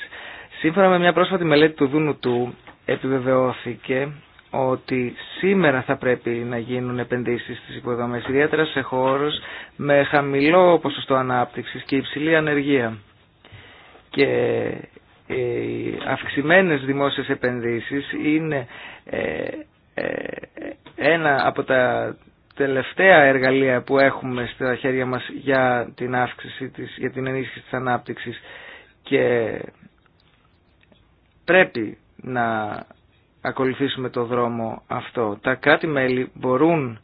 Σύμφωνα με μια πρόσφατη μελέτη του Δούνου του επιβεβαιώθηκε ότι σήμερα θα πρέπει να γίνουν επενδύσεις στις υποδομές, ιδιαίτερα σε χώρους με χαμηλό ποσοστό ανάπτυξης και υψηλή ανεργία. Και ε, οι αυξημένες δημόσιες επενδύσεις είναι ε, ε, ένα από τα τελευταία εργαλεία που έχουμε στα χέρια μας για την αύξηση της, για την ενίσχυση της ανάπτυξης και πρέπει να ακολουθήσουμε το δρόμο αυτό. Τα κράτη-μέλη μπορούν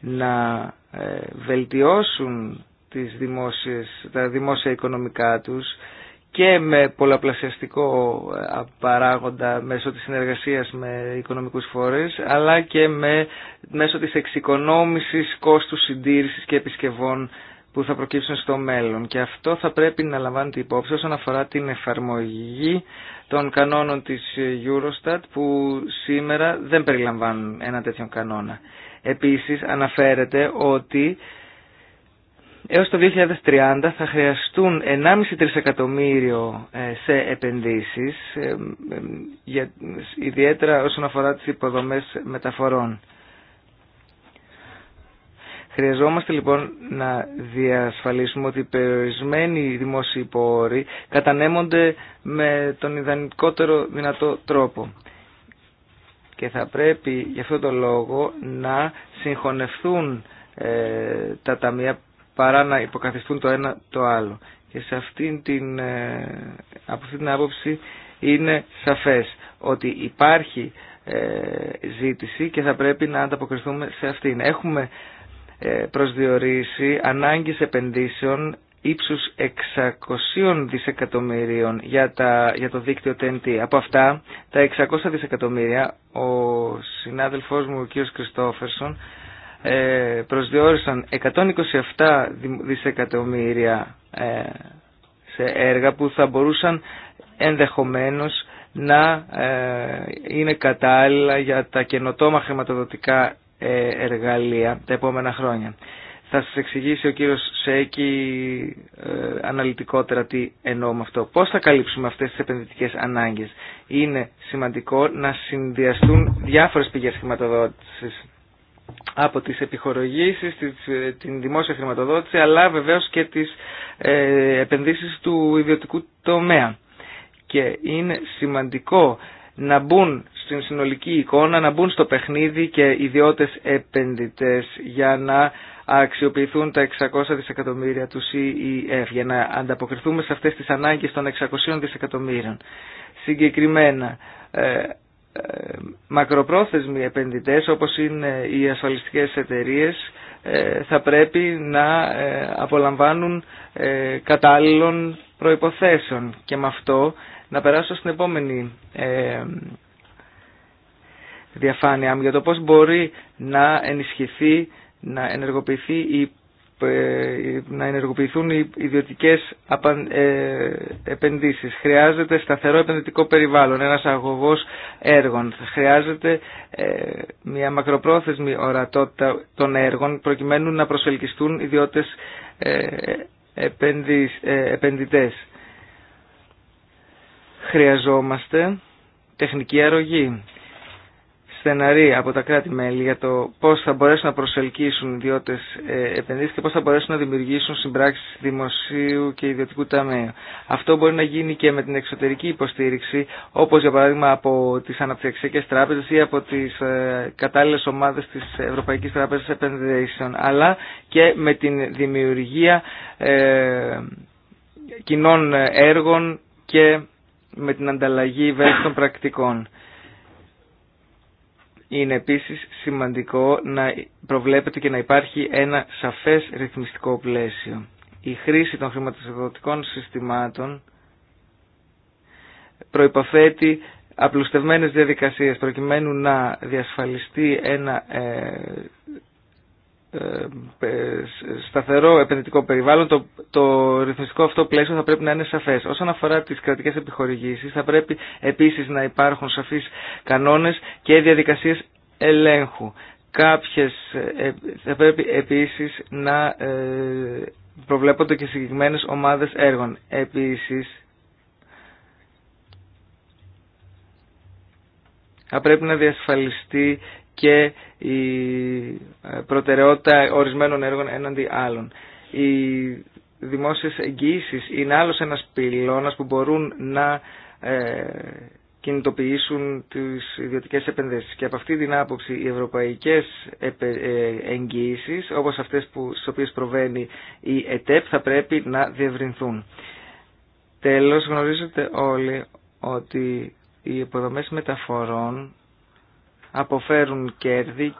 να ε, βελτιώσουν τις δημόσιες, τα δημόσια οικονομικά τους και με πολλαπλασιαστικό ε, παράγοντα μέσω της συνεργασίας με οικονομικούς φορείς αλλά και με, μέσω της εξοικονόμησης κόστου συντήρησης και επισκευών που θα προκύψουν στο μέλλον και αυτό θα πρέπει να λαμβάνεται υπόψη όσον αφορά την εφαρμογή των κανόνων της Eurostat που σήμερα δεν περιλαμβάνουν ένα τέτοιο κανόνα. Επίσης αναφέρεται ότι έως το 2030 θα χρειαστούν 1,5 τρισεκατομμύριο ε, σε επενδύσεις, ε, ε, ιδιαίτερα όσον αφορά τις υποδομές μεταφορών. Χρειαζόμαστε λοιπόν να διασφαλίσουμε ότι οι περιορισμένοι δημόσιοι πόροι κατανέμονται με τον ιδανικότερο δυνατό τρόπο. Και θα πρέπει γι' αυτό το λόγο να συγχωνευτούν ε, τα ταμεία παρά να υποκαθιστούν το ένα το άλλο. Και σε αυτήν την, ε, από αυτή την άποψη είναι σαφές ότι υπάρχει ε, ζήτηση και θα πρέπει να ανταποκριθούμε σε αυτήν. Έχουμε ε, προσδιορίσει ανάγκης επενδύσεων ύψους 600 δισεκατομμυρίων για, τα, για το δίκτυο TNT. Από αυτά, τα 600 δισεκατομμύρια, ο συνάδελφός μου, ο κ. Κριστόφερσον, ε, προσδιορίσαν 127 δισεκατομμύρια ε, σε έργα που θα μπορούσαν ενδεχομένως να είναι κατάλληλα για τα καινοτόμα χρηματοδοτικά ε, εργαλεία τα επόμενα χρόνια. Θα σας εξηγήσει ο κύριος Σέκη ε, αναλυτικότερα τι εννοώ με αυτό. Πώς θα καλύψουμε αυτές τις επενδυτικές ανάγκες. Είναι σημαντικό να συνδυαστούν διάφορες πηγές χρηματοδότησης από τις επιχορογήσεις, ε, την δημόσια χρηματοδότηση, αλλά βεβαίως και τις ε, επενδύσεις του ιδιωτικού τομέα. Και είναι σημαντικό να μπουν στην συνολική εικόνα, να μπουν στο παιχνίδι και ιδιώτες επενδυτές για να αξιοποιηθούν τα 600 δισεκατομμύρια του CEF, για να ανταποκριθούμε σε αυτές τις ανάγκες των 600 δισεκατομμύρων. Συγκεκριμένα, ε, ε, μακροπρόθεσμοι επενδυτές όπως είναι οι ασφαλιστικές εταιρείες ε, θα πρέπει να ε, απολαμβάνουν κατάλληλων προϋποθέσεων και με αυτό να περάσω στην επόμενη ε, διαφάνεια για το πώς μπορεί να ενισχυθεί, να ενεργοποιηθεί η ε, να ενεργοποιηθούν οι ιδιωτικές ε, επενδύσεις. Χρειάζεται σταθερό επενδυτικό περιβάλλον, ένας αγωγός έργων. Χρειάζεται ε, μια μακροπρόθεσμη ορατότητα των έργων προκειμένου να προσελκυστούν ιδιώτες επενδυτές. Χρειαζόμαστε τεχνική αρρωγή, στεναρή από τα κράτη-μέλη για το πώς θα μπορέσουν να προσελκύσουν ιδιώτες ε, επενδύσεις και πώς θα μπορέσουν να δημιουργήσουν συμπράξεις δημοσίου και ιδιωτικού ταμείου. Αυτό μπορεί να γίνει και με την εξωτερική υποστήριξη, όπως για παράδειγμα από τις αναπτυξιακές τράπεζες ή από τις ε, κατάλληλες ομάδες της Ευρωπαϊκής Τράπεζας Επενδύσεων, αλλά και με την δημιουργία ε, κοινών έργων και με την ανταλλαγή βέλτιστων πρακτικών. Είναι επίσης σημαντικό να προβλέπεται και να υπάρχει ένα σαφές ρυθμιστικό πλαίσιο. Η χρήση των χρηματοδοτικών συστημάτων προϋποθέτει απλουστευμένες διαδικασίες προκειμένου να διασφαλιστεί ένα ε, ε, σταθερό επενδυτικό περιβάλλον το, το ρυθμιστικό αυτό πλαίσιο θα πρέπει να είναι σαφέ. Όσον αφορά τι κρατικέ επιχορηγήσεις θα πρέπει επίσης να υπάρχουν σαφείς κανόνες και διαδικασίε ελέγχου. Κάποιες ε, θα πρέπει επίσης να ε, προβλέπονται και συγκεκριμένε ομάδες έργων. Επίσης θα πρέπει να διασφαλιστεί και η ε, προτεραιότητα ορισμένων έργων έναντι άλλων. Οι δημόσιες εγγυήσεις είναι άλλος ένας πυλώνας που μπορούν να ε, κινητοποιήσουν τις ιδιωτικές επενδύσεις. Και από αυτή την άποψη οι ευρωπαϊκές ε, εγγυήσεις, όπως αυτές που, στις οποίες προβαίνει η ΕΤΕΠ, θα πρέπει να διευρυνθούν. Τέλος, γνωρίζετε όλοι ότι οι υποδομές μεταφορών αποφέρουν κέρδη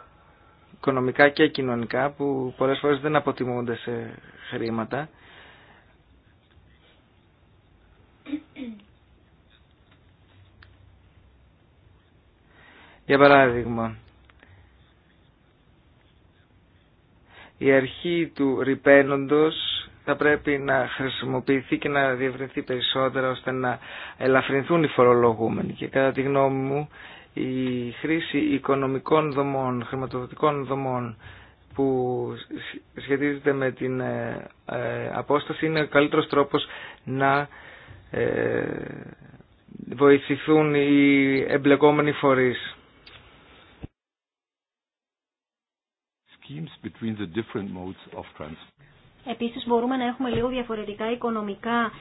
οικονομικά και κοινωνικά που πολλές φορές δεν αποτιμούνται σε χρήματα. Για παράδειγμα, η αρχή του ρηπαίνοντος θα πρέπει να χρησιμοποιηθεί και να διευρυνθεί περισσότερα ώστε να ελαφρυνθούν οι φορολογούμενοι. Και κατά τη γνώμη μου η χρήση οικονομικών δομών, χρηματοδοτικών δομών που σχετίζεται με την ε, ε, απόσταση είναι ο καλύτερος τρόπος να ε, βοηθηθούν οι εμπλεκόμενοι φορείς. Schemes between the different modes of transport. Επίσης μπορούμε να έχουμε λίγο διαφορετικά οικονομικά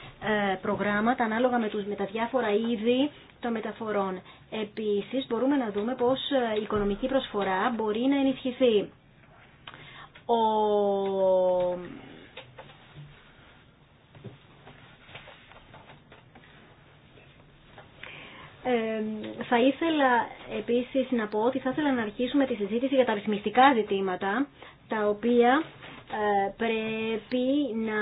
ε, προγράμματα ανάλογα με, τους, με τα διάφορα είδη των μεταφορών. Επίσης μπορούμε να δούμε πώς ε, η οικονομική προσφορά μπορεί να ενισχυθεί. Ο... Ε, θα ήθελα επίσης να πω ότι θα ήθελα να αρχίσουμε τη συζήτηση για τα ρυθμιστικά ζητήματα, τα οποία ε, πρέπει να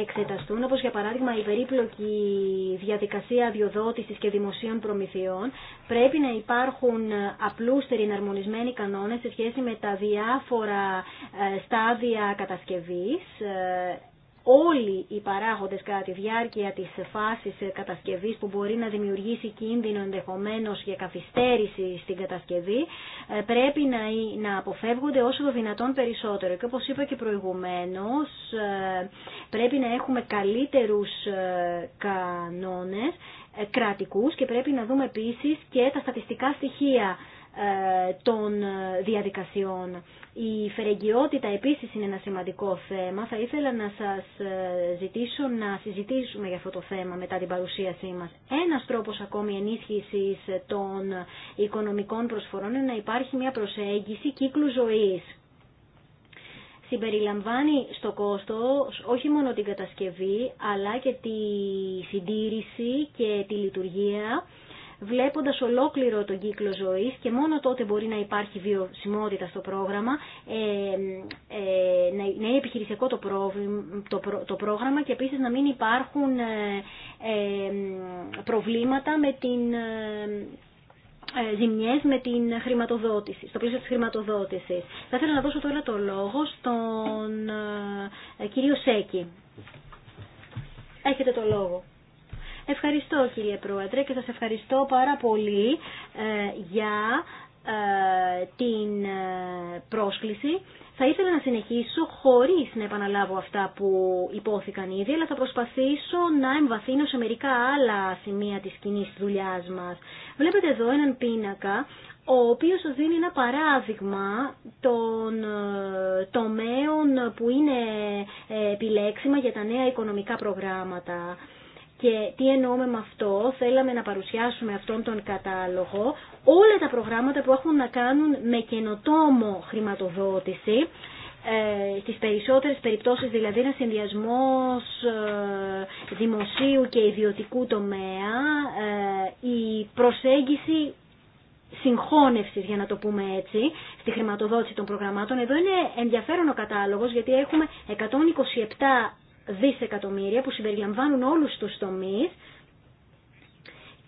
εξεταστούν, όπως για παράδειγμα η περίπλοκη διαδικασία αδειοδότησης και δημοσίων προμηθειών, πρέπει να υπάρχουν απλούστεροι εναρμονισμένοι κανόνες σε σχέση με τα διάφορα ε, στάδια κατασκευής, ε, όλοι οι παράγοντες κατά τη διάρκεια της φάσης κατασκευής που μπορεί να δημιουργήσει κίνδυνο ενδεχομένως για καθυστέρηση στην κατασκευή ε, πρέπει να, να αποφεύγονται όσο το δυνατόν περισσότερο. Και όπως είπα και προηγουμένως ε, πρέπει να έχουμε καλύτερους ε, κανόνες κρατικούς και πρέπει να δούμε επίσης και τα στατιστικά στοιχεία ε, των ε, διαδικασιών. Η φερεγγιότητα επίσης είναι ένα σημαντικό θέμα. Θα ήθελα να σας ε, ζητήσω να συζητήσουμε για αυτό το θέμα μετά την παρουσίασή μας. Ένας τρόπος ακόμη ενίσχυσης των οικονομικών προσφορών είναι να υπάρχει μια προσέγγιση κύκλου ζωής συμπεριλαμβάνει στο κόστος όχι μόνο την κατασκευή αλλά και τη συντήρηση και τη λειτουργία βλέποντας ολόκληρο τον κύκλο ζωής και μόνο τότε μπορεί να υπάρχει βιωσιμότητα στο πρόγραμμα, ε, ε, να είναι επιχειρησιακό το πρόγραμμα και επίσης να μην υπάρχουν ε, προβλήματα με την ζημιές με την χρηματοδότηση, στο πλαίσιο της χρηματοδότησης. Θα ήθελα να δώσω τώρα το λόγο στον κύριο Σέκη. Έχετε το λόγο. Ευχαριστώ κύριε Πρόεδρε και σας ευχαριστώ πάρα πολύ ε, για ε, την ε, πρόσκληση. Θα ήθελα να συνεχίσω χωρίς να επαναλάβω αυτά που υπόθηκαν ήδη, αλλά θα προσπαθήσω να εμβαθύνω σε μερικά άλλα σημεία της κοινή δουλειά μας. Βλέπετε εδώ έναν πίνακα, ο οποίος δίνει ένα παράδειγμα των τομέων που είναι επιλέξιμα για τα νέα οικονομικά προγράμματα. Και τι εννοούμε με αυτό, θέλαμε να παρουσιάσουμε αυτόν τον κατάλογο όλα τα προγράμματα που έχουν να κάνουν με καινοτόμο χρηματοδότηση, στι ε, στις περισσότερες περιπτώσεις δηλαδή ένα συνδυασμό ε, δημοσίου και ιδιωτικού τομέα, ε, η προσέγγιση συγχώνευσης για να το πούμε έτσι στη χρηματοδότηση των προγραμμάτων. Εδώ είναι ενδιαφέρον ο κατάλογος γιατί έχουμε 127 δισεκατομμύρια που συμπεριλαμβάνουν όλους τους τομείς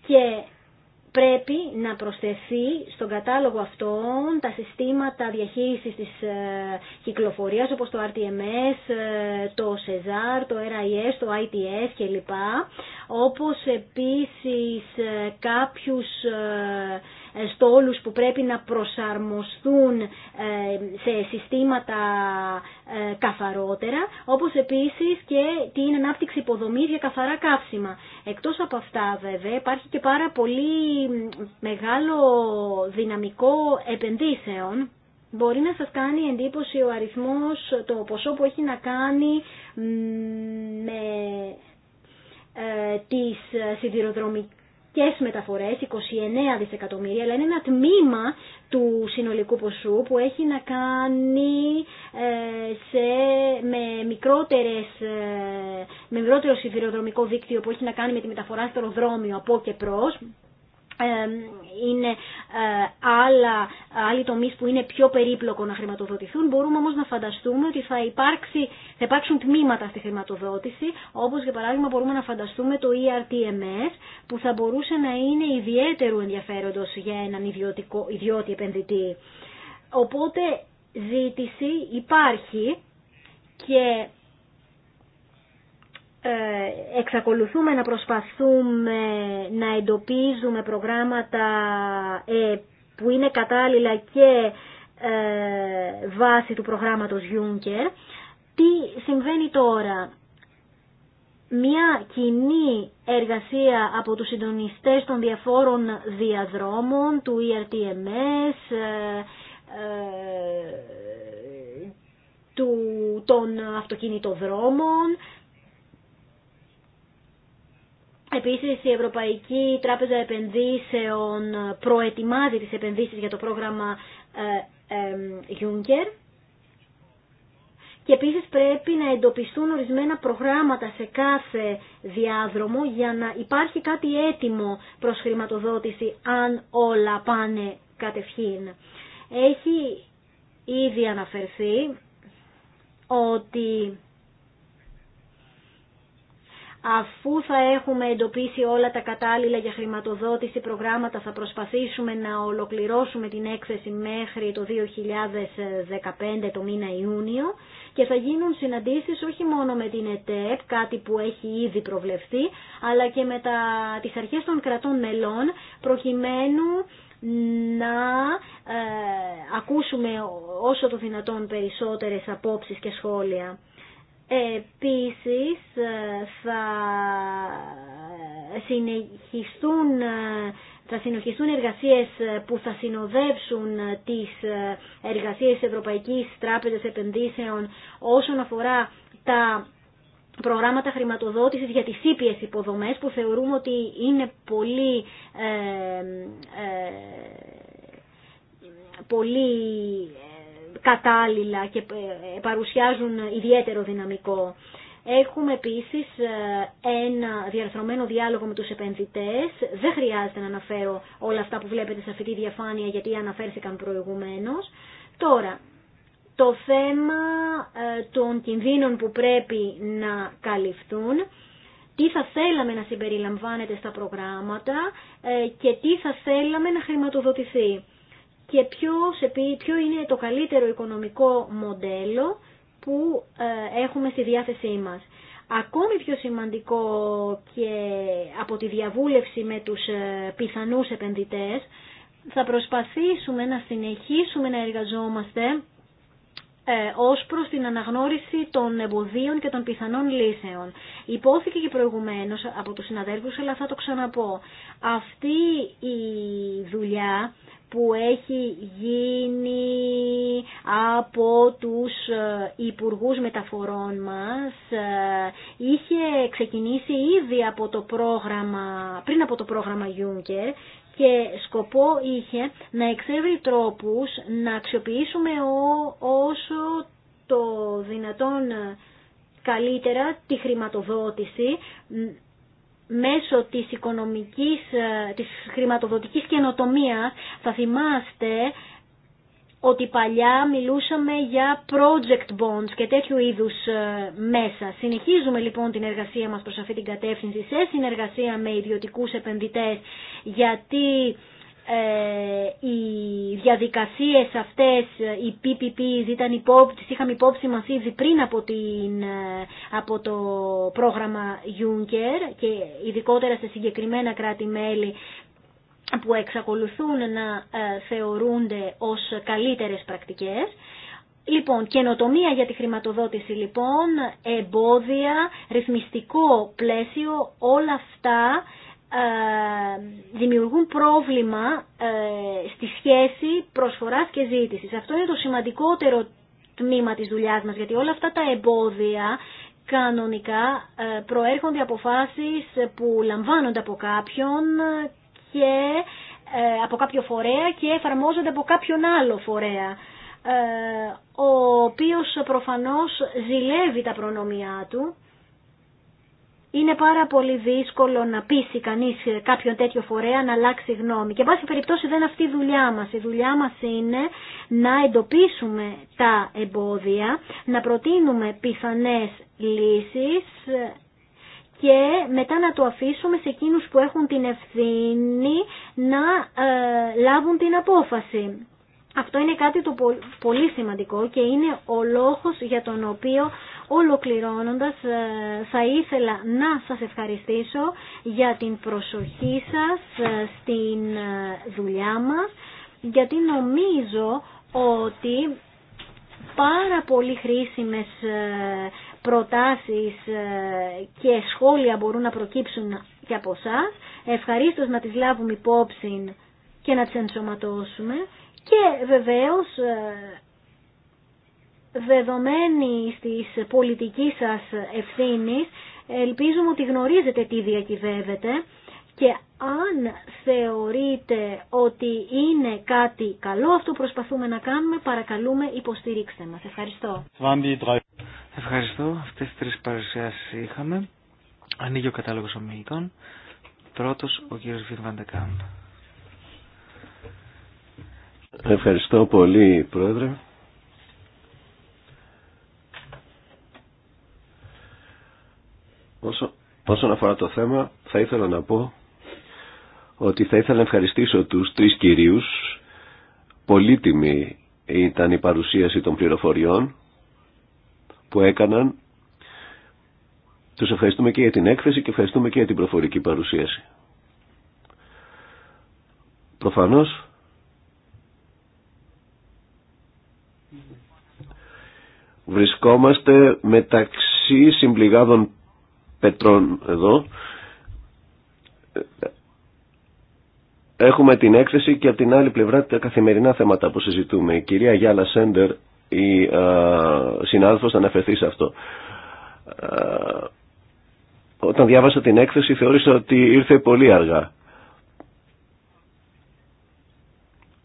και πρέπει να προσθεθεί στον κατάλογο αυτών τα συστήματα διαχείρισης της ε, κυκλοφορίας όπως το RTMS, ε, το CESAR, το RIS, το ITS κλπ. Όπως επίσης ε, κάποιους ε, στόλους που πρέπει να προσαρμοστούν ε, σε συστήματα ε, καθαρότερα, όπως επίσης και την ανάπτυξη υποδομή για καθαρά καύσιμα. Εκτός από αυτά βέβαια υπάρχει και πάρα πολύ μεγάλο δυναμικό επενδύσεων Μπορεί να σας κάνει εντύπωση ο αριθμός, το ποσό που έχει να κάνει με τις σιδηροδρομικές και στις μεταφορές, 29 δισεκατομμύρια, αλλά είναι ένα τμήμα του συνολικού ποσού που έχει να κάνει ε, σε, με, μικρότερες, ε, με μικρότερο σιδηροδρομικό δίκτυο που έχει να κάνει με τη μεταφορά στο αεροδρόμιο από και προς, είναι ε, άλλα, άλλοι τομείς που είναι πιο περίπλοκο να χρηματοδοτηθούν. Μπορούμε όμως να φανταστούμε ότι θα, υπάρξει, θα υπάρξουν τμήματα στη χρηματοδότηση, όπως για παράδειγμα μπορούμε να φανταστούμε το ERTMS, που θα μπορούσε να είναι ιδιαίτερου ενδιαφέροντος για έναν ιδιωτικό, ιδιώτη επενδυτή. Οπότε ζήτηση υπάρχει και ε, εξακολουθούμε να προσπαθούμε να εντοπίζουμε προγράμματα ε, που είναι κατάλληλα και ε, βάση του προγράμματος Juncker. Τι συμβαίνει τώρα. Μια κοινή εργασία από τους συντονιστές των διαφόρων διαδρόμων, του ERTMS, του, των αυτοκινητοδρόμων, Επίσης η Ευρωπαϊκή Τράπεζα Επενδύσεων προετοιμάζει τις επενδύσεις για το πρόγραμμα ε, ε, Juncker και επίσης πρέπει να εντοπιστούν ορισμένα προγράμματα σε κάθε διάδρομο για να υπάρχει κάτι έτοιμο προς χρηματοδότηση αν όλα πάνε κατευχήν. Έχει ήδη αναφερθεί ότι Αφού θα έχουμε εντοπίσει όλα τα κατάλληλα για χρηματοδότηση προγράμματα θα προσπαθήσουμε να ολοκληρώσουμε την έκθεση μέχρι το 2015 το μήνα Ιούνιο και θα γίνουν συναντήσεις όχι μόνο με την ΕΤΕΠ, κάτι που έχει ήδη προβλεφθεί, αλλά και με τα, τις αρχές των κρατών μελών προκειμένου να ε, ακούσουμε όσο το δυνατόν περισσότερες απόψεις και σχόλια. Επίσης ε, ε, ε, θα συνεχιστούν θα συνοχιστούν εργασίες που θα συνοδεύσουν τις εργασίες της Ευρωπαϊκής Τράπεζας Επενδύσεων όσον αφορά τα προγράμματα χρηματοδότησης για τις ήπιες υποδομές που θεωρούμε ότι είναι πολύ, πολύ κατάλληλα και ε, παρουσιάζουν ιδιαίτερο δυναμικό. Έχουμε επίσης ε, ένα διαρθρωμένο διάλογο με τους επενδυτές. Δεν χρειάζεται να αναφέρω όλα αυτά που βλέπετε σε αυτή τη διαφάνεια γιατί αναφέρθηκαν προηγουμένως. Τώρα, το θέμα ε, των κινδύνων που πρέπει να καλυφθούν, τι θα θέλαμε να συμπεριλαμβάνεται στα προγράμματα και τι θα θέλαμε να χρηματοδοτηθεί και ποιο είναι το καλύτερο οικονομικό μοντέλο που ε, έχουμε στη διάθεσή μας. Ακόμη πιο σημαντικό και από τη διαβούλευση με τους ε, πιθανούς επενδυτές, θα προσπαθήσουμε να συνεχίσουμε να εργαζόμαστε ε, ως προς την αναγνώριση των εμποδίων και των πιθανών λύσεων. Υπόθηκε και προηγουμένως από τους συναδέλφους, αλλά θα το ξαναπώ. Αυτή η δουλειά που έχει γίνει από τους ε, υπουργούς μεταφορών μας ε, είχε ξεκινήσει ήδη από το πρόγραμμα, πριν από το πρόγραμμα Juncker και σκοπό είχε να εξεύρει τρόπους να αξιοποιήσουμε όσο το δυνατόν καλύτερα τη χρηματοδότηση μέσω της, οικονομικής, ε, της χρηματοδοτικής καινοτομίας θα θυμάστε ότι παλιά μιλούσαμε για project bonds και τέτοιου είδους ε, μέσα. Συνεχίζουμε λοιπόν την εργασία μας προς αυτή την κατεύθυνση σε συνεργασία με ιδιωτικούς επενδυτές γιατί ε, οι διαδικασίες αυτές, οι PPP ήταν υπόψη, τις είχαμε υπόψη μας ήδη πριν από, ε, από το πρόγραμμα Juncker και ειδικότερα σε συγκεκριμένα κράτη-μέλη που εξακολουθούν να ε, θεωρούνται ως καλύτερες πρακτικές. Λοιπόν, καινοτομία για τη χρηματοδότηση λοιπόν, εμπόδια, ρυθμιστικό πλαίσιο, όλα αυτά ε, δημιουργούν πρόβλημα ε, στη σχέση προσφοράς και ζήτησης. Αυτό είναι το σημαντικότερο τμήμα της δουλειάς μας, γιατί όλα αυτά τα εμπόδια κανονικά προέρχονται αποφάσεις που λαμβάνονται από κάποιον και ε, από κάποιο φορέα και εφαρμόζονται από κάποιον άλλο φορέα ε, ο οποίος προφανώς ζηλεύει τα προνομιά του είναι πάρα πολύ δύσκολο να πείσει κανείς κάποιον τέτοιο φορέα να αλλάξει γνώμη. Και πάση περιπτώσει δεν είναι αυτή η δουλειά μας. Η δουλειά μας είναι να εντοπίσουμε τα εμπόδια, να προτείνουμε πιθανές λύσεις, και μετά να το αφήσουμε σε εκείνους που έχουν την ευθύνη να ε, λάβουν την απόφαση. Αυτό είναι κάτι το πολύ σημαντικό και είναι ο λόγος για τον οποίο ολοκληρώνοντας ε, θα ήθελα να σας ευχαριστήσω για την προσοχή σας ε, στην δουλειά μας γιατί νομίζω ότι πάρα πολύ χρήσιμες προτάσεις ε, και σχόλια μπορούν να προκύψουν και από εσά. Ευχαρίστως να τις λάβουμε υπόψη και να τις ενσωματώσουμε. Και βεβαίως ε, δεδομένη της πολιτικής σας ευθύνης, ελπίζουμε ότι γνωρίζετε τι διακυβεύεται και αν θεωρείτε ότι είναι κάτι καλό αυτό που προσπαθούμε να κάνουμε, παρακαλούμε υποστηρίξτε μας. Ευχαριστώ. Ευχαριστώ. Αυτές τις τρεις παρουσιάσεις είχαμε. Ανοίγει ο κατάλογος ομιλητών. Πρώτος ο κύριος Βιρβαντεκάμπ. Ευχαριστώ πολύ Πρόεδρε. Όσο, όσον αφορά το θέμα θα ήθελα να πω ότι θα ήθελα να ευχαριστήσω τους τρεις κυρίους. Πολύτιμη ήταν η παρουσίαση των πληροφοριών που έκαναν. Τους ευχαριστούμε και για την έκθεση και ευχαριστούμε και για την προφορική παρουσίαση. Προφανώς βρισκόμαστε μεταξύ συμπληγάδων πετρών εδώ. Έχουμε την έκθεση και από την άλλη πλευρά τα καθημερινά θέματα που συζητούμε. Η κυρία Γιάλα Σέντερ η ε, συνάδελφος θα αναφερθεί σε αυτό. Ε, όταν διάβασα την έκθεση θεώρησα ότι ήρθε πολύ αργά.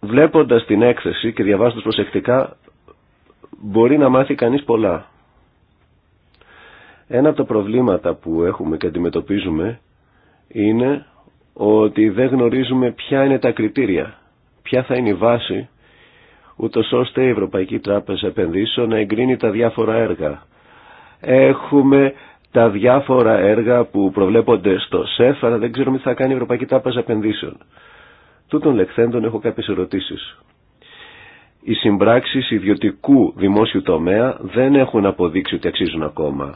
Βλέποντας την έκθεση και διαβάζοντας προσεκτικά μπορεί να μάθει κανείς πολλά. Ένα από τα προβλήματα που έχουμε και αντιμετωπίζουμε είναι ότι δεν γνωρίζουμε ποια είναι τα κριτήρια, ποια θα είναι η βάση ούτω ώστε η Ευρωπαϊκή Τράπεζα Επενδύσεων να εγκρίνει τα διάφορα έργα. Έχουμε τα διάφορα έργα που προβλέπονται στο ΣΕΦ, αλλά δεν ξέρουμε τι θα κάνει η Ευρωπαϊκή Τράπεζα Επενδύσεων. Τούτων λεχθέντων έχω κάποιες ερωτήσεις. Οι συμπράξεις ιδιωτικού δημόσιου τομέα δεν έχουν αποδείξει ότι αξίζουν ακόμα.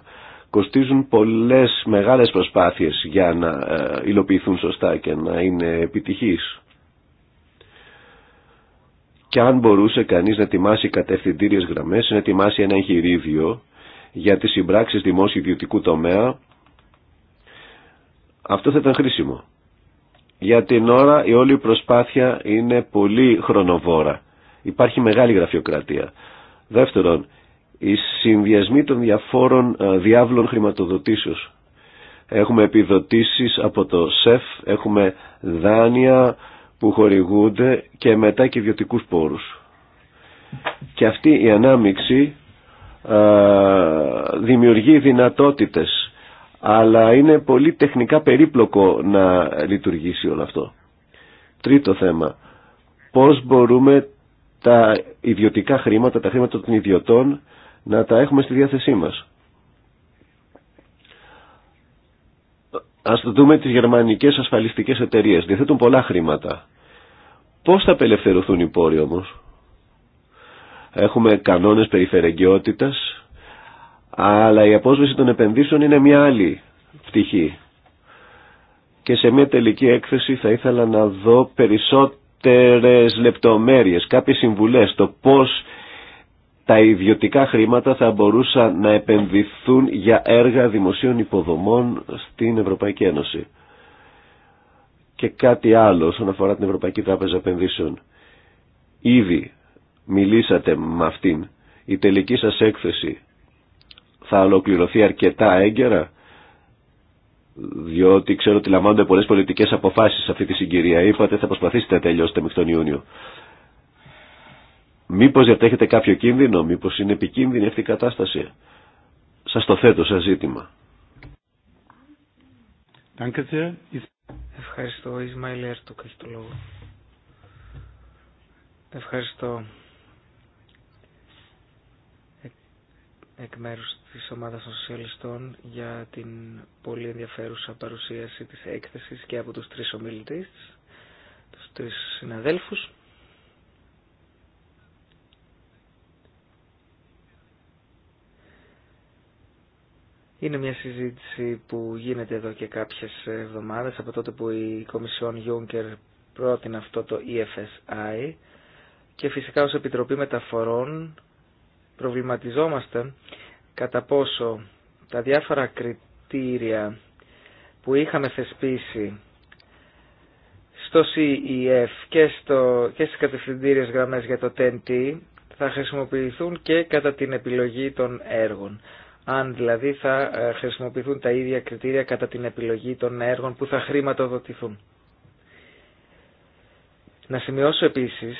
Κοστίζουν πολλές μεγάλες προσπάθειες για να ε, υλοποιηθούν σωστά και να είναι επιτυχείς και αν μπορούσε κανείς να ετοιμάσει κατευθυντήριες γραμμές, να ετοιμάσει ένα εγχειρίδιο για τις συμπράξεις δημόσιου ιδιωτικού τομέα, αυτό θα ήταν χρήσιμο. Για την ώρα η όλη προσπάθεια είναι πολύ χρονοβόρα. Υπάρχει μεγάλη γραφειοκρατία. Δεύτερον, οι συνδυασμοί των διαφόρων ε, διάβλων χρηματοδοτήσεως. Έχουμε επιδοτήσεις από το ΣΕΦ, έχουμε δάνεια, που χορηγούνται και μετά και ιδιωτικού πόρους. Και αυτή η ανάμιξη δημιουργεί δυνατότητες αλλά είναι πολύ τεχνικά περίπλοκο να λειτουργήσει όλο αυτό. Τρίτο θέμα. Πώς μπορούμε τα ιδιωτικά χρήματα, τα χρήματα των ιδιωτών να τα έχουμε στη διάθεσή μας. Ας δούμε τις γερμανικές ασφαλιστικές εταιρείες. Διαθέτουν πολλά χρήματα. Πώς θα απελευθερωθούν οι πόροι όμως. Έχουμε κανόνες περιφερεγκαιότητας, αλλά η απόσβεση των επενδύσεων είναι μια άλλη πτυχή. Και σε μια τελική έκθεση θα ήθελα να δω περισσότερες λεπτομέρειες, κάποιες συμβουλές, το πώς τα ιδιωτικά χρήματα θα μπορούσαν να επενδυθούν για έργα δημοσίων υποδομών στην Ευρωπαϊκή Ένωση. Και κάτι άλλο όσον αφορά την Ευρωπαϊκή Τράπεζα Επενδύσεων. Ήδη μιλήσατε με αυτήν. Η τελική σας έκθεση θα ολοκληρωθεί αρκετά έγκαιρα διότι ξέρω ότι λαμβάνονται πολλές πολιτικές αποφάσεις σε αυτή τη συγκυρία. Είπατε θα προσπαθήσετε να τελειώσετε μέχρι τον Ιούνιο. Μήπως διατέχετε κάποιο κίνδυνο, μήπως είναι επικίνδυνη αυτή η κατάσταση. Σας το θέτω σαν ζήτημα. Ευχαριστώ. Ισμαήλ του έχει το λόγο. Ευχαριστώ. εκ μέρους της ομάδας των σοσιαλιστών για την πολύ ενδιαφέρουσα παρουσίαση της έκθεσης και από τους τρεις ομιλητές, τους τρεις συναδέλφους. Είναι μια συζήτηση που γίνεται εδώ και κάποιες εβδομάδες από τότε που η Κομισιόν Juncker πρότεινε αυτό το EFSI και φυσικά ως Επιτροπή Μεταφορών προβληματιζόμαστε κατά πόσο τα διάφορα κριτήρια που είχαμε θεσπίσει στο CEF και, στο, και στις κατευθυντήριες γραμμές για το TNT θα χρησιμοποιηθούν και κατά την επιλογή των έργων αν δηλαδή θα ε, χρησιμοποιηθούν τα ίδια κριτήρια κατά την επιλογή των έργων που θα χρηματοδοτηθούν. Να σημειώσω επίσης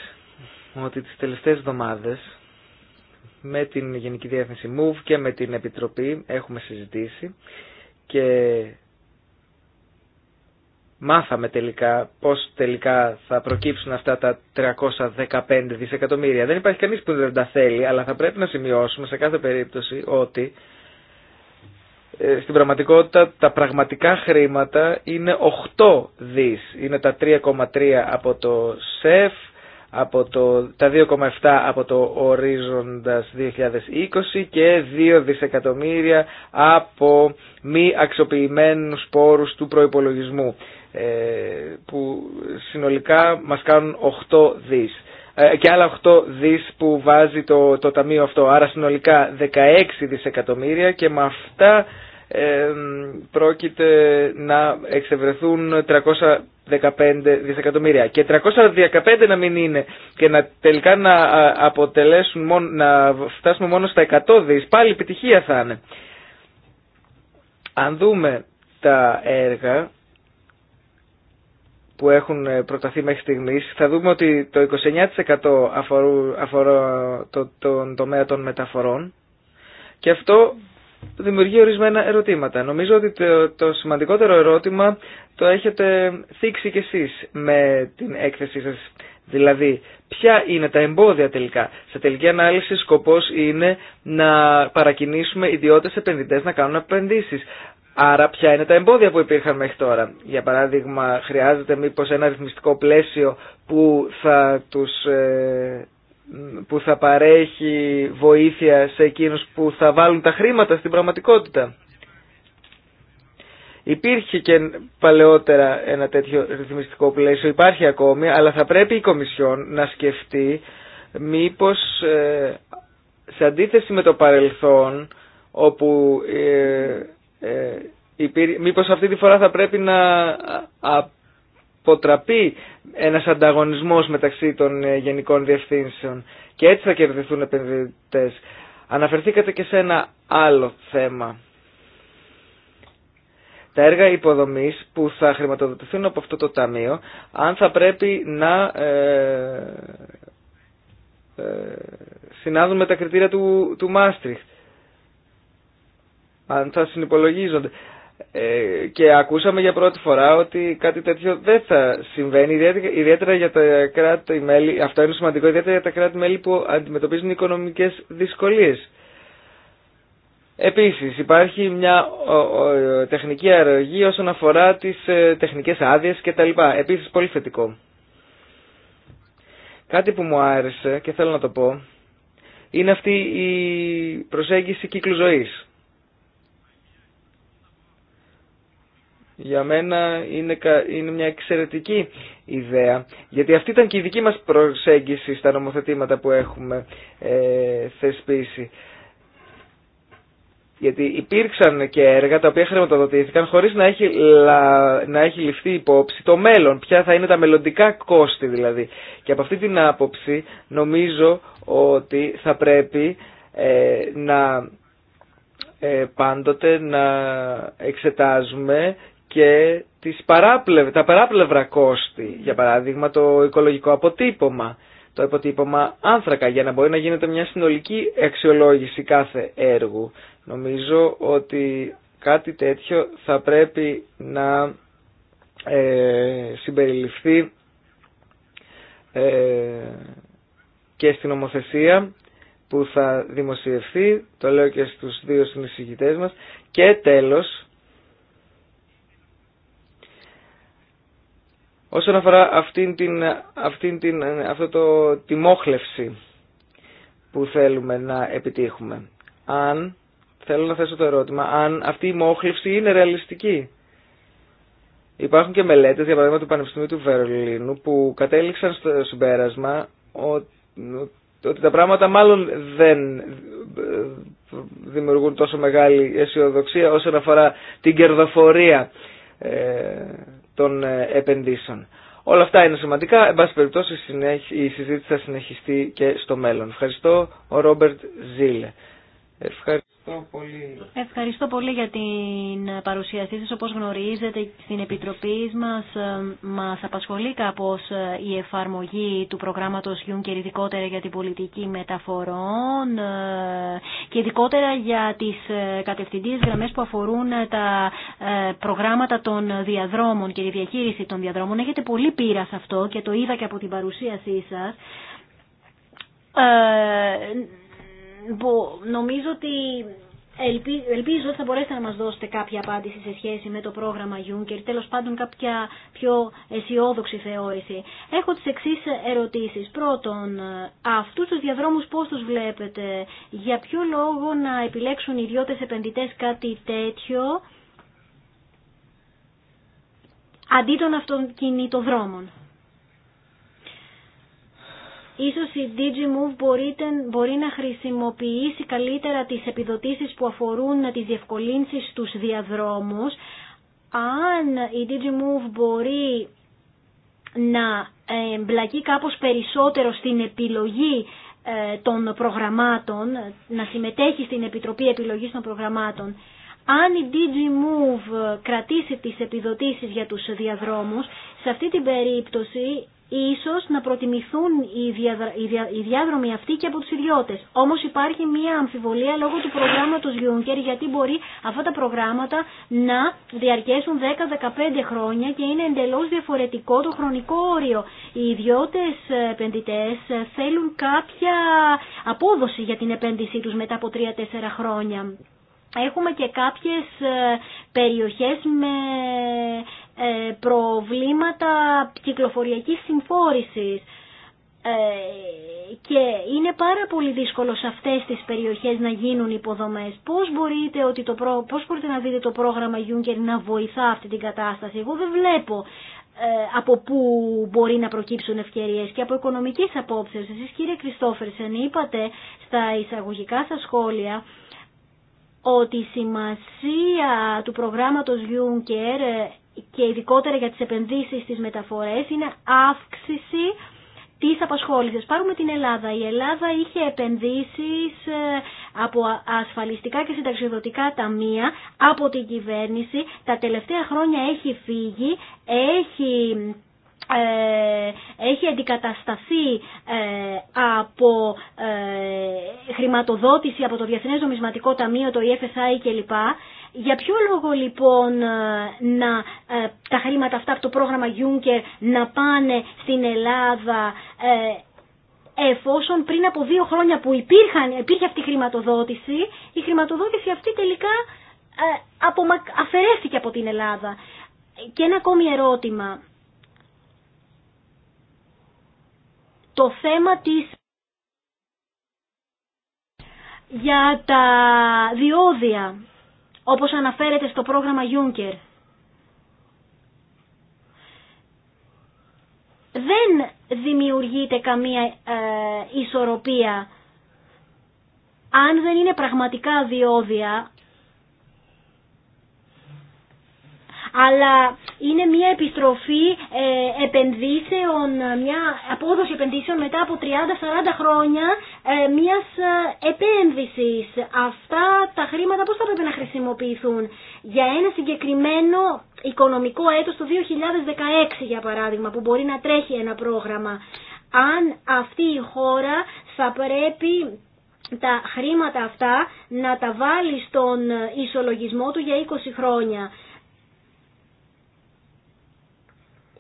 ότι τις τελευταίες εβδομάδες με την Γενική Διεύθυνση MOVE και με την Επιτροπή έχουμε συζητήσει και μάθαμε τελικά πώς τελικά θα προκύψουν αυτά τα 315 δισεκατομμύρια. Δεν υπάρχει κανείς που δεν τα θέλει, αλλά θα πρέπει να σημειώσουμε σε κάθε περίπτωση ότι ε, στην πραγματικότητα τα πραγματικά χρήματα είναι 8 δις. Είναι τα 3,3 από το ΣΕΦ, από το, τα 2,7 από το ορίζοντας 2020 και 2 δισεκατομμύρια από μη αξιοποιημένους πόρους του προϋπολογισμού. Ε, που συνολικά μας κάνουν 8 δις ε, και άλλα 8 δις που βάζει το, το ταμείο αυτό. Άρα συνολικά 16 δισεκατομμύρια και με αυτά ε, πρόκειται να εξευρεθούν 315 δισεκατομμύρια. Και 315 να μην είναι και να τελικά να αποτελέσουν μόνο, να φτάσουμε μόνο στα 100 δις, πάλι επιτυχία θα είναι. Αν δούμε τα έργα που έχουν ε, προταθεί μέχρι στιγμής, θα δούμε ότι το 29% αφορού, αφορά το, τον τομέα των μεταφορών και αυτό δημιουργεί ορισμένα ερωτήματα. Νομίζω ότι το, σημαντικότερο ερώτημα το έχετε θίξει κι εσείς με την έκθεσή σας. Δηλαδή, ποια είναι τα εμπόδια τελικά. Σε τελική ανάλυση σκοπός είναι να παρακινήσουμε ιδιώτες επενδυτές να κάνουν επενδύσεις. Άρα ποια είναι τα εμπόδια που υπήρχαν μέχρι τώρα. Για παράδειγμα χρειάζεται μήπως ένα ρυθμιστικό πλαίσιο που θα, τους, ε, που θα παρέχει βοήθεια σε εκείνους που θα βάλουν τα χρήματα στην πραγματικότητα. Υπήρχε και παλαιότερα ένα τέτοιο ρυθμιστικό πλαίσιο, υπάρχει ακόμη, αλλά θα πρέπει η Κομισιόν να σκεφτεί μήπως ε, σε αντίθεση με το παρελθόν όπου ε, ε, μήπως αυτή τη φορά θα πρέπει να αποτραπεί ένας ανταγωνισμός μεταξύ των ε, γενικών διευθύνσεων και έτσι θα κερδιθούν επενδυτές. Αναφερθήκατε και σε ένα άλλο θέμα. Τα έργα υποδομής που θα χρηματοδοτηθούν από αυτό το ταμείο, αν θα πρέπει να ε, ε συνάδουν με τα κριτήρια του, του Μάστριχτ αν θα συνυπολογίζονται. Ε, και ακούσαμε για πρώτη φορά ότι κάτι τέτοιο δεν θα συμβαίνει, ιδιαίτερα για τα κράτη-μέλη, αυτό είναι σημαντικό, ιδιαίτερα για τα κράτη-μέλη που αντιμετωπίζουν οικονομικές δυσκολίες. Επίσης υπάρχει μια τεχνική αρρωγή όσον αφορά τις ε, τεχνικές άδειες κτλ. Επίσης πολύ θετικό. Κάτι που μου άρεσε και θέλω να το πω είναι αυτή η προσέγγιση κύκλου ζωής. για μένα είναι, είναι μια εξαιρετική ιδέα. Γιατί αυτή ήταν και η δική μας προσέγγιση στα νομοθετήματα που έχουμε ε, θεσπίσει. Γιατί υπήρξαν και έργα τα οποία χρηματοδοτήθηκαν χωρίς να έχει, να έχει ληφθεί υπόψη το μέλλον, ποια θα είναι τα μελλοντικά κόστη δηλαδή. Και από αυτή την άποψη νομίζω ότι θα πρέπει ε, να ε, πάντοτε να εξετάζουμε και τις παράπλευ, τα παράπλευρα κόστη, για παράδειγμα το οικολογικό αποτύπωμα, το αποτύπωμα άνθρακα, για να μπορεί να γίνεται μια συνολική αξιολόγηση κάθε έργου. Νομίζω ότι κάτι τέτοιο θα πρέπει να ε, συμπεριληφθεί ε, και στην ομοθεσία που θα δημοσιευθεί, το λέω και στους δύο συνεισηγητές μας, και τέλος Όσον αφορά αυτήν την, αυτήν την, αυτό το, τη μόχλευση που θέλουμε να επιτύχουμε. Αν, θέλω να θέσω το ερώτημα, αν αυτή η μόχλευση είναι ρεαλιστική. Υπάρχουν και μελέτες, για παράδειγμα του Πανεπιστημίου του Βερολίνου, που κατέληξαν στο συμπέρασμα ότι τα πράγματα μάλλον δεν δημιουργούν τόσο μεγάλη αισιοδοξία όσον αφορά την κερδοφορία ε, των ε, επενδύσεων. Όλα αυτά είναι σημαντικά. Εν πάση περιπτώσει η συζήτηση θα συνεχιστεί και στο μέλλον. Ευχαριστώ ο Ρόμπερτ Ζήλε. Ευχαριστώ πολύ. Ευχαριστώ πολύ για την παρουσίασή σας. Όπως γνωρίζετε, στην Επιτροπή μας ε, μας απασχολεί κάπως ε, η εφαρμογή του προγράμματος και ειδικότερα για την πολιτική μεταφορών ε, και ειδικότερα για τις κατευθυντήριες γραμμές που αφορούν τα προγράμματα των διαδρόμων και τη διαχείριση των διαδρόμων. Έχετε πολύ πείρα σε αυτό και το είδα και από την παρουσίασή σας νομίζω ότι ελπίζω ότι θα μπορέσετε να μας δώσετε κάποια απάντηση σε σχέση με το πρόγραμμα Juncker, τέλος πάντων κάποια πιο αισιόδοξη θεώρηση. Έχω τις εξής ερωτήσεις. Πρώτον, αυτούς τους διαδρόμους πώς τους βλέπετε, για ποιο λόγο να επιλέξουν οι ιδιώτες επενδυτές κάτι τέτοιο αντί των αυτοκινητοδρόμων. Ίσως η DigiMove μπορείτε, μπορεί να χρησιμοποιήσει καλύτερα τις επιδοτήσεις που αφορούν τις διευκολύνσεις στους διαδρόμους. Αν η DigiMove μπορεί να μπλακεί κάπως περισσότερο στην επιλογή ε, των προγραμμάτων, να συμμετέχει στην Επιτροπή Επιλογής των Προγραμμάτων, αν η DigiMove κρατήσει τις επιδοτήσεις για τους διαδρόμους, σε αυτή την περίπτωση ίσως να προτιμηθούν οι διάδρομοι αυτοί και από τους ιδιώτες. Όμως υπάρχει μια αμφιβολία λόγω του προγράμματος Juncker γιατί μπορεί αυτά τα προγράμματα να διαρκέσουν 10-15 χρόνια και είναι εντελώς διαφορετικό το χρονικό όριο. Οι ιδιώτες ε, επενδυτές ε, θέλουν κάποια απόδοση για την επένδυσή τους μετά από 3-4 χρόνια. Έχουμε και κάποιες ε, περιοχές με ε, προβλήματα κυκλοφοριακής συμφόρησης ε, και είναι πάρα πολύ δύσκολο σε αυτές τις περιοχές να γίνουν υποδομές. Πώς μπορείτε, ότι Πώς μπορείτε να δείτε το πρόγραμμα Juncker να βοηθά αυτή την κατάσταση. Εγώ δεν βλέπω ε, από πού μπορεί να προκύψουν ευκαιρίες και από οικονομικής απόψεως. Εσείς κύριε Κριστόφερσεν είπατε στα εισαγωγικά σας σχόλια ότι η σημασία του προγράμματος Juncker και ειδικότερα για τις επενδύσεις στις μεταφορές είναι αύξηση της απασχόλησης. Πάρουμε την Ελλάδα. Η Ελλάδα είχε επενδύσεις ε, από ασφαλιστικά και συνταξιδοτικά ταμεία από την κυβέρνηση. Τα τελευταία χρόνια έχει φύγει, έχει ε, έχει αντικατασταθεί ε, από χρηματοδότηση από το Διεθνές Νομισματικό Ταμείο, το EFSI κλπ. Για ποιο λόγο λοιπόν ε, να ε, τα χρήματα αυτά από το πρόγραμμα Juncker να πάνε στην Ελλάδα ε, εφόσον πριν από δύο χρόνια που υπήρχαν, υπήρχε αυτή η χρηματοδότηση, η χρηματοδότηση αυτή τελικά αφαιρέθηκε από την Ελλάδα. Και ένα ακόμη ερώτημα. Το θέμα της για τα διόδια όπως αναφέρεται στο πρόγραμμα Juncker. Δεν δημιουργείται καμία ε, ισορροπία αν δεν είναι πραγματικά διόδια, αλλά είναι μια επιστροφή ε, επενδύσεων, μια απόδοση επενδύσεων μετά από 30-40 χρόνια ε, μιας ε, επένδυσης. Αυτά τα χρήματα πώς θα πρέπει να χρησιμοποιηθούν για ένα συγκεκριμένο οικονομικό έτος το 2016 για παράδειγμα που μπορεί να τρέχει ένα πρόγραμμα. Αν αυτή η χώρα θα πρέπει τα χρήματα αυτά να τα βάλει στον ισολογισμό του για 20 χρόνια.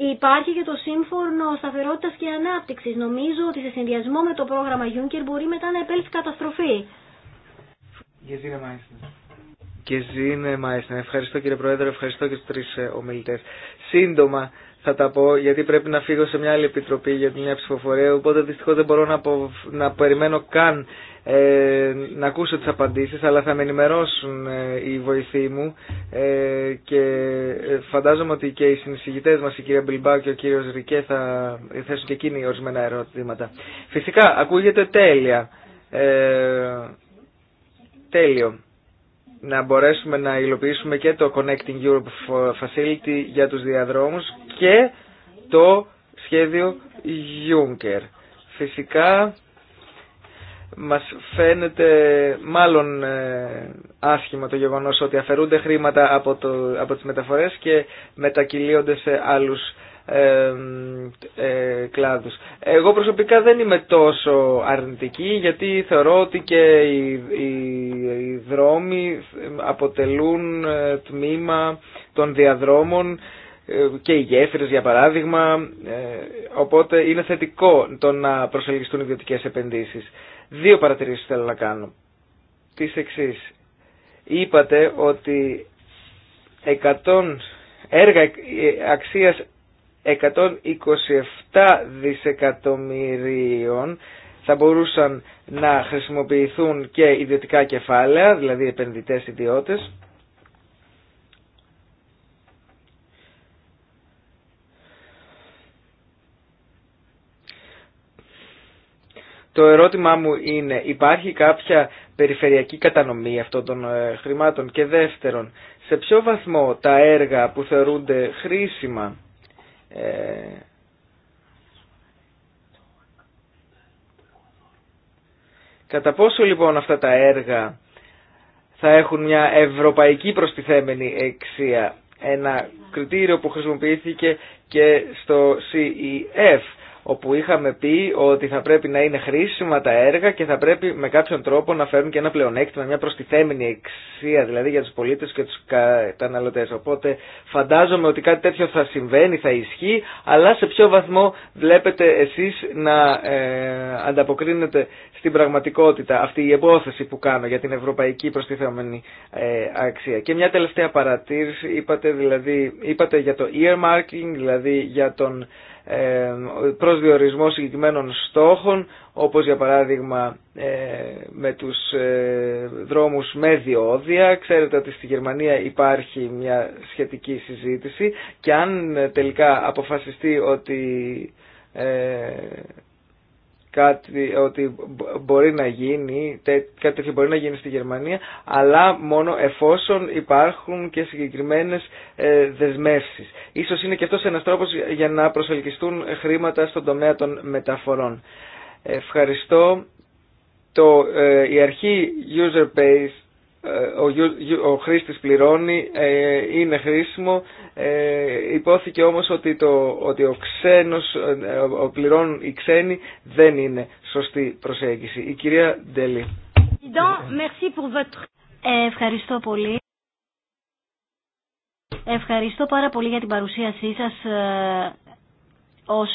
Υπάρχει και το Σύμφωνο Σταθερότητας και ανάπτυξη. Νομίζω ότι σε συνδυασμό με το πρόγραμμα Juncker μπορεί μετά να επέλθει καταστροφή. Και μάλιστα. Ευχαριστώ κύριε Πρόεδρε, ευχαριστώ και του τρει ε, ομιλητέ Σύντομα, θα τα πω γιατί πρέπει να φύγω σε μια άλλη επιτροπή για την μια ψηφοφορία οπότε δυστυχώς δεν μπορώ να, να περιμένω καν ε, να ακούσω τις απαντήσεις αλλά θα με ενημερώσουν ε, οι βοηθοί μου ε, και ε, φαντάζομαι ότι και οι συνεισηγητές μας η κυρία Μπιλμπάου και ο κύριος Ρικέ θα θέσουν και εκείνοι ορισμένα ερωτήματα. Φυσικά ακούγεται τέλεια. Ε, τέλειο να μπορέσουμε να υλοποιήσουμε και το Connecting Europe Facility για τους διαδρόμους και το σχέδιο Juncker. Φυσικά μας φαίνεται μάλλον ε, άσχημα το γεγονός ότι αφαιρούνται χρήματα από, το, από τις μεταφορές και μετακυλίονται σε άλλους ε, κλάδους. Εγώ προσωπικά δεν είμαι τόσο αρνητική γιατί θεωρώ ότι και οι δρόμοι αποτελούν ε, τμήμα των διαδρόμων και οι γέφυρε, για παράδειγμα, ε, οπότε είναι θετικό το να προσελκυστούν ιδιωτικέ επενδύσεις. Δύο παρατηρήσεις θέλω να κάνω. Τις εξή. Είπατε ότι 100, έργα αξίας 127 δισεκατομμυρίων θα μπορούσαν να χρησιμοποιηθούν και ιδιωτικά κεφάλαια, δηλαδή επενδυτές ιδιώτες, Το ερώτημά μου είναι υπάρχει κάποια περιφερειακή κατανομή αυτών των ε, χρημάτων και δεύτερον σε ποιο βαθμό τα έργα που θεωρούνται χρήσιμα ε, Κατά πόσο λοιπόν αυτά τα έργα θα έχουν μια ευρωπαϊκή προστιθέμενη εξία, ένα κριτήριο που χρησιμοποιήθηκε και στο CEF όπου είχαμε πει ότι θα πρέπει να είναι χρήσιμα τα έργα και θα πρέπει με κάποιον τρόπο να φέρουν και ένα πλεονέκτημα, μια προστιθέμενη αξία δηλαδή για τους πολίτες και τους καταναλωτές. Οπότε φαντάζομαι ότι κάτι τέτοιο θα συμβαίνει, θα ισχύει, αλλά σε ποιο βαθμό βλέπετε εσείς να ε, ανταποκρίνετε στην πραγματικότητα αυτή η επόθεση που κάνω για την ευρωπαϊκή προστιθέμενη ε, αξία. Και μια τελευταία παρατήρηση, είπατε, δηλαδή, είπατε για το earmarking, δηλαδή για τον ε, διορισμό συγκεκριμένων στόχων, όπως για παράδειγμα ε, με τους ε, δρόμους με διόδια. Ξέρετε ότι στη Γερμανία υπάρχει μια σχετική συζήτηση και αν τελικά αποφασιστεί ότι κάτι, ότι μπορεί να γίνει, κάτι τέτοιο μπορεί να γίνει στη Γερμανία, αλλά μόνο εφόσον υπάρχουν και συγκεκριμένες ε, δεσμεύσεις. Ίσως είναι και αυτός ένας τρόπος για να προσελκυστούν χρήματα στον τομέα των μεταφορών. Ευχαριστώ. Το, ε, η αρχή user base ε, ο χρήστης πληρώνει, ε, είναι χρήσιμο. Ε, υπόθηκε όμως ότι, το, ότι ο ξένος, ο πληρώνουν οι ξένοι δεν είναι σωστή προσέγγιση. Η κυρία Ντελή. Ευχαριστώ πολύ. Ευχαριστώ πάρα πολύ για την παρουσίασή σας ως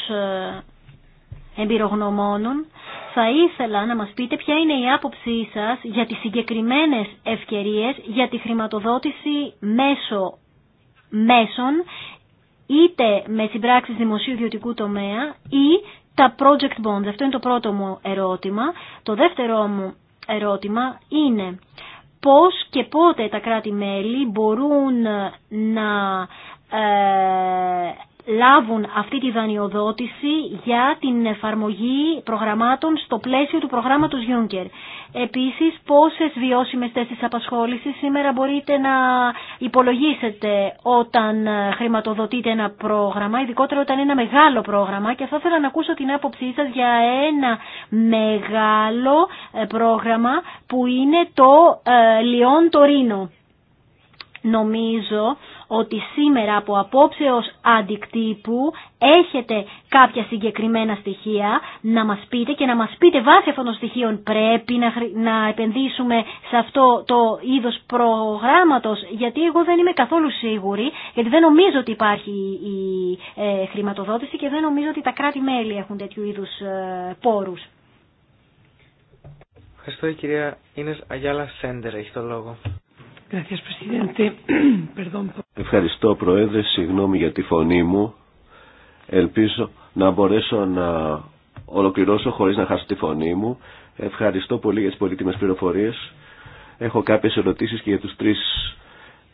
εμπειρογνωμόνων, θα ήθελα να μας πείτε ποια είναι η άποψή σας για τις συγκεκριμένες ευκαιρίες για τη χρηματοδότηση μέσω μέσων, είτε με συμπράξεις δημοσίου ιδιωτικού τομέα ή τα project bonds. Αυτό είναι το πρώτο μου ερώτημα. Το δεύτερο μου ερώτημα είναι πώς και πότε τα κράτη-μέλη μπορούν να ε, λάβουν αυτή τη δανειοδότηση για την εφαρμογή προγραμμάτων στο πλαίσιο του προγράμματος Juncker. Επίσης, πόσες βιώσιμες θέσεις απασχόλησης σήμερα μπορείτε να υπολογίσετε όταν χρηματοδοτείτε ένα πρόγραμμα, ειδικότερα όταν είναι ένα μεγάλο πρόγραμμα και θα ήθελα να ακούσω την άποψή σας για ένα μεγάλο ε, πρόγραμμα που είναι το ε, Λιόν Τωρίνο νομίζω ότι σήμερα από απόψε ως αντικτύπου έχετε κάποια συγκεκριμένα στοιχεία να μας πείτε και να μας πείτε βάσει αυτών των στοιχείων πρέπει να, να επενδύσουμε σε αυτό το είδος προγράμματος γιατί εγώ δεν είμαι καθόλου σίγουρη γιατί δεν νομίζω ότι υπάρχει η ε, χρηματοδότηση και δεν νομίζω ότι τα κράτη-μέλη έχουν τέτοιου είδους ε, πόρους. Ευχαριστώ η κυρία Ίνες Αγιάλα Σέντερ, έχει το λόγο. Ευχαριστώ Προέδρε, συγγνώμη για τη φωνή μου. Ελπίζω να μπορέσω να ολοκληρώσω χωρίς να χάσω τη φωνή μου. Ευχαριστώ πολύ για τις πολύτιμες πληροφορίες. Έχω κάποιες ερωτήσεις και για τους τρεις.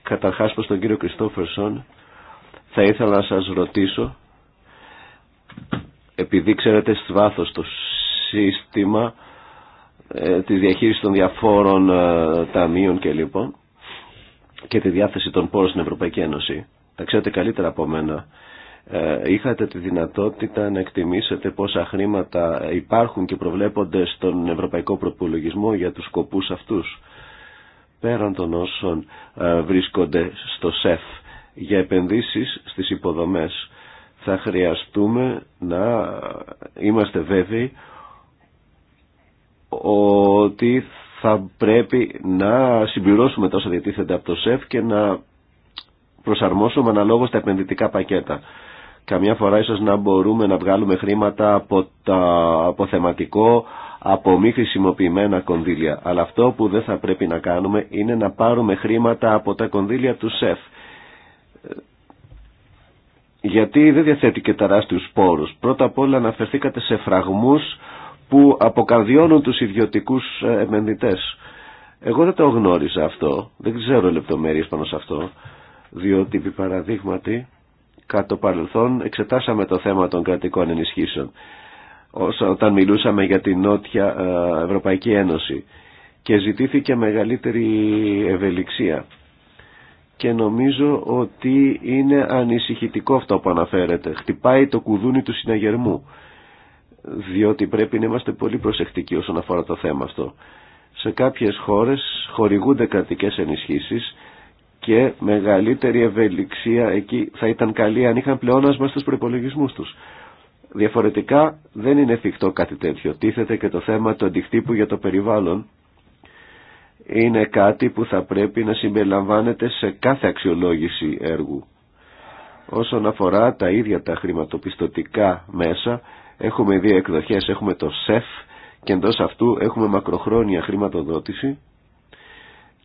Καταρχάς προς τον κύριο Κριστόφερσον θα ήθελα να σας ρωτήσω επειδή ξέρετε στις βάθος το σύστημα τη ε, της διαχείρισης των διαφόρων ε, ταμείων και λοιπόν και τη διάθεση των πόρων στην Ευρωπαϊκή Ένωση. Τα ξέρετε καλύτερα από μένα. Ε, είχατε τη δυνατότητα να εκτιμήσετε πόσα χρήματα υπάρχουν και προβλέπονται στον ευρωπαϊκό προπολογισμό για τους σκοπούς αυτούς. Πέραν των όσων ε, βρίσκονται στο ΣΕΦ για επενδύσεις στις υποδομές. Θα χρειαστούμε να είμαστε βέβαιοι ότι θα πρέπει να συμπληρώσουμε τόσο διατίθεται από το ΣΕΦ και να προσαρμόσουμε αναλόγως τα επενδυτικά πακέτα. Καμιά φορά ίσως να μπορούμε να βγάλουμε χρήματα από, τα, από θεματικό, από μη χρησιμοποιημένα κονδύλια. Αλλά αυτό που δεν θα πρέπει να κάνουμε είναι να πάρουμε χρήματα από τα κονδύλια του ΣΕΦ. Γιατί δεν διαθέτει και τεράστιους πόρους. Πρώτα απ' όλα αναφερθήκατε σε φραγμούς που αποκαρδιώνουν τους ιδιωτικούς ε, επενδυτέ. Εγώ δεν το γνώριζα αυτό, δεν ξέρω λεπτομέρειες πάνω σε αυτό, διότι επί παραδείγματι κατά το παρελθόν εξετάσαμε το θέμα των κρατικών ενισχύσεων όταν μιλούσαμε για την Νότια ε, Ευρωπαϊκή Ένωση και ζητήθηκε μεγαλύτερη ευελιξία. Και νομίζω ότι είναι ανησυχητικό αυτό που αναφέρεται. Χτυπάει το κουδούνι του συναγερμού διότι πρέπει να είμαστε πολύ προσεκτικοί όσον αφορά το θέμα αυτό. Σε κάποιες χώρες χορηγούνται κρατικές ενισχύσεις και μεγαλύτερη ευελιξία εκεί θα ήταν καλή αν είχαν πλεόνασμα στους προπολογισμού τους. Διαφορετικά δεν είναι εφικτό κάτι τέτοιο. Τίθεται και το θέμα του αντικτύπου για το περιβάλλον. Είναι κάτι που θα πρέπει να συμπεριλαμβάνεται σε κάθε αξιολόγηση έργου. Όσον αφορά τα ίδια τα χρηματοπιστωτικά μέσα, Έχουμε δύο εκδοχές, έχουμε το ΣΕΦ και εντός αυτού έχουμε μακροχρόνια χρηματοδότηση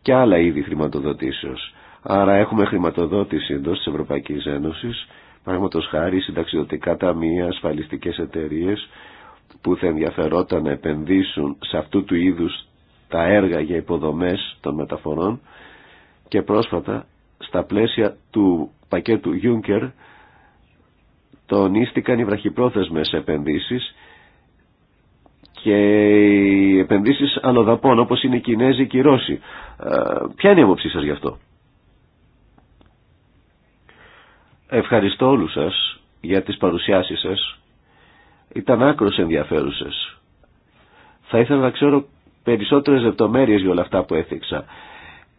και άλλα είδη χρηματοδοτήσεως. Άρα έχουμε χρηματοδότηση εντός της Ευρωπαϊκής Ένωσης, παραδείγματος χάρη συνταξιδοτικά ταμεία, ασφαλιστικές εταιρείε που θα ενδιαφερόταν να επενδύσουν σε αυτού του είδους τα έργα για υποδομές των μεταφορών και πρόσφατα στα πλαίσια του πακέτου Juncker τονίστηκαν οι βραχυπρόθεσμες επενδύσεις και οι επενδύσεις αλλοδαπών όπως είναι οι Κινέζοι και οι Ρώσοι. Ε, ποια είναι η άποψή σας γι' αυτό. Ευχαριστώ όλους σας για τις παρουσιάσεις σας. Ήταν άκρος ενδιαφέρουσες. Θα ήθελα να ξέρω περισσότερες λεπτομέρειες για όλα αυτά που έθιξα.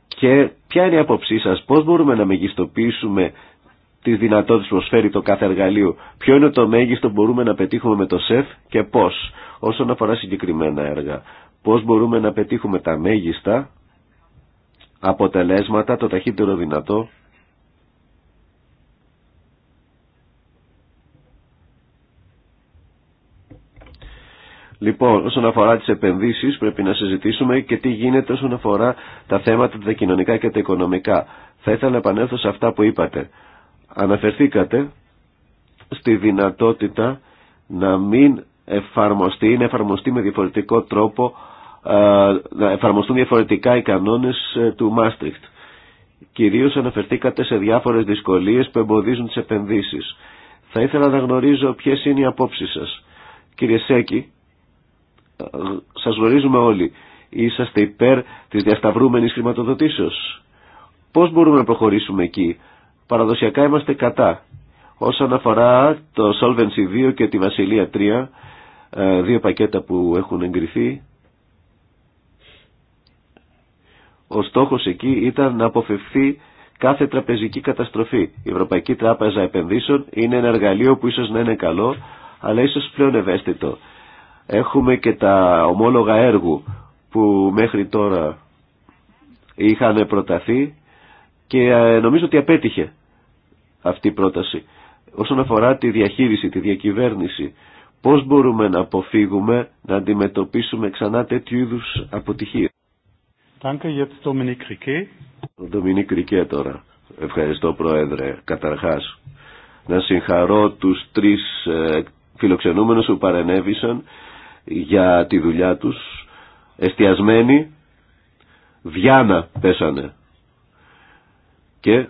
Και ποια είναι η άποψή σας, πώς μπορούμε να μεγιστοποιήσουμε τις δυνατότητες που προσφέρει το κάθε εργαλείο. Ποιο είναι το μέγιστο που μπορούμε να πετύχουμε με το ΣΕΦ και πώς, όσον αφορά συγκεκριμένα έργα. Πώς μπορούμε να πετύχουμε τα μέγιστα αποτελέσματα το ταχύτερο δυνατό Λοιπόν, όσον αφορά τις επενδύσεις πρέπει να συζητήσουμε και τι γίνεται όσον αφορά τα θέματα τα κοινωνικά και τα οικονομικά. Θα ήθελα να επανέλθω σε αυτά που είπατε Αναφερθήκατε στη δυνατότητα να μην εφαρμοστεί, ή να εφαρμοστεί με διαφορετικό τρόπο, να εφαρμοστούν διαφορετικά οι κανόνες ε, του Μάστριχτ. Κυρίως αναφερθήκατε σε διάφορες δυσκολίες που εμποδίζουν τις επενδύσεις. Θα ήθελα να γνωρίζω ποιες είναι οι απόψεις σας. Κύριε Σέκη, ε, σας γνωρίζουμε όλοι. Είσαστε υπέρ της διασταυρούμενης χρηματοδοτήσεως. Πώς μπορούμε να προχωρήσουμε εκεί Παραδοσιακά είμαστε κατά. Όσον αφορά το Solvency 2 και τη Βασιλεία 3, ε, δύο πακέτα που έχουν εγκριθεί, ο στόχος εκεί ήταν να αποφευθεί κάθε τραπεζική καταστροφή. Η Ευρωπαϊκή Τράπεζα Επενδύσεων είναι ένα εργαλείο που ίσως να είναι καλό, αλλά ίσως πλέον ευαίσθητο. Έχουμε και τα ομόλογα έργου που μέχρι τώρα είχαν προταθεί και ε, νομίζω ότι απέτυχε αυτή η πρόταση. Όσον αφορά τη διαχείριση, τη διακυβέρνηση, πώς μπορούμε να αποφύγουμε να αντιμετωπίσουμε ξανά τέτοιου είδου αποτυχίες. Dominique κρικέ τώρα. Ευχαριστώ Πρόεδρε. Καταρχάς, να συγχαρώ τους τρεις ε, φιλοξενούμενους που παρενέβησαν για τη δουλειά τους. Εστιασμένοι, Βιάνα πέσανε. Και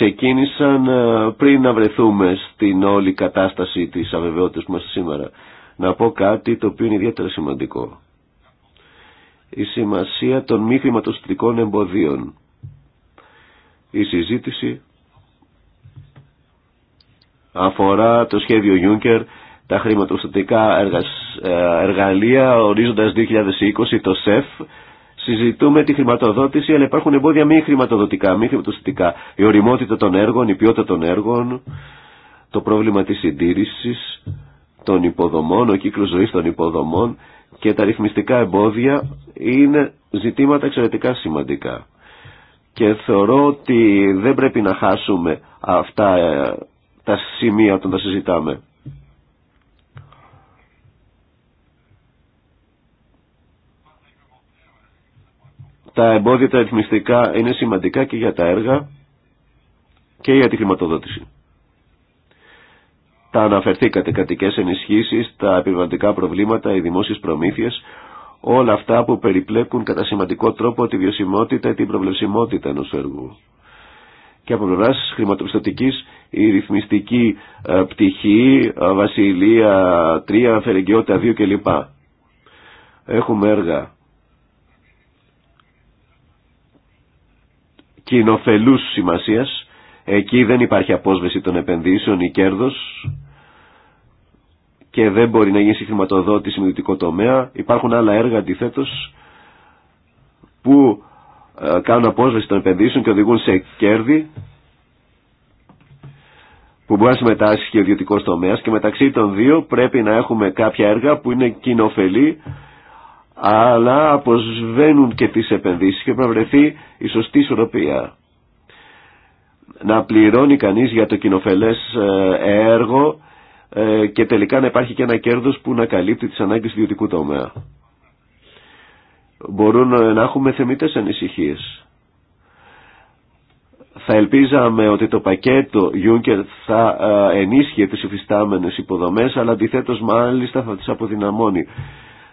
ξεκίνησαν ε, πριν να βρεθούμε στην όλη κατάσταση της αβεβαιότητας που είμαστε σήμερα. Να πω κάτι το οποίο είναι ιδιαίτερα σημαντικό. Η σημασία των μη χρηματοστατικών εμποδίων. Η συζήτηση αφορά το σχέδιο Juncker, τα χρηματοστατικά ε, εργαλεία ορίζοντας 2020, το ΣΕΦ, συζητούμε τη χρηματοδότηση, αλλά υπάρχουν εμπόδια μη χρηματοδοτικά, μη χρηματοδοτικά. Η οριμότητα των έργων, η ποιότητα των έργων, το πρόβλημα της συντήρησης των υποδομών, ο κύκλος ζωής των υποδομών και τα ρυθμιστικά εμπόδια είναι ζητήματα εξαιρετικά σημαντικά. Και θεωρώ ότι δεν πρέπει να χάσουμε αυτά ε, τα σημεία όταν τα συζητάμε. τα εμπόδια τα ρυθμιστικά είναι σημαντικά και για τα έργα και για τη χρηματοδότηση. Τα αναφερθήκατε κατοικές ενισχύσεις, τα επιβαλλοντικά προβλήματα, οι δημόσιες προμήθειες, όλα αυτά που περιπλέκουν κατά σημαντικό τρόπο τη βιωσιμότητα ή την προβλεψιμότητα ενός έργου. Και από πλευρά χρηματοπιστωτική η ρυθμιστική ε, πτυχή, ε, βασιλεία 3, αφαιρεγκαιότητα 2 κλπ. Έχουμε έργα κοινοφελούς σημασίας. Εκεί δεν υπάρχει απόσβεση των επενδύσεων ή κέρδος και δεν μπορεί να γίνει συγχρηματοδότηση με ιδιωτικό τομέα. Υπάρχουν άλλα έργα αντιθέτω που ε, κάνουν απόσβεση των επενδύσεων και οδηγούν σε κέρδη που μπορεί να συμμετάσχει και ο ιδιωτικό τομέα και μεταξύ των δύο πρέπει να έχουμε κάποια έργα που είναι κοινοφελή αλλά αποσβαίνουν και τις επενδύσεις και πρέπει βρεθεί η σωστή ισορροπία. Να πληρώνει κανείς για το κοινοφελές ε, έργο ε, και τελικά να υπάρχει και ένα κέρδος που να καλύπτει τις ανάγκες του ιδιωτικού τομέα. Μπορούν να έχουμε θεμητές ανησυχίες. Θα ελπίζαμε ότι το πακέτο Juncker θα ε, ενίσχυε τις υφιστάμενες υποδομές, αλλά αντιθέτως μάλιστα θα τις αποδυναμώνει.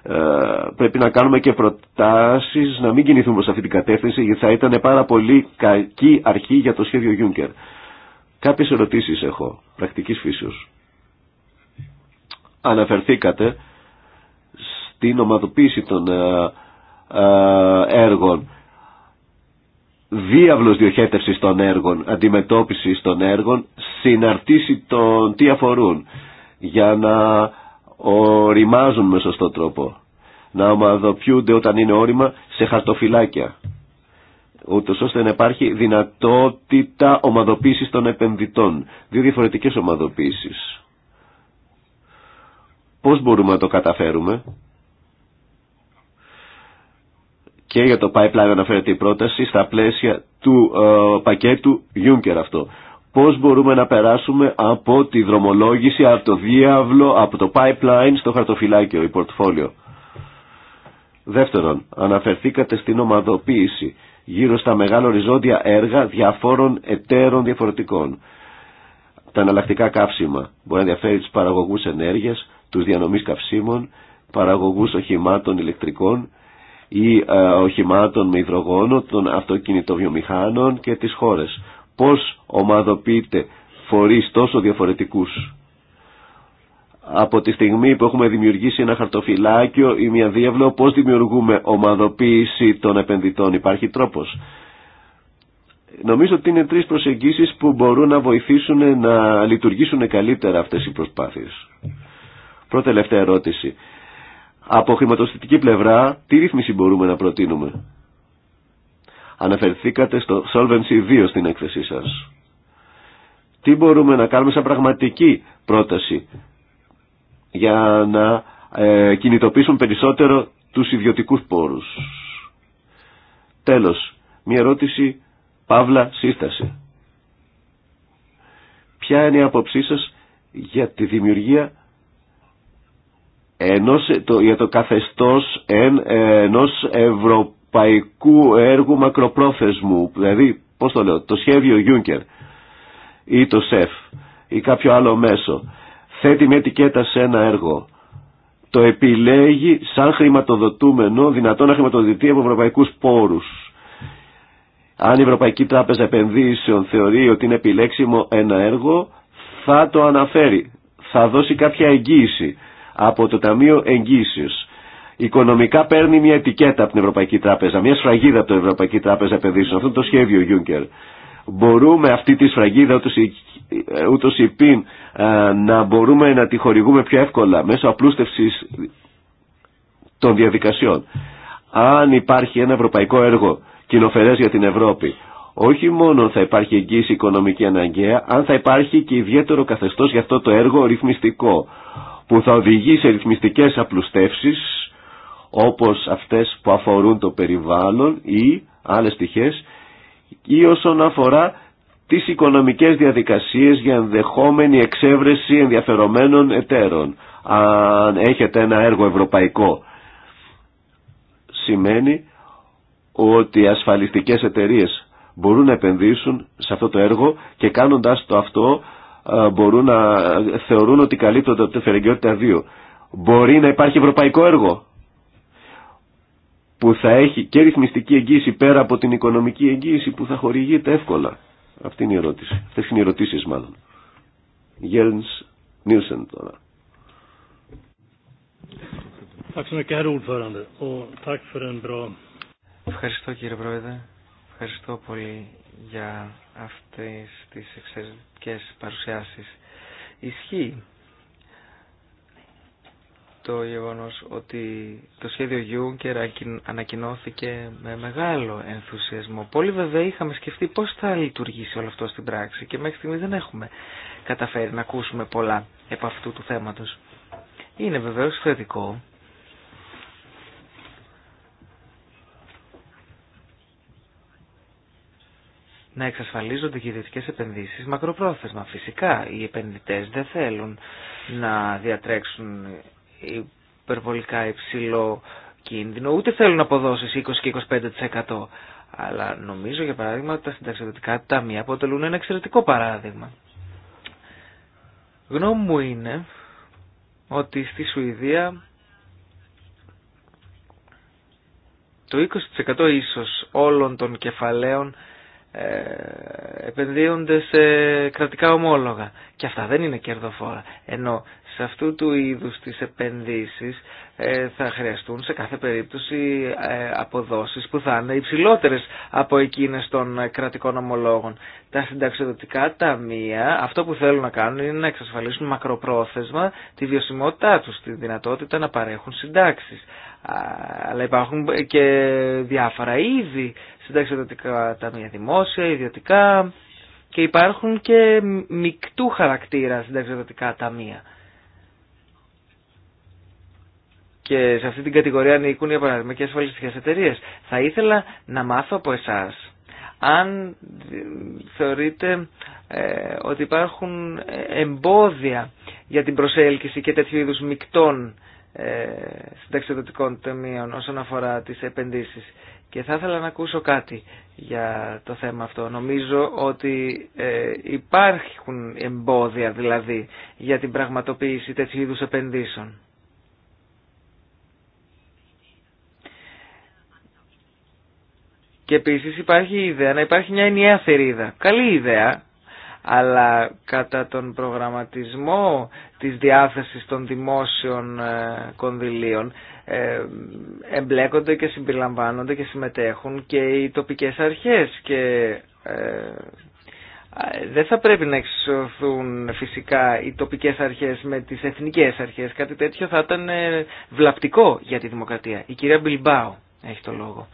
Ε, πρέπει να κάνουμε και προτάσεις να μην κινηθούμε σε αυτή την κατεύθυνση γιατί θα ήταν πάρα πολύ κακή αρχή για το σχέδιο Juncker. Κάποιες ερωτήσεις έχω, πρακτικής φύσεως. Αναφερθήκατε στην ομαδοποίηση των ε, ε, έργων διάβλος διοχέτευσης των έργων, αντιμετώπισης των έργων, συναρτήσει των τι αφορούν για να οριμάζουν με σωστό τρόπο. Να ομαδοποιούνται όταν είναι όριμα σε χαρτοφυλάκια. Ούτω ώστε να υπάρχει δυνατότητα ομαδοποίησης των επενδυτών. Δύο διαφορετικές ομαδοποίησεις. Πώς μπορούμε να το καταφέρουμε. Και για το pipeline αναφέρεται η πρόταση στα πλαίσια του ε, πακέτου Juncker αυτό πώς μπορούμε να περάσουμε από τη δρομολόγηση, από το διάβλο, από το pipeline στο χαρτοφυλάκιο, η πορτφόλιο. Δεύτερον, αναφερθήκατε στην ομαδοποίηση γύρω στα μεγάλα οριζόντια έργα διαφόρων εταίρων διαφορετικών. Τα εναλλακτικά καύσιμα μπορεί να διαφέρει τους παραγωγούς ενέργειας, τους διανομής καυσίμων, παραγωγούς οχημάτων ηλεκτρικών ή ε, οχημάτων με υδρογόνο, των αυτοκινητοβιομηχάνων και τις χώρες πώς ομαδοποιείται φορείς τόσο διαφορετικούς. Από τη στιγμή που έχουμε δημιουργήσει ένα χαρτοφυλάκιο ή μια διεύλο, πώς δημιουργούμε ομαδοποίηση των επενδυτών. Υπάρχει τρόπος. Νομίζω ότι είναι τρεις προσεγγίσεις που μπορούν να βοηθήσουν να λειτουργήσουν καλύτερα αυτές οι προσπάθειες. Πρώτη ερώτηση. Από χρηματοστητική πλευρά, τι ρύθμιση μπορούμε να προτείνουμε Αναφερθήκατε στο Solvency 2 στην έκθεσή σας. Τι μπορούμε να κάνουμε σαν πραγματική πρόταση για να ε, κινητοποιήσουν περισσότερο τους ιδιωτικούς πόρους. Τέλος, μια ερώτηση Παύλα Σύσταση. Ποια είναι η άποψή σας για τη δημιουργία ενός, το, για το καθεστώς εν, ε, ενός ευρωπαϊκού ευρωπαϊκού έργου μακροπρόθεσμου, δηλαδή, πώς το λέω, το σχέδιο Juncker ή το ΣΕΦ ή κάποιο άλλο μέσο, θέτει μια ετικέτα σε ένα έργο, το επιλέγει σαν χρηματοδοτούμενο, δυνατό να χρηματοδοτηθεί από ευρωπαϊκούς πόρους. Αν η Ευρωπαϊκή Τράπεζα Επενδύσεων θεωρεί ότι είναι επιλέξιμο ένα έργο, θα το αναφέρει. Θα δώσει κάποια εγγύηση από το Ταμείο Εγγύησης Οικονομικά παίρνει μια ετικέτα από την Ευρωπαϊκή Τράπεζα, μια σφραγίδα από την Ευρωπαϊκή Τράπεζα Επενδύσεων. Αυτό είναι το σχέδιο Juncker. Μπορούμε αυτή τη σφραγίδα ούτω ή πίν ε, να μπορούμε να τη χορηγούμε πιο εύκολα μέσω απλούστευση των διαδικασιών. Αν υπάρχει ένα ευρωπαϊκό έργο κοινοφερέ για την Ευρώπη, όχι μόνο θα υπάρχει εγγύηση οικονομική αναγκαία, αν θα υπάρχει και ιδιαίτερο καθεστώ για αυτό το έργο ρυθμιστικό, που θα οδηγεί σε ρυθμιστικέ απλουστεύσει όπως αυτές που αφορούν το περιβάλλον ή άλλες στοιχές ή όσον αφορά τις οικονομικές διαδικασίες για ενδεχόμενη εξέβρεση ενδιαφερομένων εταίρων. Αν έχετε ένα έργο ευρωπαϊκό σημαίνει ότι ασφαλιστικές εταιρείες μπορούν να επενδύσουν σε αυτό το έργο και κάνοντας το αυτό ε, μπορούν να θεωρούν ότι καλύπτονται από 2. Μπορεί να υπάρχει ευρωπαϊκό έργο που θα έχει και ρυθμιστική εγγύηση πέρα από την οικονομική εγγύηση που θα χορηγείται εύκολα. Αυτή είναι η ερώτηση. Αυτές είναι οι ερωτήσεις μάλλον. Γέλνς Νίλσεν τώρα. Ευχαριστώ κύριε Πρόεδρε. Ευχαριστώ πολύ για αυτές τις εξαιρετικές παρουσιάσεις. Ισχύει το γεγονός ότι το σχέδιο Γιούγκερ ανακοινώθηκε με μεγάλο ενθουσιασμό. Πολύ βέβαια είχαμε σκεφτεί πώς θα λειτουργήσει όλο αυτό στην πράξη και μέχρι στιγμή δεν έχουμε καταφέρει να ακούσουμε πολλά επ' αυτού του θέματος. Είναι βεβαίως θετικό να εξασφαλίζονται και οι δυτικές επενδύσει μακροπρόθεσμα. Φυσικά οι επενδυτέ δεν θέλουν να διατρέξουν υπερβολικά υψηλό κίνδυνο, ούτε θέλουν αποδόσεις 20 και 25%. Αλλά νομίζω για παράδειγμα ότι τα συνταξιδοτικά ταμεία αποτελούν ένα εξαιρετικό παράδειγμα. Γνώμη μου είναι ότι στη Σουηδία το 20% ίσως όλων των κεφαλαίων ε, επενδύονται σε κρατικά ομόλογα. Και αυτά δεν είναι κερδοφόρα. Ενώ σε αυτού του είδους τις επενδύσεις ε, θα χρειαστούν σε κάθε περίπτωση ε, αποδόσεις που θα είναι υψηλότερες από εκείνες των κρατικών ομολόγων. Τα συνταξιδοτικά ταμεία αυτό που θέλουν να κάνουν είναι να εξασφαλίσουν μακροπρόθεσμα τη βιωσιμότητά τους, τη δυνατότητα να παρέχουν συντάξεις. Αλλά υπάρχουν και διάφορα είδη τα ταμεία δημόσια, ιδιωτικά και υπάρχουν και μικτού χαρακτήρα συνταξιδοτικά ταμεία. Και σε αυτή την κατηγορία ανήκουν οι παράδειγμα και ασφαλιστικέ εταιρείε. Θα ήθελα να μάθω από εσά αν θεωρείτε ε, ότι υπάρχουν εμπόδια για την προσέλκυση και τέτοιου είδους μεικτών ε, συνταξιδοτικών ταμείων όσον αφορά τις επενδύσεις και θα ήθελα να ακούσω κάτι για το θέμα αυτό. Νομίζω ότι ε, υπάρχουν εμπόδια δηλαδή για την πραγματοποίηση τέτοιου είδους επενδύσεων. Και επίσης υπάρχει η ιδέα να υπάρχει μια ενιαία θερίδα. Καλή ιδέα, αλλά κατά τον προγραμματισμό της διάθεσης των δημόσιων ε, κονδυλίων ε, εμπλέκονται και συμπεριλαμβάνονται και συμμετέχουν και οι τοπικές αρχές και ε, δεν θα πρέπει να εξισωθούν φυσικά οι τοπικές αρχές με τις εθνικές αρχές. Κάτι τέτοιο θα ήταν βλαπτικό για τη δημοκρατία. Η κυρία Μπιλμπάου έχει το λόγο.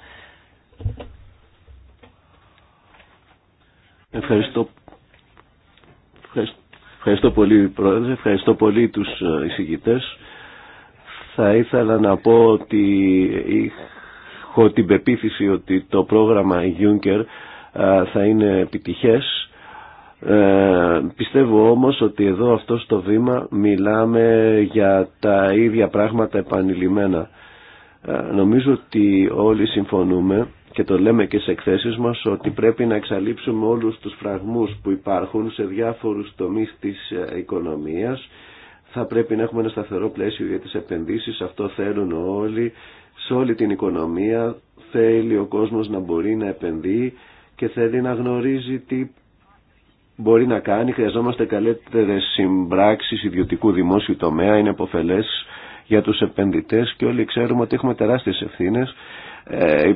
Ευχαριστώ Ευχαριστώ πολύ, Πρόεδρε. Ευχαριστώ πολύ τους ε, εισηγητές. Θα ήθελα να πω ότι έχω την πεποίθηση ότι το πρόγραμμα Juncker ε, θα είναι επιτυχές. Ε, πιστεύω όμως ότι εδώ αυτό στο βήμα μιλάμε για τα ίδια πράγματα επανειλημμένα. Ε, νομίζω ότι όλοι συμφωνούμε και το λέμε και σε εκθέσεις μας ότι πρέπει να εξαλείψουμε όλους τους φραγμούς που υπάρχουν σε διάφορους τομείς της ε, οικονομίας. Θα πρέπει να έχουμε ένα σταθερό πλαίσιο για τις επενδύσεις, αυτό θέλουν όλοι, σε όλη την οικονομία θέλει ο κόσμος να μπορεί να επενδύει και θέλει να γνωρίζει τι μπορεί να κάνει. Χρειαζόμαστε καλύτερες συμπράξεις ιδιωτικού δημόσιου τομέα, είναι αποφελές για τους επενδυτές και όλοι ξέρουμε ότι έχουμε τεράστιες ευθύνες. Ε,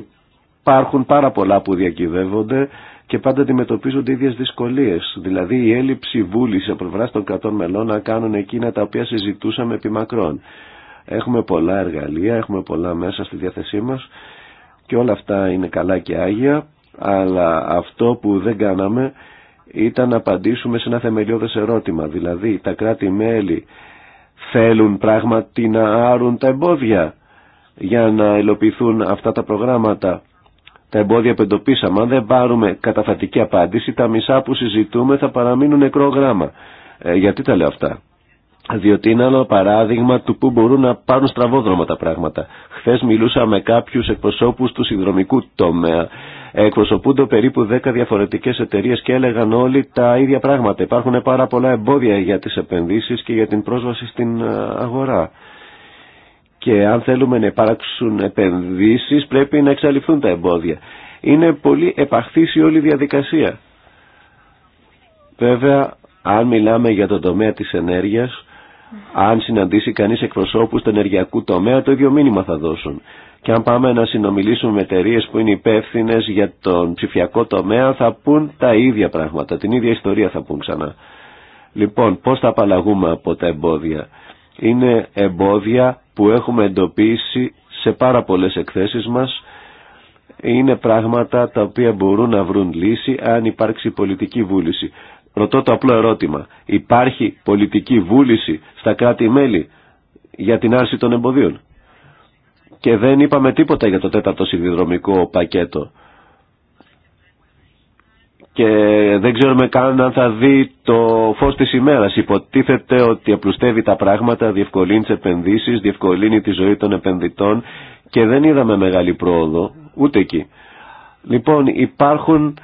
υπάρχουν πάρα πολλά που διακυβεύονται και πάντα αντιμετωπίζονται ίδιες δυσκολίες. Δηλαδή η έλλειψη βούληση από πλευρά των κρατών μελών να κάνουν εκείνα τα οποία συζητούσαμε επί μακρόν. Έχουμε πολλά εργαλεία, έχουμε πολλά μέσα στη διάθεσή μας και όλα αυτά είναι καλά και άγια, αλλά αυτό που δεν κάναμε ήταν να απαντήσουμε σε ένα θεμελιώδες ερώτημα. Δηλαδή τα κράτη-μέλη θέλουν πράγματι να άρουν τα εμπόδια για να υλοποιηθούν αυτά τα προγράμματα τα εμπόδια που εντοπίσαμε, αν δεν πάρουμε καταφατική απάντηση, τα μισά που συζητούμε θα παραμείνουν νεκρό γράμμα. Ε, γιατί τα λέω αυτά. Διότι είναι άλλο παράδειγμα του που μπορούν να πάρουν στραβόδρομα τα πράγματα. Χθε μιλούσα με κάποιου εκπροσώπου του συνδρομικού τομέα. Εκπροσωπούνται περίπου 10 διαφορετικέ εταιρείε και έλεγαν όλοι τα ίδια πράγματα. Υπάρχουν πάρα πολλά εμπόδια για τι επενδύσει και για την πρόσβαση στην ε, αγορά και αν θέλουμε να υπάρξουν επενδύσεις πρέπει να εξαλειφθούν τα εμπόδια. Είναι πολύ επαχθής η όλη διαδικασία. Βέβαια, αν μιλάμε για τον τομέα της ενέργειας, αν συναντήσει κανείς εκπροσώπους του ενεργειακού τομέα, το ίδιο μήνυμα θα δώσουν. Και αν πάμε να συνομιλήσουμε με εταιρείε που είναι υπεύθυνε για τον ψηφιακό τομέα, θα πούν τα ίδια πράγματα, την ίδια ιστορία θα πούν ξανά. Λοιπόν, πώς θα απαλλαγούμε από τα εμπόδια είναι εμπόδια που έχουμε εντοπίσει σε πάρα πολλές εκθέσεις μας. Είναι πράγματα τα οποία μπορούν να βρουν λύση αν υπάρξει πολιτική βούληση. Ρωτώ το απλό ερώτημα. Υπάρχει πολιτική βούληση στα κράτη-μέλη για την άρση των εμποδίων. Και δεν είπαμε τίποτα για το τέταρτο συνδυδρομικό πακέτο και δεν ξέρουμε καν αν θα δει το φως της ημέρας. Υποτίθεται ότι απλουστεύει τα πράγματα, διευκολύνει τις επενδύσεις, διευκολύνει τη ζωή των επενδυτών και δεν είδαμε μεγάλη πρόοδο ούτε εκεί. Λοιπόν υπάρχουν,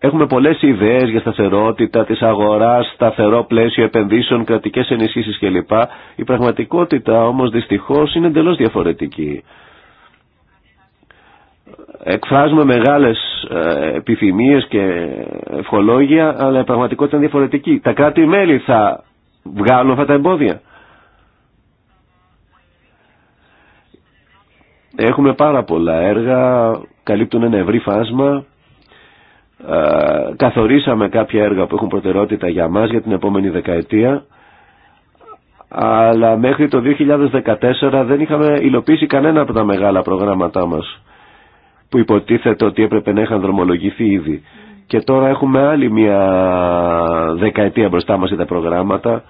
έχουμε πολλές ιδέες για σταθερότητα της αγοράς, σταθερό πλαίσιο επενδύσεων, κρατικές ενισχύσεις κλπ. Η πραγματικότητα όμως δυστυχώς είναι εντελώς διαφορετική εκφράζουμε μεγάλες ε, επιθυμίες και ευχολόγια, αλλά η πραγματικότητα είναι διαφορετική. Τα κράτη-μέλη θα βγάλουν αυτά τα εμπόδια. Έχουμε πάρα πολλά έργα, καλύπτουν ένα ευρύ φάσμα. Ε, καθορίσαμε κάποια έργα που έχουν προτεραιότητα για μας για την επόμενη δεκαετία αλλά μέχρι το 2014 δεν είχαμε υλοποιήσει κανένα από τα μεγάλα προγράμματά μας που υποτίθεται ότι έπρεπε να είχαν δρομολογηθεί ήδη. Και τώρα έχουμε άλλη μια δεκαετία μπροστά μας για τα προγράμματα.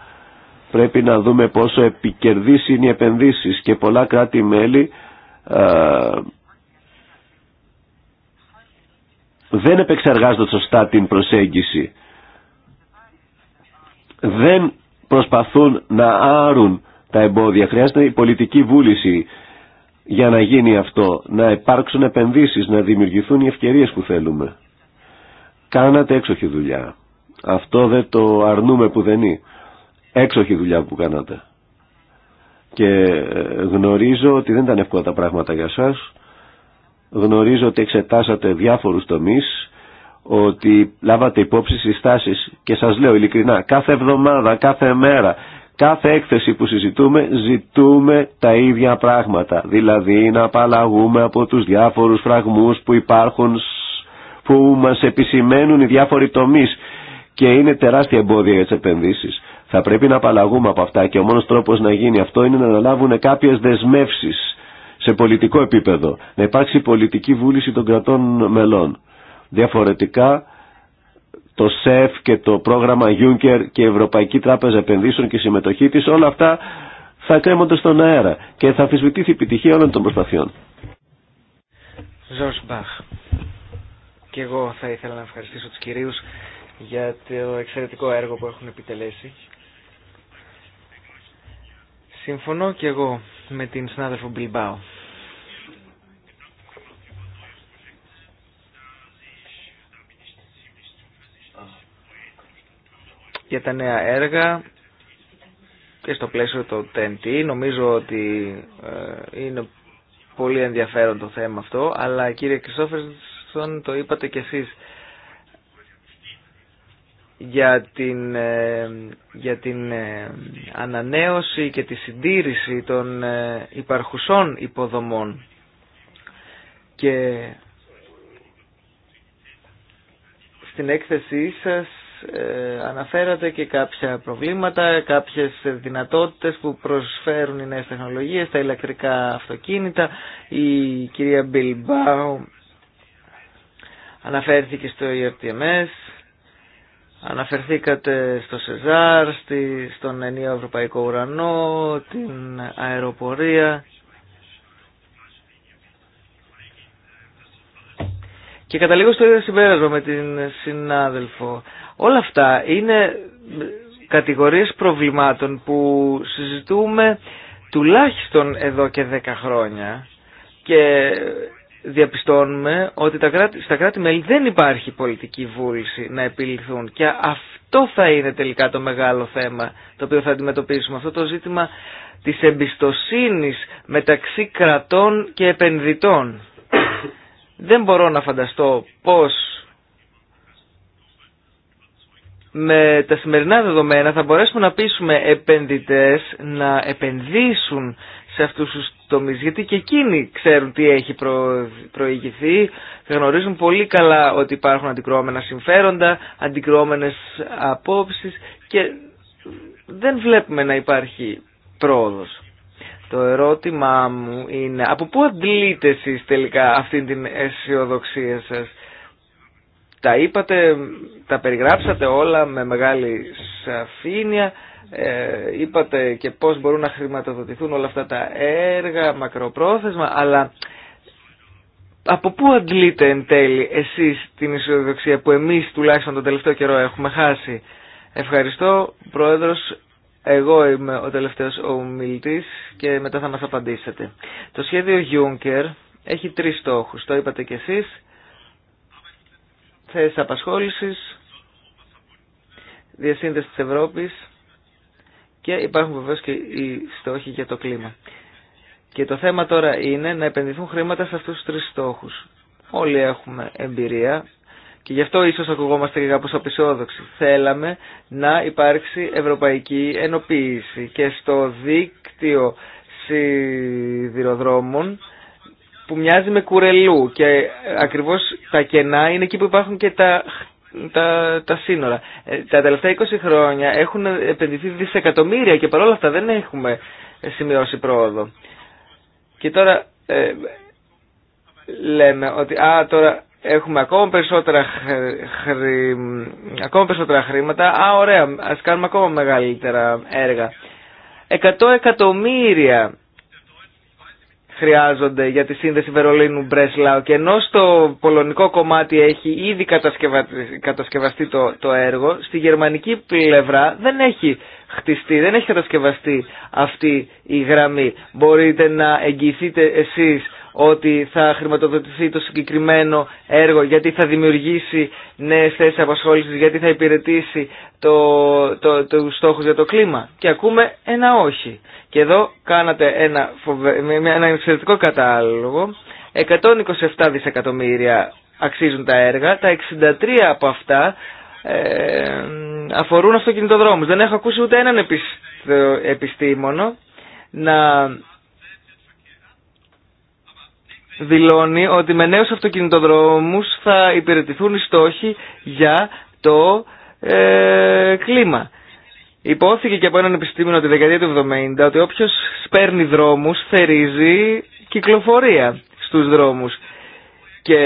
Πρέπει να δούμε πόσο επικερδής είναι οι επενδύσεις και πολλά κράτη-μέλη δεν επεξεργάζονται σωστά την προσέγγιση. Δεν προσπαθούν να άρουν τα εμπόδια. Χρειάζεται η πολιτική βούληση για να γίνει αυτό, να υπάρξουν επενδύσεις, να δημιουργηθούν οι ευκαιρίες που θέλουμε. Κάνατε έξοχη δουλειά. Αυτό δεν το αρνούμε που δεν είναι. Έξοχη δουλειά που κάνατε. Και ε, γνωρίζω ότι δεν ήταν εύκολα τα πράγματα για σας. Γνωρίζω ότι εξετάσατε διάφορους τομείς, ότι λάβατε υπόψη συστάσεις και σας λέω ειλικρινά, κάθε εβδομάδα, κάθε μέρα Κάθε έκθεση που συζητούμε ζητούμε τα ίδια πράγματα, δηλαδή να απαλλαγούμε από τους διάφορους φραγμούς που υπάρχουν, που μας επισημαίνουν οι διάφοροι τομείς και είναι τεράστια εμπόδια για τις επενδύσεις. Θα πρέπει να απαλλαγούμε από αυτά και ο μόνος τρόπος να γίνει αυτό είναι να αναλάβουν κάποιες δεσμεύσεις σε πολιτικό επίπεδο, να υπάρξει πολιτική βούληση των κρατών μελών. Διαφορετικά το ΣΕΦ και το πρόγραμμα Juncker και η Ευρωπαϊκή Τράπεζα Επενδύσεων και η συμμετοχή της, όλα αυτά θα κρέμονται στον αέρα και θα αφισβητήθει η επιτυχία όλων των προσπαθειών. Ζορς Μπαχ. Και εγώ θα ήθελα να ευχαριστήσω τους κυρίους για το εξαιρετικό έργο που έχουν επιτελέσει. Συμφωνώ και εγώ με την συνάδελφο Μπιλμπάου. για τα νέα έργα και στο πλαίσιο του TNT. Νομίζω ότι ε, είναι πολύ ενδιαφέρον το θέμα αυτό, αλλά κύριε Κριστόφερσον το είπατε κι εσείς για την, ε, για την ε, ανανέωση και τη συντήρηση των υπαρχουσών υποδομών και στην έκθεσή σας ε, αναφέρατε και κάποια προβλήματα, κάποιες δυνατότητες που προσφέρουν οι νέες τεχνολογίες, τα ηλεκτρικά αυτοκίνητα. Η κυρία Μπιλμπάου αναφέρθηκε στο ERTMS, αναφερθήκατε στο ΣΕΖΑΡ, στον ενίο ευρωπαϊκό ουρανό, την αεροπορία Και καταλήγω στο ίδιο συμπέρασμα με την συνάδελφο. Όλα αυτά είναι κατηγορίες προβλημάτων που συζητούμε τουλάχιστον εδώ και δέκα χρόνια και διαπιστώνουμε ότι τα στα κράτη-μέλη δεν υπάρχει πολιτική βούληση να επιληθούν και αυτό θα είναι τελικά το μεγάλο θέμα το οποίο θα αντιμετωπίσουμε, αυτό το ζήτημα της εμπιστοσύνης μεταξύ κρατών και επενδυτών. Δεν μπορώ να φανταστώ πώς με τα σημερινά δεδομένα θα μπορέσουμε να πείσουμε επενδυτές να επενδύσουν σε αυτούς τους τομείς γιατί και εκείνοι ξέρουν τι έχει προηγηθεί γνωρίζουν πολύ καλά ότι υπάρχουν αντικρώμενα συμφέροντα αντικρώμενες απόψεις και δεν βλέπουμε να υπάρχει πρόοδος το ερώτημά μου είναι από πού αντλείτε εσείς τελικά αυτή την αισιοδοξία σας. Τα είπατε, τα περιγράψατε όλα με μεγάλη σαφήνεια, ε, είπατε και πώς μπορούν να χρηματοδοτηθούν όλα αυτά τα έργα, μακροπρόθεσμα, αλλά από πού αντλείτε εν τέλει εσείς την αισιοδοξία που εμείς τουλάχιστον τον τελευταίο καιρό έχουμε χάσει. Ευχαριστώ, Πρόεδρος εγώ είμαι ο τελευταίος ομιλητής και μετά θα μας απαντήσετε. Το σχέδιο Juncker έχει τρεις στόχους. Το είπατε κι εσείς. Θέσεις απασχόλησης, διασύνδεση της Ευρώπης και υπάρχουν βεβαίω και οι στόχοι για το κλίμα. Και το θέμα τώρα είναι να επενδυθούν χρήματα σε αυτούς τους τρεις στόχους. Όλοι έχουμε εμπειρία και γι' αυτό ίσως ακουγόμαστε και κάπως απεσιόδοξοι. Θέλαμε να υπάρξει ευρωπαϊκή ενοποίηση και στο δίκτυο σιδηροδρόμων που μοιάζει με κουρελού και ακριβώς τα κενά είναι εκεί που υπάρχουν και τα τα, τα σύνορα. Ε, τα τελευταία 20 χρόνια έχουν επενδυθεί δισεκατομμύρια και παρόλα αυτά δεν έχουμε σημειώσει πρόοδο. Και τώρα ε, λέμε ότι α, τώρα έχουμε ακόμα περισσότερα, ακόμα περισσότερα χρήματα. Α, ωραία, ας κάνουμε ακόμα μεγαλύτερα έργα. Εκατό εκατομμύρια χρειάζονται για τη σύνδεση Βερολίνου Μπρεσλάου και ενώ στο πολωνικό κομμάτι έχει ήδη κατασκευαστεί το, το έργο, στη γερμανική πλευρά δεν έχει χτιστεί, δεν έχει κατασκευαστεί αυτή η γραμμή. Μπορείτε να εγγυηθείτε εσείς ότι θα χρηματοδοτηθεί το συγκεκριμένο έργο, γιατί θα δημιουργήσει νέες θέσεις απασχόλησης, γιατί θα υπηρετήσει το, το, το στόχους για το κλίμα. Και ακούμε ένα όχι. Και εδώ κάνατε ένα, φοβε... ένα εξαιρετικό κατάλογο. 127 δισεκατομμύρια αξίζουν τα έργα, τα 63 από αυτά ε, αφορούν αυτοκινητοδρόμους. Δεν έχω ακούσει ούτε έναν επιστήμονο να δηλώνει ότι με νέους αυτοκινητοδρόμους θα υπηρετηθούν οι στόχοι για το ε, κλίμα. Υπόθηκε και από έναν επιστήμονα τη δεκαετία του 70 ότι όποιος σπέρνει δρόμους θερίζει κυκλοφορία στους δρόμους. Και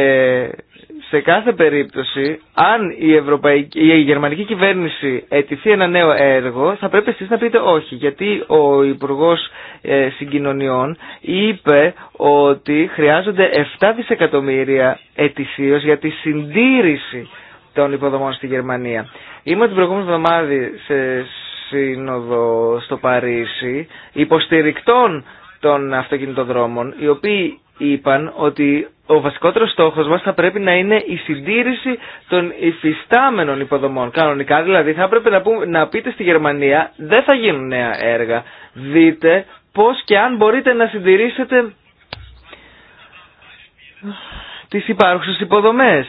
σε κάθε περίπτωση, αν η, ευρωπαϊκή, η γερμανική κυβέρνηση ετηθεί ένα νέο έργο, θα πρέπει εσείς να πείτε όχι. Γιατί ο Υπουργό ε, Συγκοινωνιών είπε ότι χρειάζονται 7 δισεκατομμύρια ετησίως για τη συντήρηση των υποδομών στη Γερμανία. Είμαι την προηγούμενη εβδομάδα σε σύνοδο στο Παρίσι υποστηρικτών των αυτοκινητοδρόμων, οι οποίοι είπαν ότι ο βασικότερος στόχος μας θα πρέπει να είναι η συντήρηση των υφιστάμενων υποδομών. Κανονικά δηλαδή θα πρέπει να, πούμε, να πείτε στη Γερμανία δεν θα γίνουν νέα έργα. Δείτε πώς και αν μπορείτε να συντηρήσετε τις υπάρχουσες υποδομές.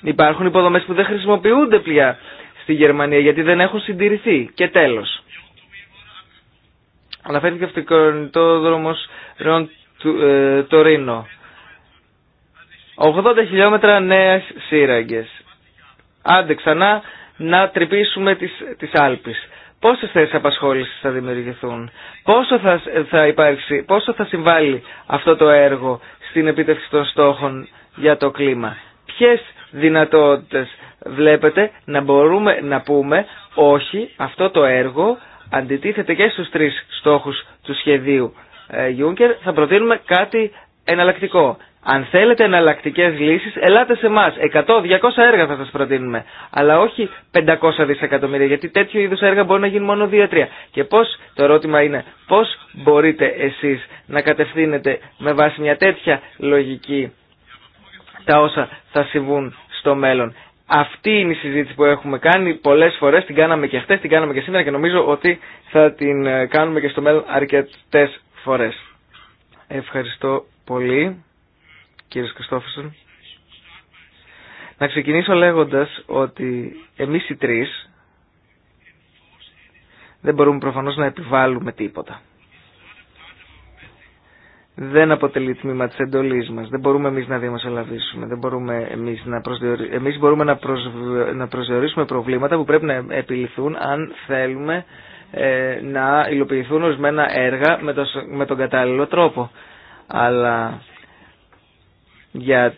Υπάρχουν υποδομές που δεν χρησιμοποιούνται πια στη Γερμανία γιατί δεν έχουν συντηρηθεί. Και τέλος. Αναφέρθηκε αυτοκινητόδρομος Ρον ε, Τωρίνο. 80 χιλιόμετρα νέες σύραγγες. Άντε ξανά να τρυπήσουμε τις, τις Άλπεις. Πόσες θέσεις απασχόλησης θα δημιουργηθούν. Πόσο θα, θα υπάρξει, πόσο θα συμβάλλει αυτό το έργο στην επίτευξη των στόχων για το κλίμα. Ποιες δυνατότητες βλέπετε να μπορούμε να πούμε όχι αυτό το έργο αντιτίθεται και στους τρεις στόχους του σχεδίου ε, Juncker θα προτείνουμε κάτι εναλλακτικό. Αν θέλετε εναλλακτικέ λύσει, ελάτε σε εμά. 100-200 έργα θα σα προτείνουμε. Αλλά όχι 500 δισεκατομμύρια, γιατί τέτοιου είδου έργα μπορεί να γινει μονο μόνο 2-3. Και πώ, το ερώτημα είναι, πώ μπορείτε εσεί να κατευθύνετε με βάση μια τέτοια λογική τα όσα θα συμβούν στο μέλλον. Αυτή είναι η συζήτηση που έχουμε κάνει πολλέ φορέ. Την κάναμε και χτε, την κάναμε και σήμερα και νομίζω ότι θα την ε, κάνουμε και στο μέλλον αρκετέ φορέ. Ευχαριστώ πολύ. Κύριε Κριστόφερσον. Να ξεκινήσω λέγοντας ότι εμείς οι τρεις δεν μπορούμε προφανώς να επιβάλλουμε τίποτα. Δεν αποτελεί τμήμα της εντολής μας. Δεν μπορούμε εμείς να διαμεσολαβήσουμε. Δεν μπορούμε εμείς να, μπορούμε να, να προσδιορίσουμε προβλήματα που πρέπει να επιληθούν αν θέλουμε ε, να υλοποιηθούν ορισμένα έργα με, το... με τον κατάλληλο τρόπο. Αλλά για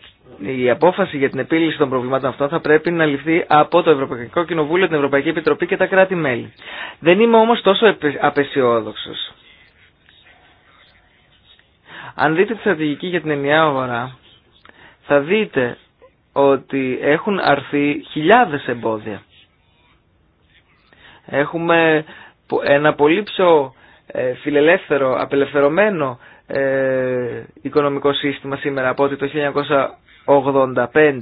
η απόφαση για την επίλυση των προβλημάτων αυτών θα πρέπει να ληφθεί από το Ευρωπαϊκό Κοινοβούλιο, την Ευρωπαϊκή Επιτροπή και τα κράτη-μέλη. Δεν είμαι όμως τόσο απεσιόδοξος. Αν δείτε τη στρατηγική για την ενιαία αγορά, θα δείτε ότι έχουν αρθεί χιλιάδες εμπόδια. Έχουμε ένα πολύ πιο ε, φιλελεύθερο, απελευθερωμένο ε, οικονομικό σύστημα σήμερα από ότι το 1985.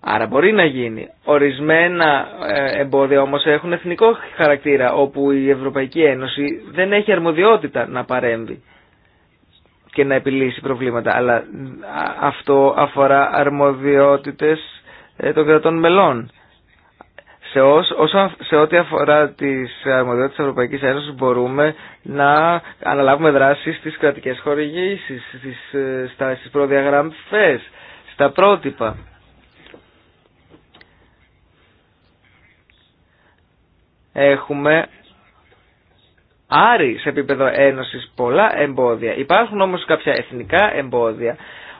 Άρα μπορεί να γίνει. Ορισμένα ε, εμπόδια όμως έχουν εθνικό χαρακτήρα όπου η Ευρωπαϊκή Ένωση δεν έχει αρμοδιότητα να παρέμβει και να επιλύσει προβλήματα. Αλλά αυτό αφορά αρμοδιότητες ε, των κρατών μελών. Σε, όσο, σε ό,τι αφορά τις αρμοδιότητες της Ευρωπαϊκής Ένωσης μπορούμε να αναλάβουμε δράσεις στις κρατικές χορηγήσεις, στις, ε, στα, στις προδιαγραμμές, στα πρότυπα. Έχουμε Άρη σε επίπεδο ένωσης πολλά εμπόδια. Υπάρχουν όμως κάποια εθνικά εμπόδια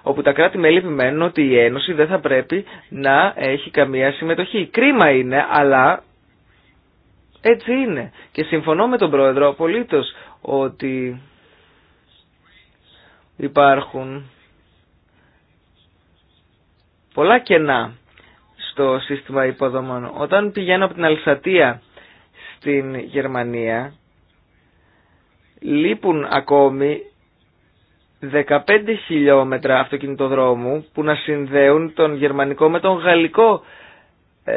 όπου τα κράτη-μέλη επιμένουν ότι η Ένωση δεν θα πρέπει να έχει καμία συμμετοχή. Κρίμα είναι, αλλά έτσι είναι. Και συμφωνώ με τον Πρόεδρο απολύτως ότι υπάρχουν πολλά κενά στο σύστημα υποδομών. Όταν πηγαίνω από την Αλσατία στην Γερμανία, λείπουν ακόμη 15 χιλιόμετρα αυτοκινητοδρόμου που να συνδέουν τον γερμανικό με τον γαλλικό ε,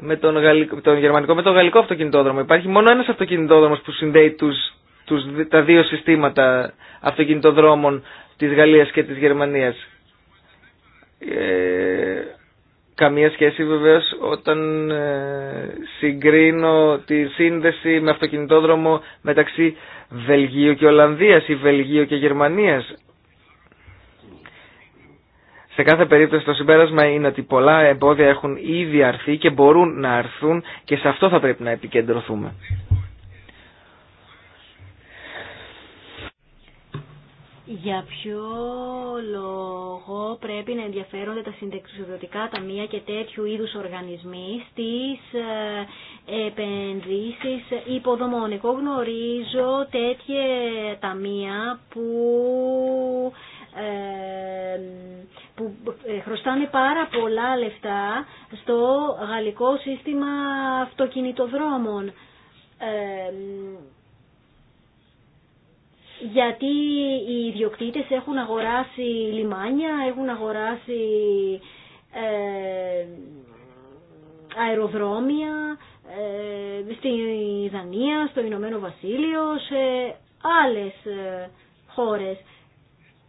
με τον, γαλλικό, τον γερμανικό με τον γαλλικό αυτοκινητόδρομο. Υπάρχει μόνο ένας αυτοκινητόδρομος που συνδέει τους, τους, τα δύο συστήματα αυτοκινητοδρόμων της Γαλλίας και της Γερμανίας. Ε, καμία σχέση βεβαίως όταν ε, συγκρίνω τη σύνδεση με αυτοκινητόδρομο μεταξύ Βελγίου και Ολλανδίας ή Βελγίου και Γερμανίας. Σε κάθε περίπτωση το συμπέρασμα είναι ότι πολλά εμπόδια έχουν ήδη αρθεί και μπορούν να αρθούν και σε αυτό θα πρέπει να επικεντρωθούμε. για ποιο λόγο πρέπει να ενδιαφέρονται τα συντεξιδοτικά ταμεία και τέτοιου είδους οργανισμοί στις ε, επενδύσεις υποδομών. Εγώ γνωρίζω τέτοια ταμεία που ε, που ε, χρωστάνε πάρα πολλά λεφτά στο γαλλικό σύστημα αυτοκινητοδρόμων γιατί οι ιδιοκτήτες έχουν αγοράσει λιμάνια, έχουν αγοράσει ε, αεροδρόμια ε, στη Δανία, στο Ηνωμένο Βασίλειο, σε άλλες ε, χώρες.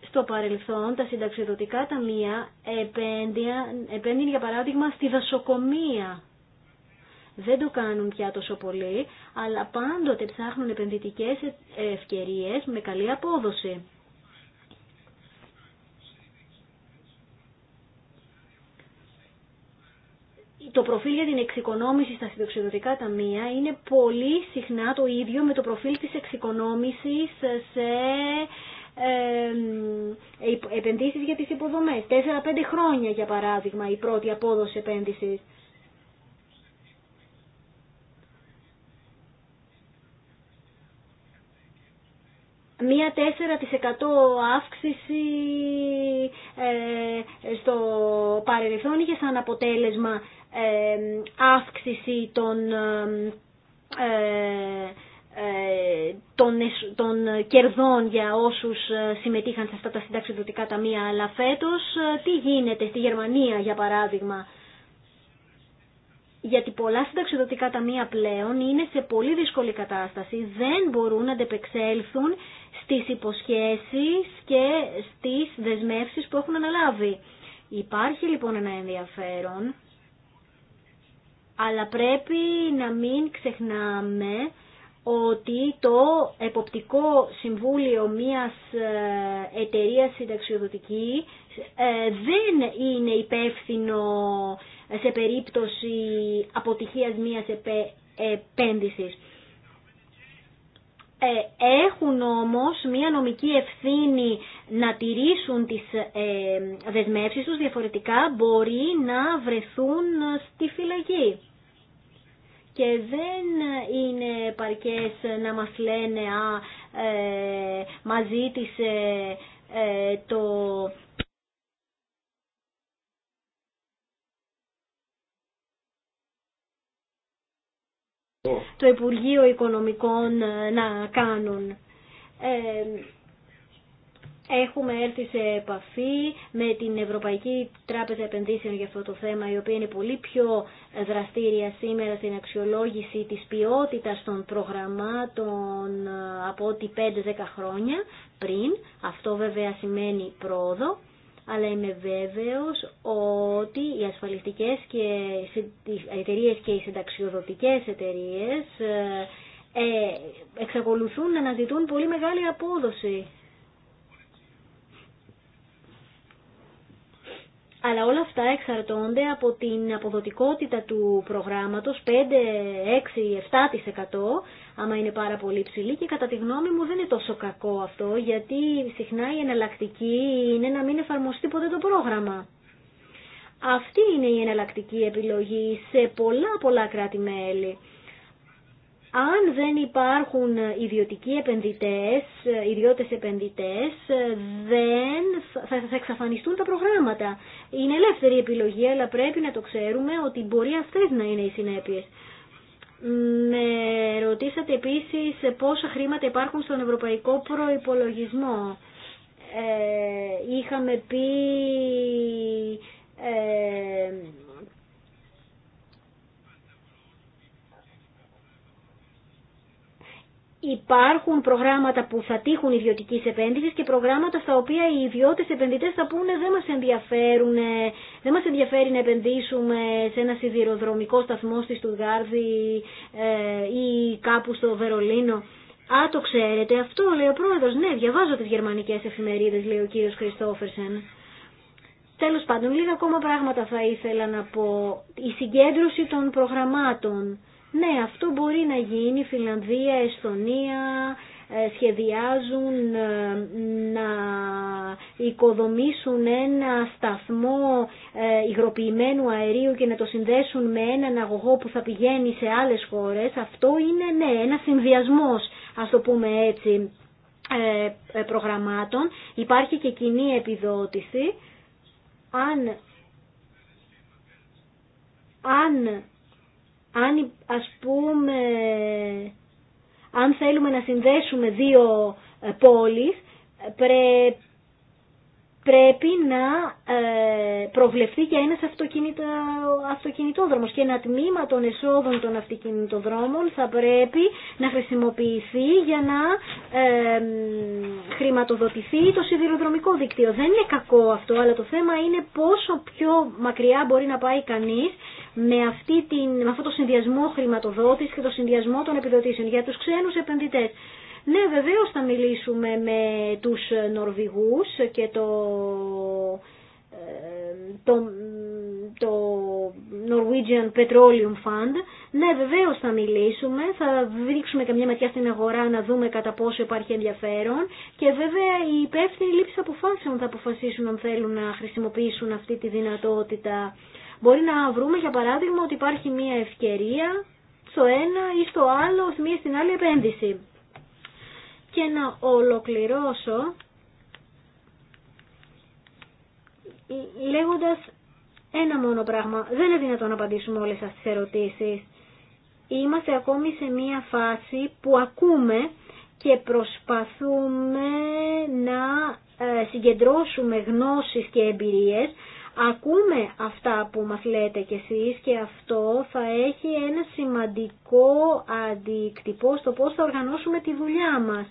Στο παρελθόν τα συνταξιδοτικά ταμεία επένδυαν για παράδειγμα στη δασοκομεία δεν το κάνουν πια τόσο πολύ, αλλά πάντοτε ψάχνουν επενδυτικές ευκαιρίες με καλή απόδοση. Το προφίλ για την εξοικονόμηση στα συνταξιδοτικά ταμεία είναι πολύ συχνά το ίδιο με το προφίλ της εξοικονόμησης σε επενδύσεις για τις υποδομές. 4-5 χρόνια για παράδειγμα η πρώτη απόδοση επένδυσης. μία 4% αύξηση ε, στο παρελθόν είχε σαν αποτέλεσμα ε, αύξηση ε, των, κερδών για όσους συμμετείχαν σε αυτά τα συνταξιδοτικά ταμεία. Αλλά φέτος τι γίνεται στη Γερμανία για παράδειγμα. Γιατί πολλά συνταξιδοτικά ταμεία πλέον είναι σε πολύ δύσκολη κατάσταση, δεν μπορούν να αντεπεξέλθουν στις υποσχέσεις και στις δεσμεύσεις που έχουν αναλάβει. Υπάρχει λοιπόν ένα ενδιαφέρον, αλλά πρέπει να μην ξεχνάμε ότι το εποπτικό συμβούλιο μιας ε, εταιρείας συνταξιοδοτική ε, δεν είναι υπεύθυνο σε περίπτωση αποτυχίας μιας επένδυσης. Ε, έχουν όμως μία νομική ευθύνη να τηρήσουν τις ε, δεσμεύσεις τους, διαφορετικά μπορεί να βρεθούν στη φυλακή. Και δεν είναι παρκές να μας λένε «Α, ε, μαζί της ε, το το Υπουργείο Οικονομικών ε, να κάνουν. Ε, έχουμε έρθει σε επαφή με την Ευρωπαϊκή Τράπεζα Επενδύσεων για αυτό το θέμα, η οποία είναι πολύ πιο δραστήρια σήμερα στην αξιολόγηση της ποιότητας των προγραμμάτων ε, από ό,τι 5-10 χρόνια πριν. Αυτό βέβαια σημαίνει πρόοδο αλλά είμαι βέβαιος ότι οι ασφαλιστικές και οι εταιρείες και οι συνταξιοδοτικές εταιρείες ε, ε, εξακολουθούν να αναζητούν πολύ μεγάλη απόδοση. Αλλά όλα αυτά εξαρτώνται από την αποδοτικότητα του προγράμματος 5, 6, 7% άμα είναι πάρα πολύ ψηλή και κατά τη γνώμη μου δεν είναι τόσο κακό αυτό γιατί συχνά η εναλλακτική είναι να μην εφαρμοστεί ποτέ το πρόγραμμα. Αυτή είναι η εναλλακτική επιλογή σε πολλά πολλά κράτη-μέλη. Αν δεν υπάρχουν ιδιωτικοί επενδυτές, ιδιώτες επενδυτές, δεν θα, εξαφανιστούν τα προγράμματα. Είναι ελεύθερη επιλογή, αλλά πρέπει να το ξέρουμε ότι μπορεί αυτές να είναι οι συνέπειες. Με ρωτήσατε επίσης πόσα χρήματα υπάρχουν στον ευρωπαϊκό προϋπολογισμό. Ε, είχαμε πει... Ε, υπάρχουν προγράμματα που θα τύχουν ιδιωτική επένδυση και προγράμματα στα οποία οι ιδιώτε επενδυτέ θα πούνε δεν μα ενδιαφέρουν, δεν μας ενδιαφέρει να επενδύσουμε σε ένα σιδηροδρομικό σταθμό στη Στουτγάρδη ε, ή κάπου στο Βερολίνο. Α, το ξέρετε, αυτό λέει ο πρόεδρο. Ναι, διαβάζω τις γερμανικές εφημερίδες, λέει ο κύριο Χριστόφερσεν. Τέλος πάντων, λίγα ακόμα πράγματα θα ήθελα να πω. Η συγκέντρωση των προγραμμάτων. Ναι, αυτό μπορεί να γίνει. Φιλανδία, Εσθονία ε, σχεδιάζουν ε, να οικοδομήσουν ένα σταθμό ε, υγροποιημένου αερίου και να το συνδέσουν με έναν αγωγό που θα πηγαίνει σε άλλες χώρες. Αυτό είναι ναι, ένα συνδυασμός, ας το πούμε έτσι, προγραμμάτων. Υπάρχει και κοινή επιδότηση. Αν, αν αν ας πούμε αν θέλουμε να συνδέσουμε δύο ε, πόλεις ε, πρέπει πρέπει να ε, προβλεφθεί για ένας αυτοκινητόδρομος και ένα τμήμα των εσόδων των αυτοκινητοδρόμων θα πρέπει να χρησιμοποιηθεί για να ε, χρηματοδοτηθεί το σιδηροδρομικό δίκτυο. Δεν είναι κακό αυτό, αλλά το θέμα είναι πόσο πιο μακριά μπορεί να πάει κανείς με, αυτή την, με αυτό το συνδυασμό χρηματοδότης και το συνδυασμό των επιδοτήσεων για τους ξένους επενδυτές. Ναι, βεβαίως θα μιλήσουμε με τους Νορβηγούς και το, ε, το, το Norwegian Petroleum Fund. Ναι, βεβαίως θα μιλήσουμε, θα δείξουμε καμιά ματιά στην αγορά να δούμε κατά πόσο υπάρχει ενδιαφέρον και βέβαια οι υπεύθυνοι λήψη αποφάσεων θα αποφασίσουν αν θέλουν να χρησιμοποιήσουν αυτή τη δυνατότητα. Μπορεί να βρούμε για παράδειγμα ότι υπάρχει μια ευκαιρία στο ένα ή στο άλλο, μία στην άλλη επένδυση και να ολοκληρώσω λέγοντας ένα μόνο πράγμα. Δεν είναι δυνατόν να απαντήσουμε όλες αυτές τις ερωτήσεις. Είμαστε ακόμη σε μία φάση που ακούμε και προσπαθούμε να ε, συγκεντρώσουμε γνώσεις και εμπειρίες Ακούμε αυτά που μας λέτε κι εσείς και αυτό θα έχει ένα σημαντικό αντίκτυπο στο πώς θα οργανώσουμε τη δουλειά μας.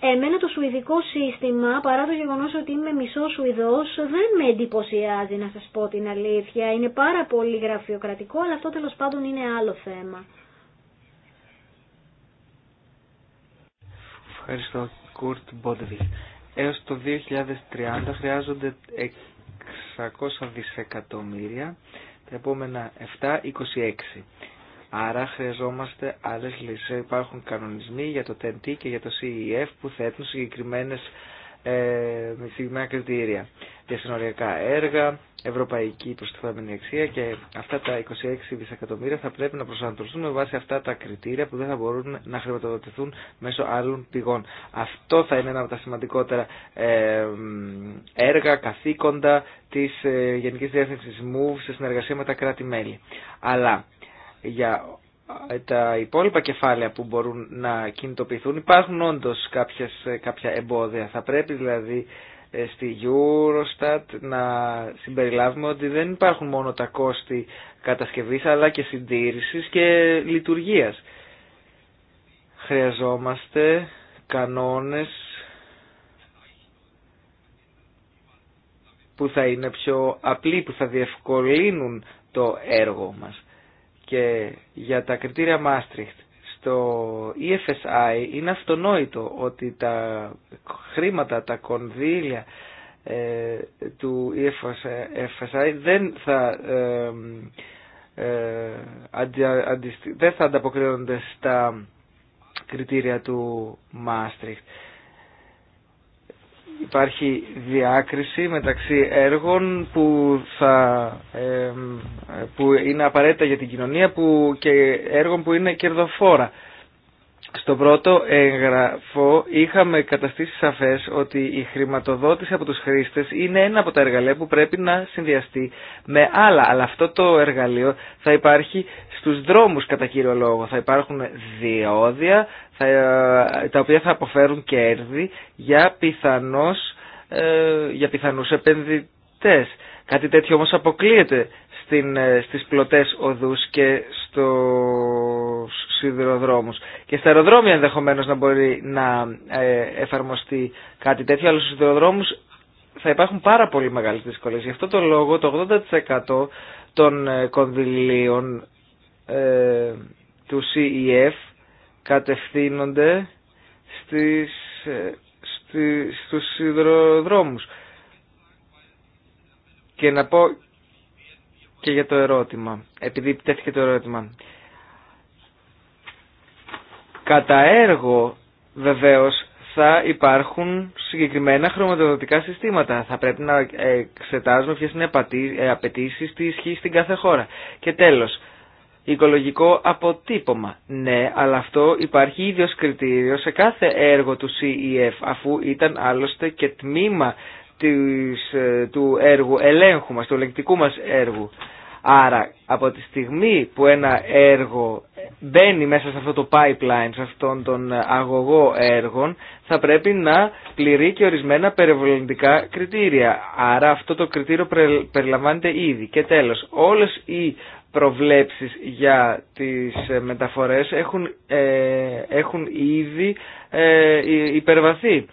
Εμένα το σουηδικό σύστημα, παρά το γεγονός ότι είμαι μισό σουηδός, δεν με εντυπωσιάζει να σας πω την αλήθεια. Είναι πάρα πολύ γραφειοκρατικό, αλλά αυτό τέλος πάντων είναι άλλο θέμα. Ευχαριστώ, Κουρτ Μπόντεβιλ. Έως το 2030 χρειάζονται 600 δισεκατομμύρια, τα επόμενα 7, 26. Άρα χρειαζόμαστε άλλες λύσεις. Υπάρχουν κανονισμοί για το TNT και για το CEF που θέτουν συγκεκριμένες ε, με συγκεκριμένα κριτήρια. συνοριακά έργα, ευρωπαϊκή προστιθέμενη αξία και αυτά τα 26 δισεκατομμύρια θα πρέπει να προσανατολιστούν με βάση αυτά τα κριτήρια που δεν θα μπορούν να χρηματοδοτηθούν μέσω άλλων πηγών. Αυτό θα είναι ένα από τα σημαντικότερα ε, έργα, καθήκοντα της ε, Γενικής Διεύθυνσης MOVE σε συνεργασία με τα κράτη-μέλη. Αλλά για τα υπόλοιπα κεφάλαια που μπορούν να κινητοποιηθούν υπάρχουν όντως κάποιες, ε, κάποια εμπόδια. Θα πρέπει δηλαδή ε, στη Eurostat να συμπεριλάβουμε ότι δεν υπάρχουν μόνο τα κόστη κατασκευής αλλά και συντήρησης και λειτουργίας. Χρειαζόμαστε κανόνες που θα είναι πιο απλοί, που θα διευκολύνουν το έργο μας και για τα κριτήρια Μάστριχτ στο EFSI είναι αυτονόητο ότι τα χρήματα, τα κονδύλια ε, του EFSI δεν θα, ε, ε, δεν θα ανταποκρίνονται στα κριτήρια του Μάστριχτ υπάρχει διάκριση μεταξύ έργων που, θα, που είναι απαραίτητα για την κοινωνία που, και έργων που είναι κερδοφόρα στο πρώτο έγγραφο είχαμε καταστήσει σαφές ότι η χρηματοδότηση από τους χρήστες είναι ένα από τα εργαλεία που πρέπει να συνδυαστεί με άλλα. Αλλά αυτό το εργαλείο θα υπάρχει στους δρόμους κατά κύριο λόγο. Θα υπάρχουν διόδια θα, ε, τα οποία θα αποφέρουν κέρδη για, πιθανώς, ε, για πιθανούς επενδυτές. Κάτι τέτοιο όμως αποκλείεται στην, ε, στις πλωτές οδούς και στους σιδηροδρόμους. Και στα αεροδρόμια ενδεχομένως να μπορεί να ε, εφαρμοστεί κάτι τέτοιο, αλλά στους σιδηροδρόμους θα υπάρχουν πάρα πολύ μεγάλες δυσκολίες. Γι' αυτό το λόγο το 80% των ε, κονδυλίων ε, του CEF κατευθύνονται στις, ε, στις, στους σιδηροδρόμους. Και να πω και για το ερώτημα, επειδή τέθηκε το ερώτημα. Κατά έργο βεβαίως θα υπάρχουν συγκεκριμένα χρωματοδοτικά συστήματα. Θα πρέπει να εξετάζουμε ποιες είναι οι ε, απαιτήσει τη ισχύ στην κάθε χώρα. Και τέλος, οικολογικό αποτύπωμα. Ναι, αλλά αυτό υπάρχει ίδιο κριτήριο σε κάθε έργο του CEF, αφού ήταν άλλωστε και τμήμα ε, του έργου ελέγχου μας, του ελεγκτικού μας έργου. Άρα από τη στιγμή που ένα έργο μπαίνει μέσα σε αυτό το pipeline, σε αυτόν τον αγωγό έργων, θα πρέπει να πληρεί και ορισμένα περιβαλλοντικά κριτήρια. Άρα αυτό το κριτήριο περιλαμβάνεται ήδη. Και τέλος, όλες οι προβλέψεις για τις ε, μεταφορές έχουν, ε, έχουν ήδη ε, υπερβαθεί.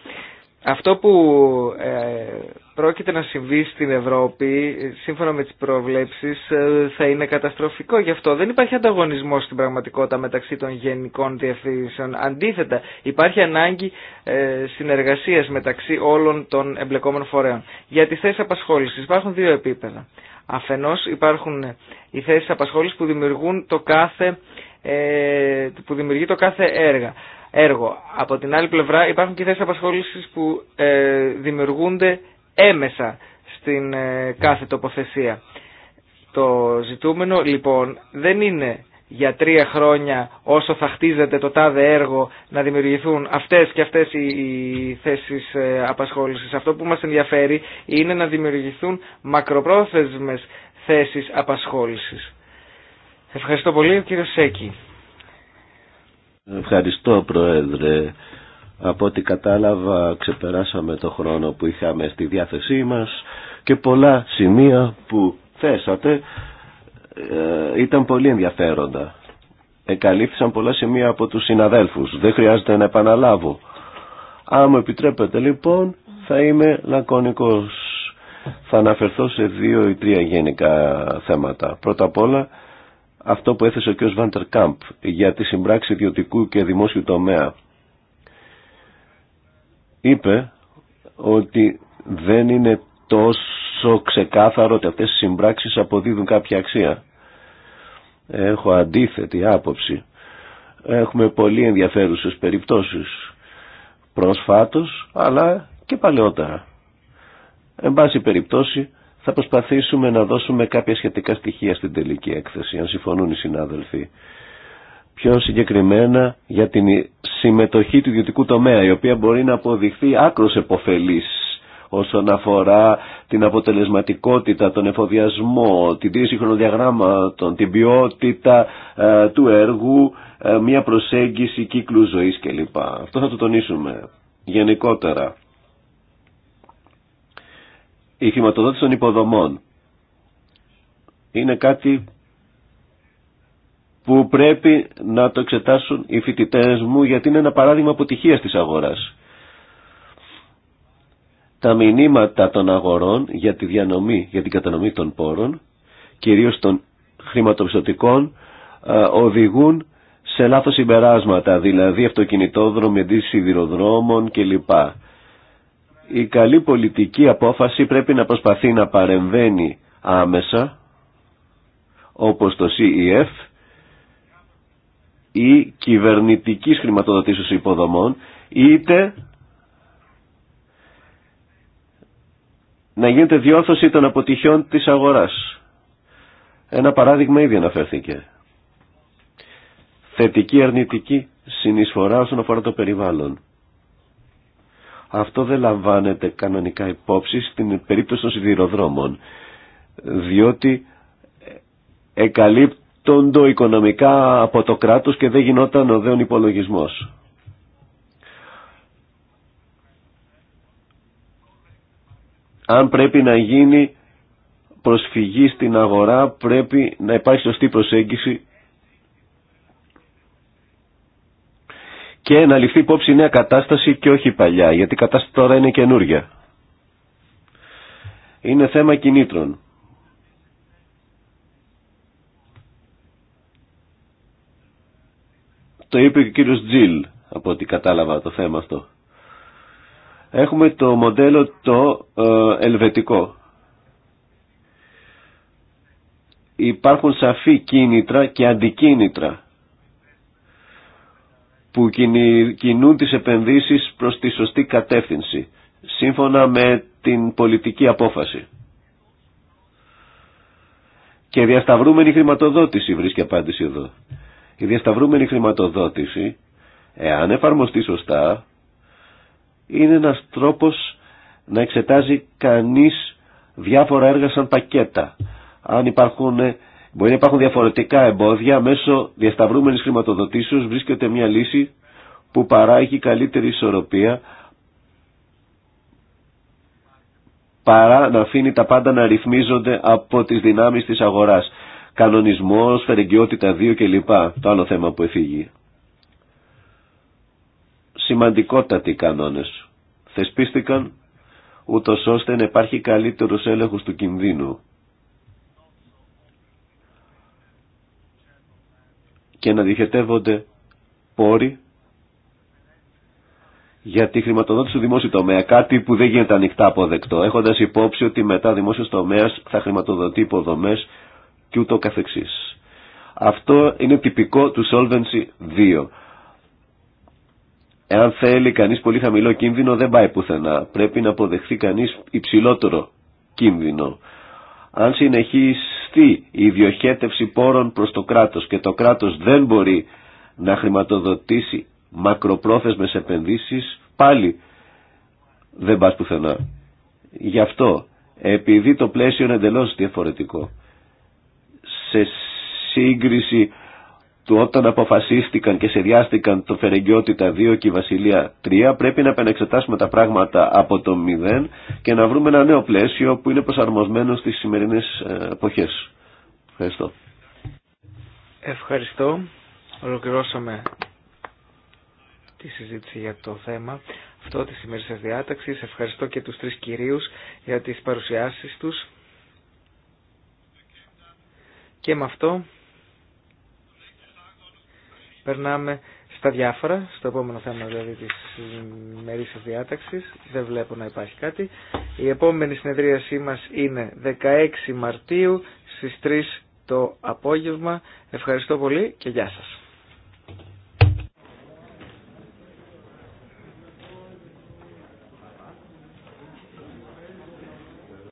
Αυτό που ε, πρόκειται να συμβεί στην Ευρώπη, σύμφωνα με τις προβλέψεις, ε, θα είναι καταστροφικό. Γι' αυτό δεν υπάρχει ανταγωνισμός στην πραγματικότητα μεταξύ των γενικών διευθύνσεων. Αντίθετα, υπάρχει ανάγκη ε, συνεργασίας μεταξύ όλων των εμπλεκόμενων φορέων. Για τις θέσεις απασχόλησης υπάρχουν δύο επίπεδα. Αφενός υπάρχουν οι θέσεις απασχόλησης που δημιουργούν το που δημιουργεί το κάθε έργα έργο. Από την άλλη πλευρά υπάρχουν και θέσει απασχόληση που ε, δημιουργούνται έμεσα στην ε, κάθε τοποθεσία. Το ζητούμενο λοιπόν δεν είναι για τρία χρόνια όσο θα χτίζεται το τάδε έργο να δημιουργηθούν αυτές και αυτές οι θέσεις ε, απασχόλησης. Αυτό που μας ενδιαφέρει είναι να δημιουργηθούν μακροπρόθεσμες θέσεις απασχόλησης. Ευχαριστώ πολύ κύριο Σέκη. Ευχαριστώ Πρόεδρε. Από ό,τι κατάλαβα ξεπεράσαμε το χρόνο που είχαμε στη διάθεσή μας και πολλά σημεία που θέσατε ε, ήταν πολύ ενδιαφέροντα. Εκαλύφθησαν πολλά σημεία από τους συναδέλφους. Δεν χρειάζεται να επαναλάβω. Αν μου επιτρέπετε λοιπόν θα είμαι λακωνικός. Θα αναφερθώ σε δύο ή τρία γενικά θέματα. Πρώτα απ' όλα αυτό που έθεσε ο κ. Βάντερ Κάμπ για τη συμπράξη ιδιωτικού και δημόσιου τομέα. Είπε ότι δεν είναι τόσο ξεκάθαρο ότι αυτές οι συμπράξεις αποδίδουν κάποια αξία. Έχω αντίθετη άποψη. Έχουμε πολύ ενδιαφέρουσες περιπτώσεις προσφάτως αλλά και παλαιότερα. Εν πάση περιπτώσει θα προσπαθήσουμε να δώσουμε κάποια σχετικά στοιχεία στην τελική έκθεση, αν συμφωνούν οι συνάδελφοι. Πιο συγκεκριμένα για την συμμετοχή του ιδιωτικού τομέα, η οποία μπορεί να αποδειχθεί άκρος επωφελής όσον αφορά την αποτελεσματικότητα, τον εφοδιασμό, την τήρηση χρονοδιαγράμματων, την ποιότητα ε, του έργου, ε, μια προσέγγιση κύκλου ζωής κλπ. Αυτό θα το τονίσουμε γενικότερα η χρηματοδότηση των υποδομών είναι κάτι που πρέπει να το εξετάσουν οι φοιτητέ μου γιατί είναι ένα παράδειγμα αποτυχίας της αγοράς. Τα μηνύματα των αγορών για τη διανομή, για την κατανομή των πόρων, κυρίως των χρηματοπιστωτικών, οδηγούν σε λάθος συμπεράσματα, δηλαδή αυτοκινητόδρομοι, εντύσεις σιδηροδρόμων κλπ η καλή πολιτική απόφαση πρέπει να προσπαθεί να παρεμβαίνει άμεσα όπως το CEF ή κυβερνητικής χρηματοδοτήσεως υποδομών είτε να γίνεται διόρθωση των αποτυχιών της αγοράς. Ένα παράδειγμα ήδη αναφέρθηκε. Θετική αρνητική συνεισφορά όσον αφορά το περιβάλλον. Αυτό δεν λαμβάνεται κανονικά υπόψη στην περίπτωση των σιδηροδρόμων, διότι εκαλύπτονται οικονομικά από το κράτος και δεν γινόταν ο δέον υπολογισμός. Αν πρέπει να γίνει προσφυγή στην αγορά πρέπει να υπάρχει σωστή προσέγγιση και να ληφθεί υπόψη η νέα κατάσταση και όχι παλιά, γιατί η κατάσταση τώρα είναι καινούργια. Είναι θέμα κινήτρων. Το είπε και ο κύριος Τζιλ, από ό,τι κατάλαβα το θέμα αυτό. Έχουμε το μοντέλο το ε, ελβετικό. Υπάρχουν σαφή κίνητρα και αντικίνητρα που κινούν τις επενδύσεις προς τη σωστή κατεύθυνση, σύμφωνα με την πολιτική απόφαση. Και διασταυρούμενη χρηματοδότηση βρίσκει απάντηση εδώ. Η διασταυρούμενη χρηματοδότηση, εάν εφαρμοστεί σωστά, είναι ένας τρόπος να εξετάζει κανείς διάφορα έργα σαν πακέτα. Αν υπάρχουν Μπορεί να υπάρχουν διαφορετικά εμπόδια, μέσω διασταυρούμενης χρηματοδοτήσεως βρίσκεται μια λύση που παράγει καλύτερη ισορροπία παρά να αφήνει τα πάντα να ρυθμίζονται από τις δυνάμεις της αγοράς. Κανονισμός, φερεγγιότητα 2 κλπ. Το άλλο θέμα που εφήγει. Σημαντικότατοι κανόνες. Θεσπίστηκαν ούτω ώστε να υπάρχει καλύτερος έλεγχος του κινδύνου. και να διοχετεύονται πόροι για τη χρηματοδότηση του δημόσιου τομέα. Κάτι που δεν γίνεται ανοιχτά αποδεκτό, έχοντα υπόψη ότι μετά δημόσιο τομέα θα χρηματοδοτεί υποδομέ και ούτω καθεξής. Αυτό είναι τυπικό του Solvency 2. Εάν θέλει κανείς πολύ χαμηλό κίνδυνο δεν πάει πουθενά. Πρέπει να αποδεχθεί κανείς υψηλότερο κίνδυνο. Αν συνεχιστεί η διοχέτευση πόρων προς το κράτος και το κράτος δεν μπορεί να χρηματοδοτήσει μακροπρόθεσμες επενδύσεις, πάλι δεν πας πουθενά. Γι' αυτό, επειδή το πλαίσιο είναι εντελώς διαφορετικό, σε σύγκριση του όταν αποφασίστηκαν και σχεδιάστηκαν το Φερεγγιώτητα 2 και η Βασιλεία 3 πρέπει να επανεξετάσουμε τα πράγματα από το 0 και να βρούμε ένα νέο πλαίσιο που είναι προσαρμοσμένο στις σημερινές ε, εποχές. Ευχαριστώ. Ευχαριστώ. Ολοκληρώσαμε τη συζήτηση για το θέμα αυτό της σημερινή διάταξη. Ευχαριστώ και τους τρεις κυρίους για τις παρουσιάσεις τους. Και με αυτό... Περνάμε στα διάφορα, στο επόμενο θέμα δηλαδή τη ημερήσια διάταξη. Δεν βλέπω να υπάρχει κάτι. Η επόμενη συνεδρίασή μας είναι 16 Μαρτίου στις 3 το απόγευμα. Ευχαριστώ πολύ και γεια σας.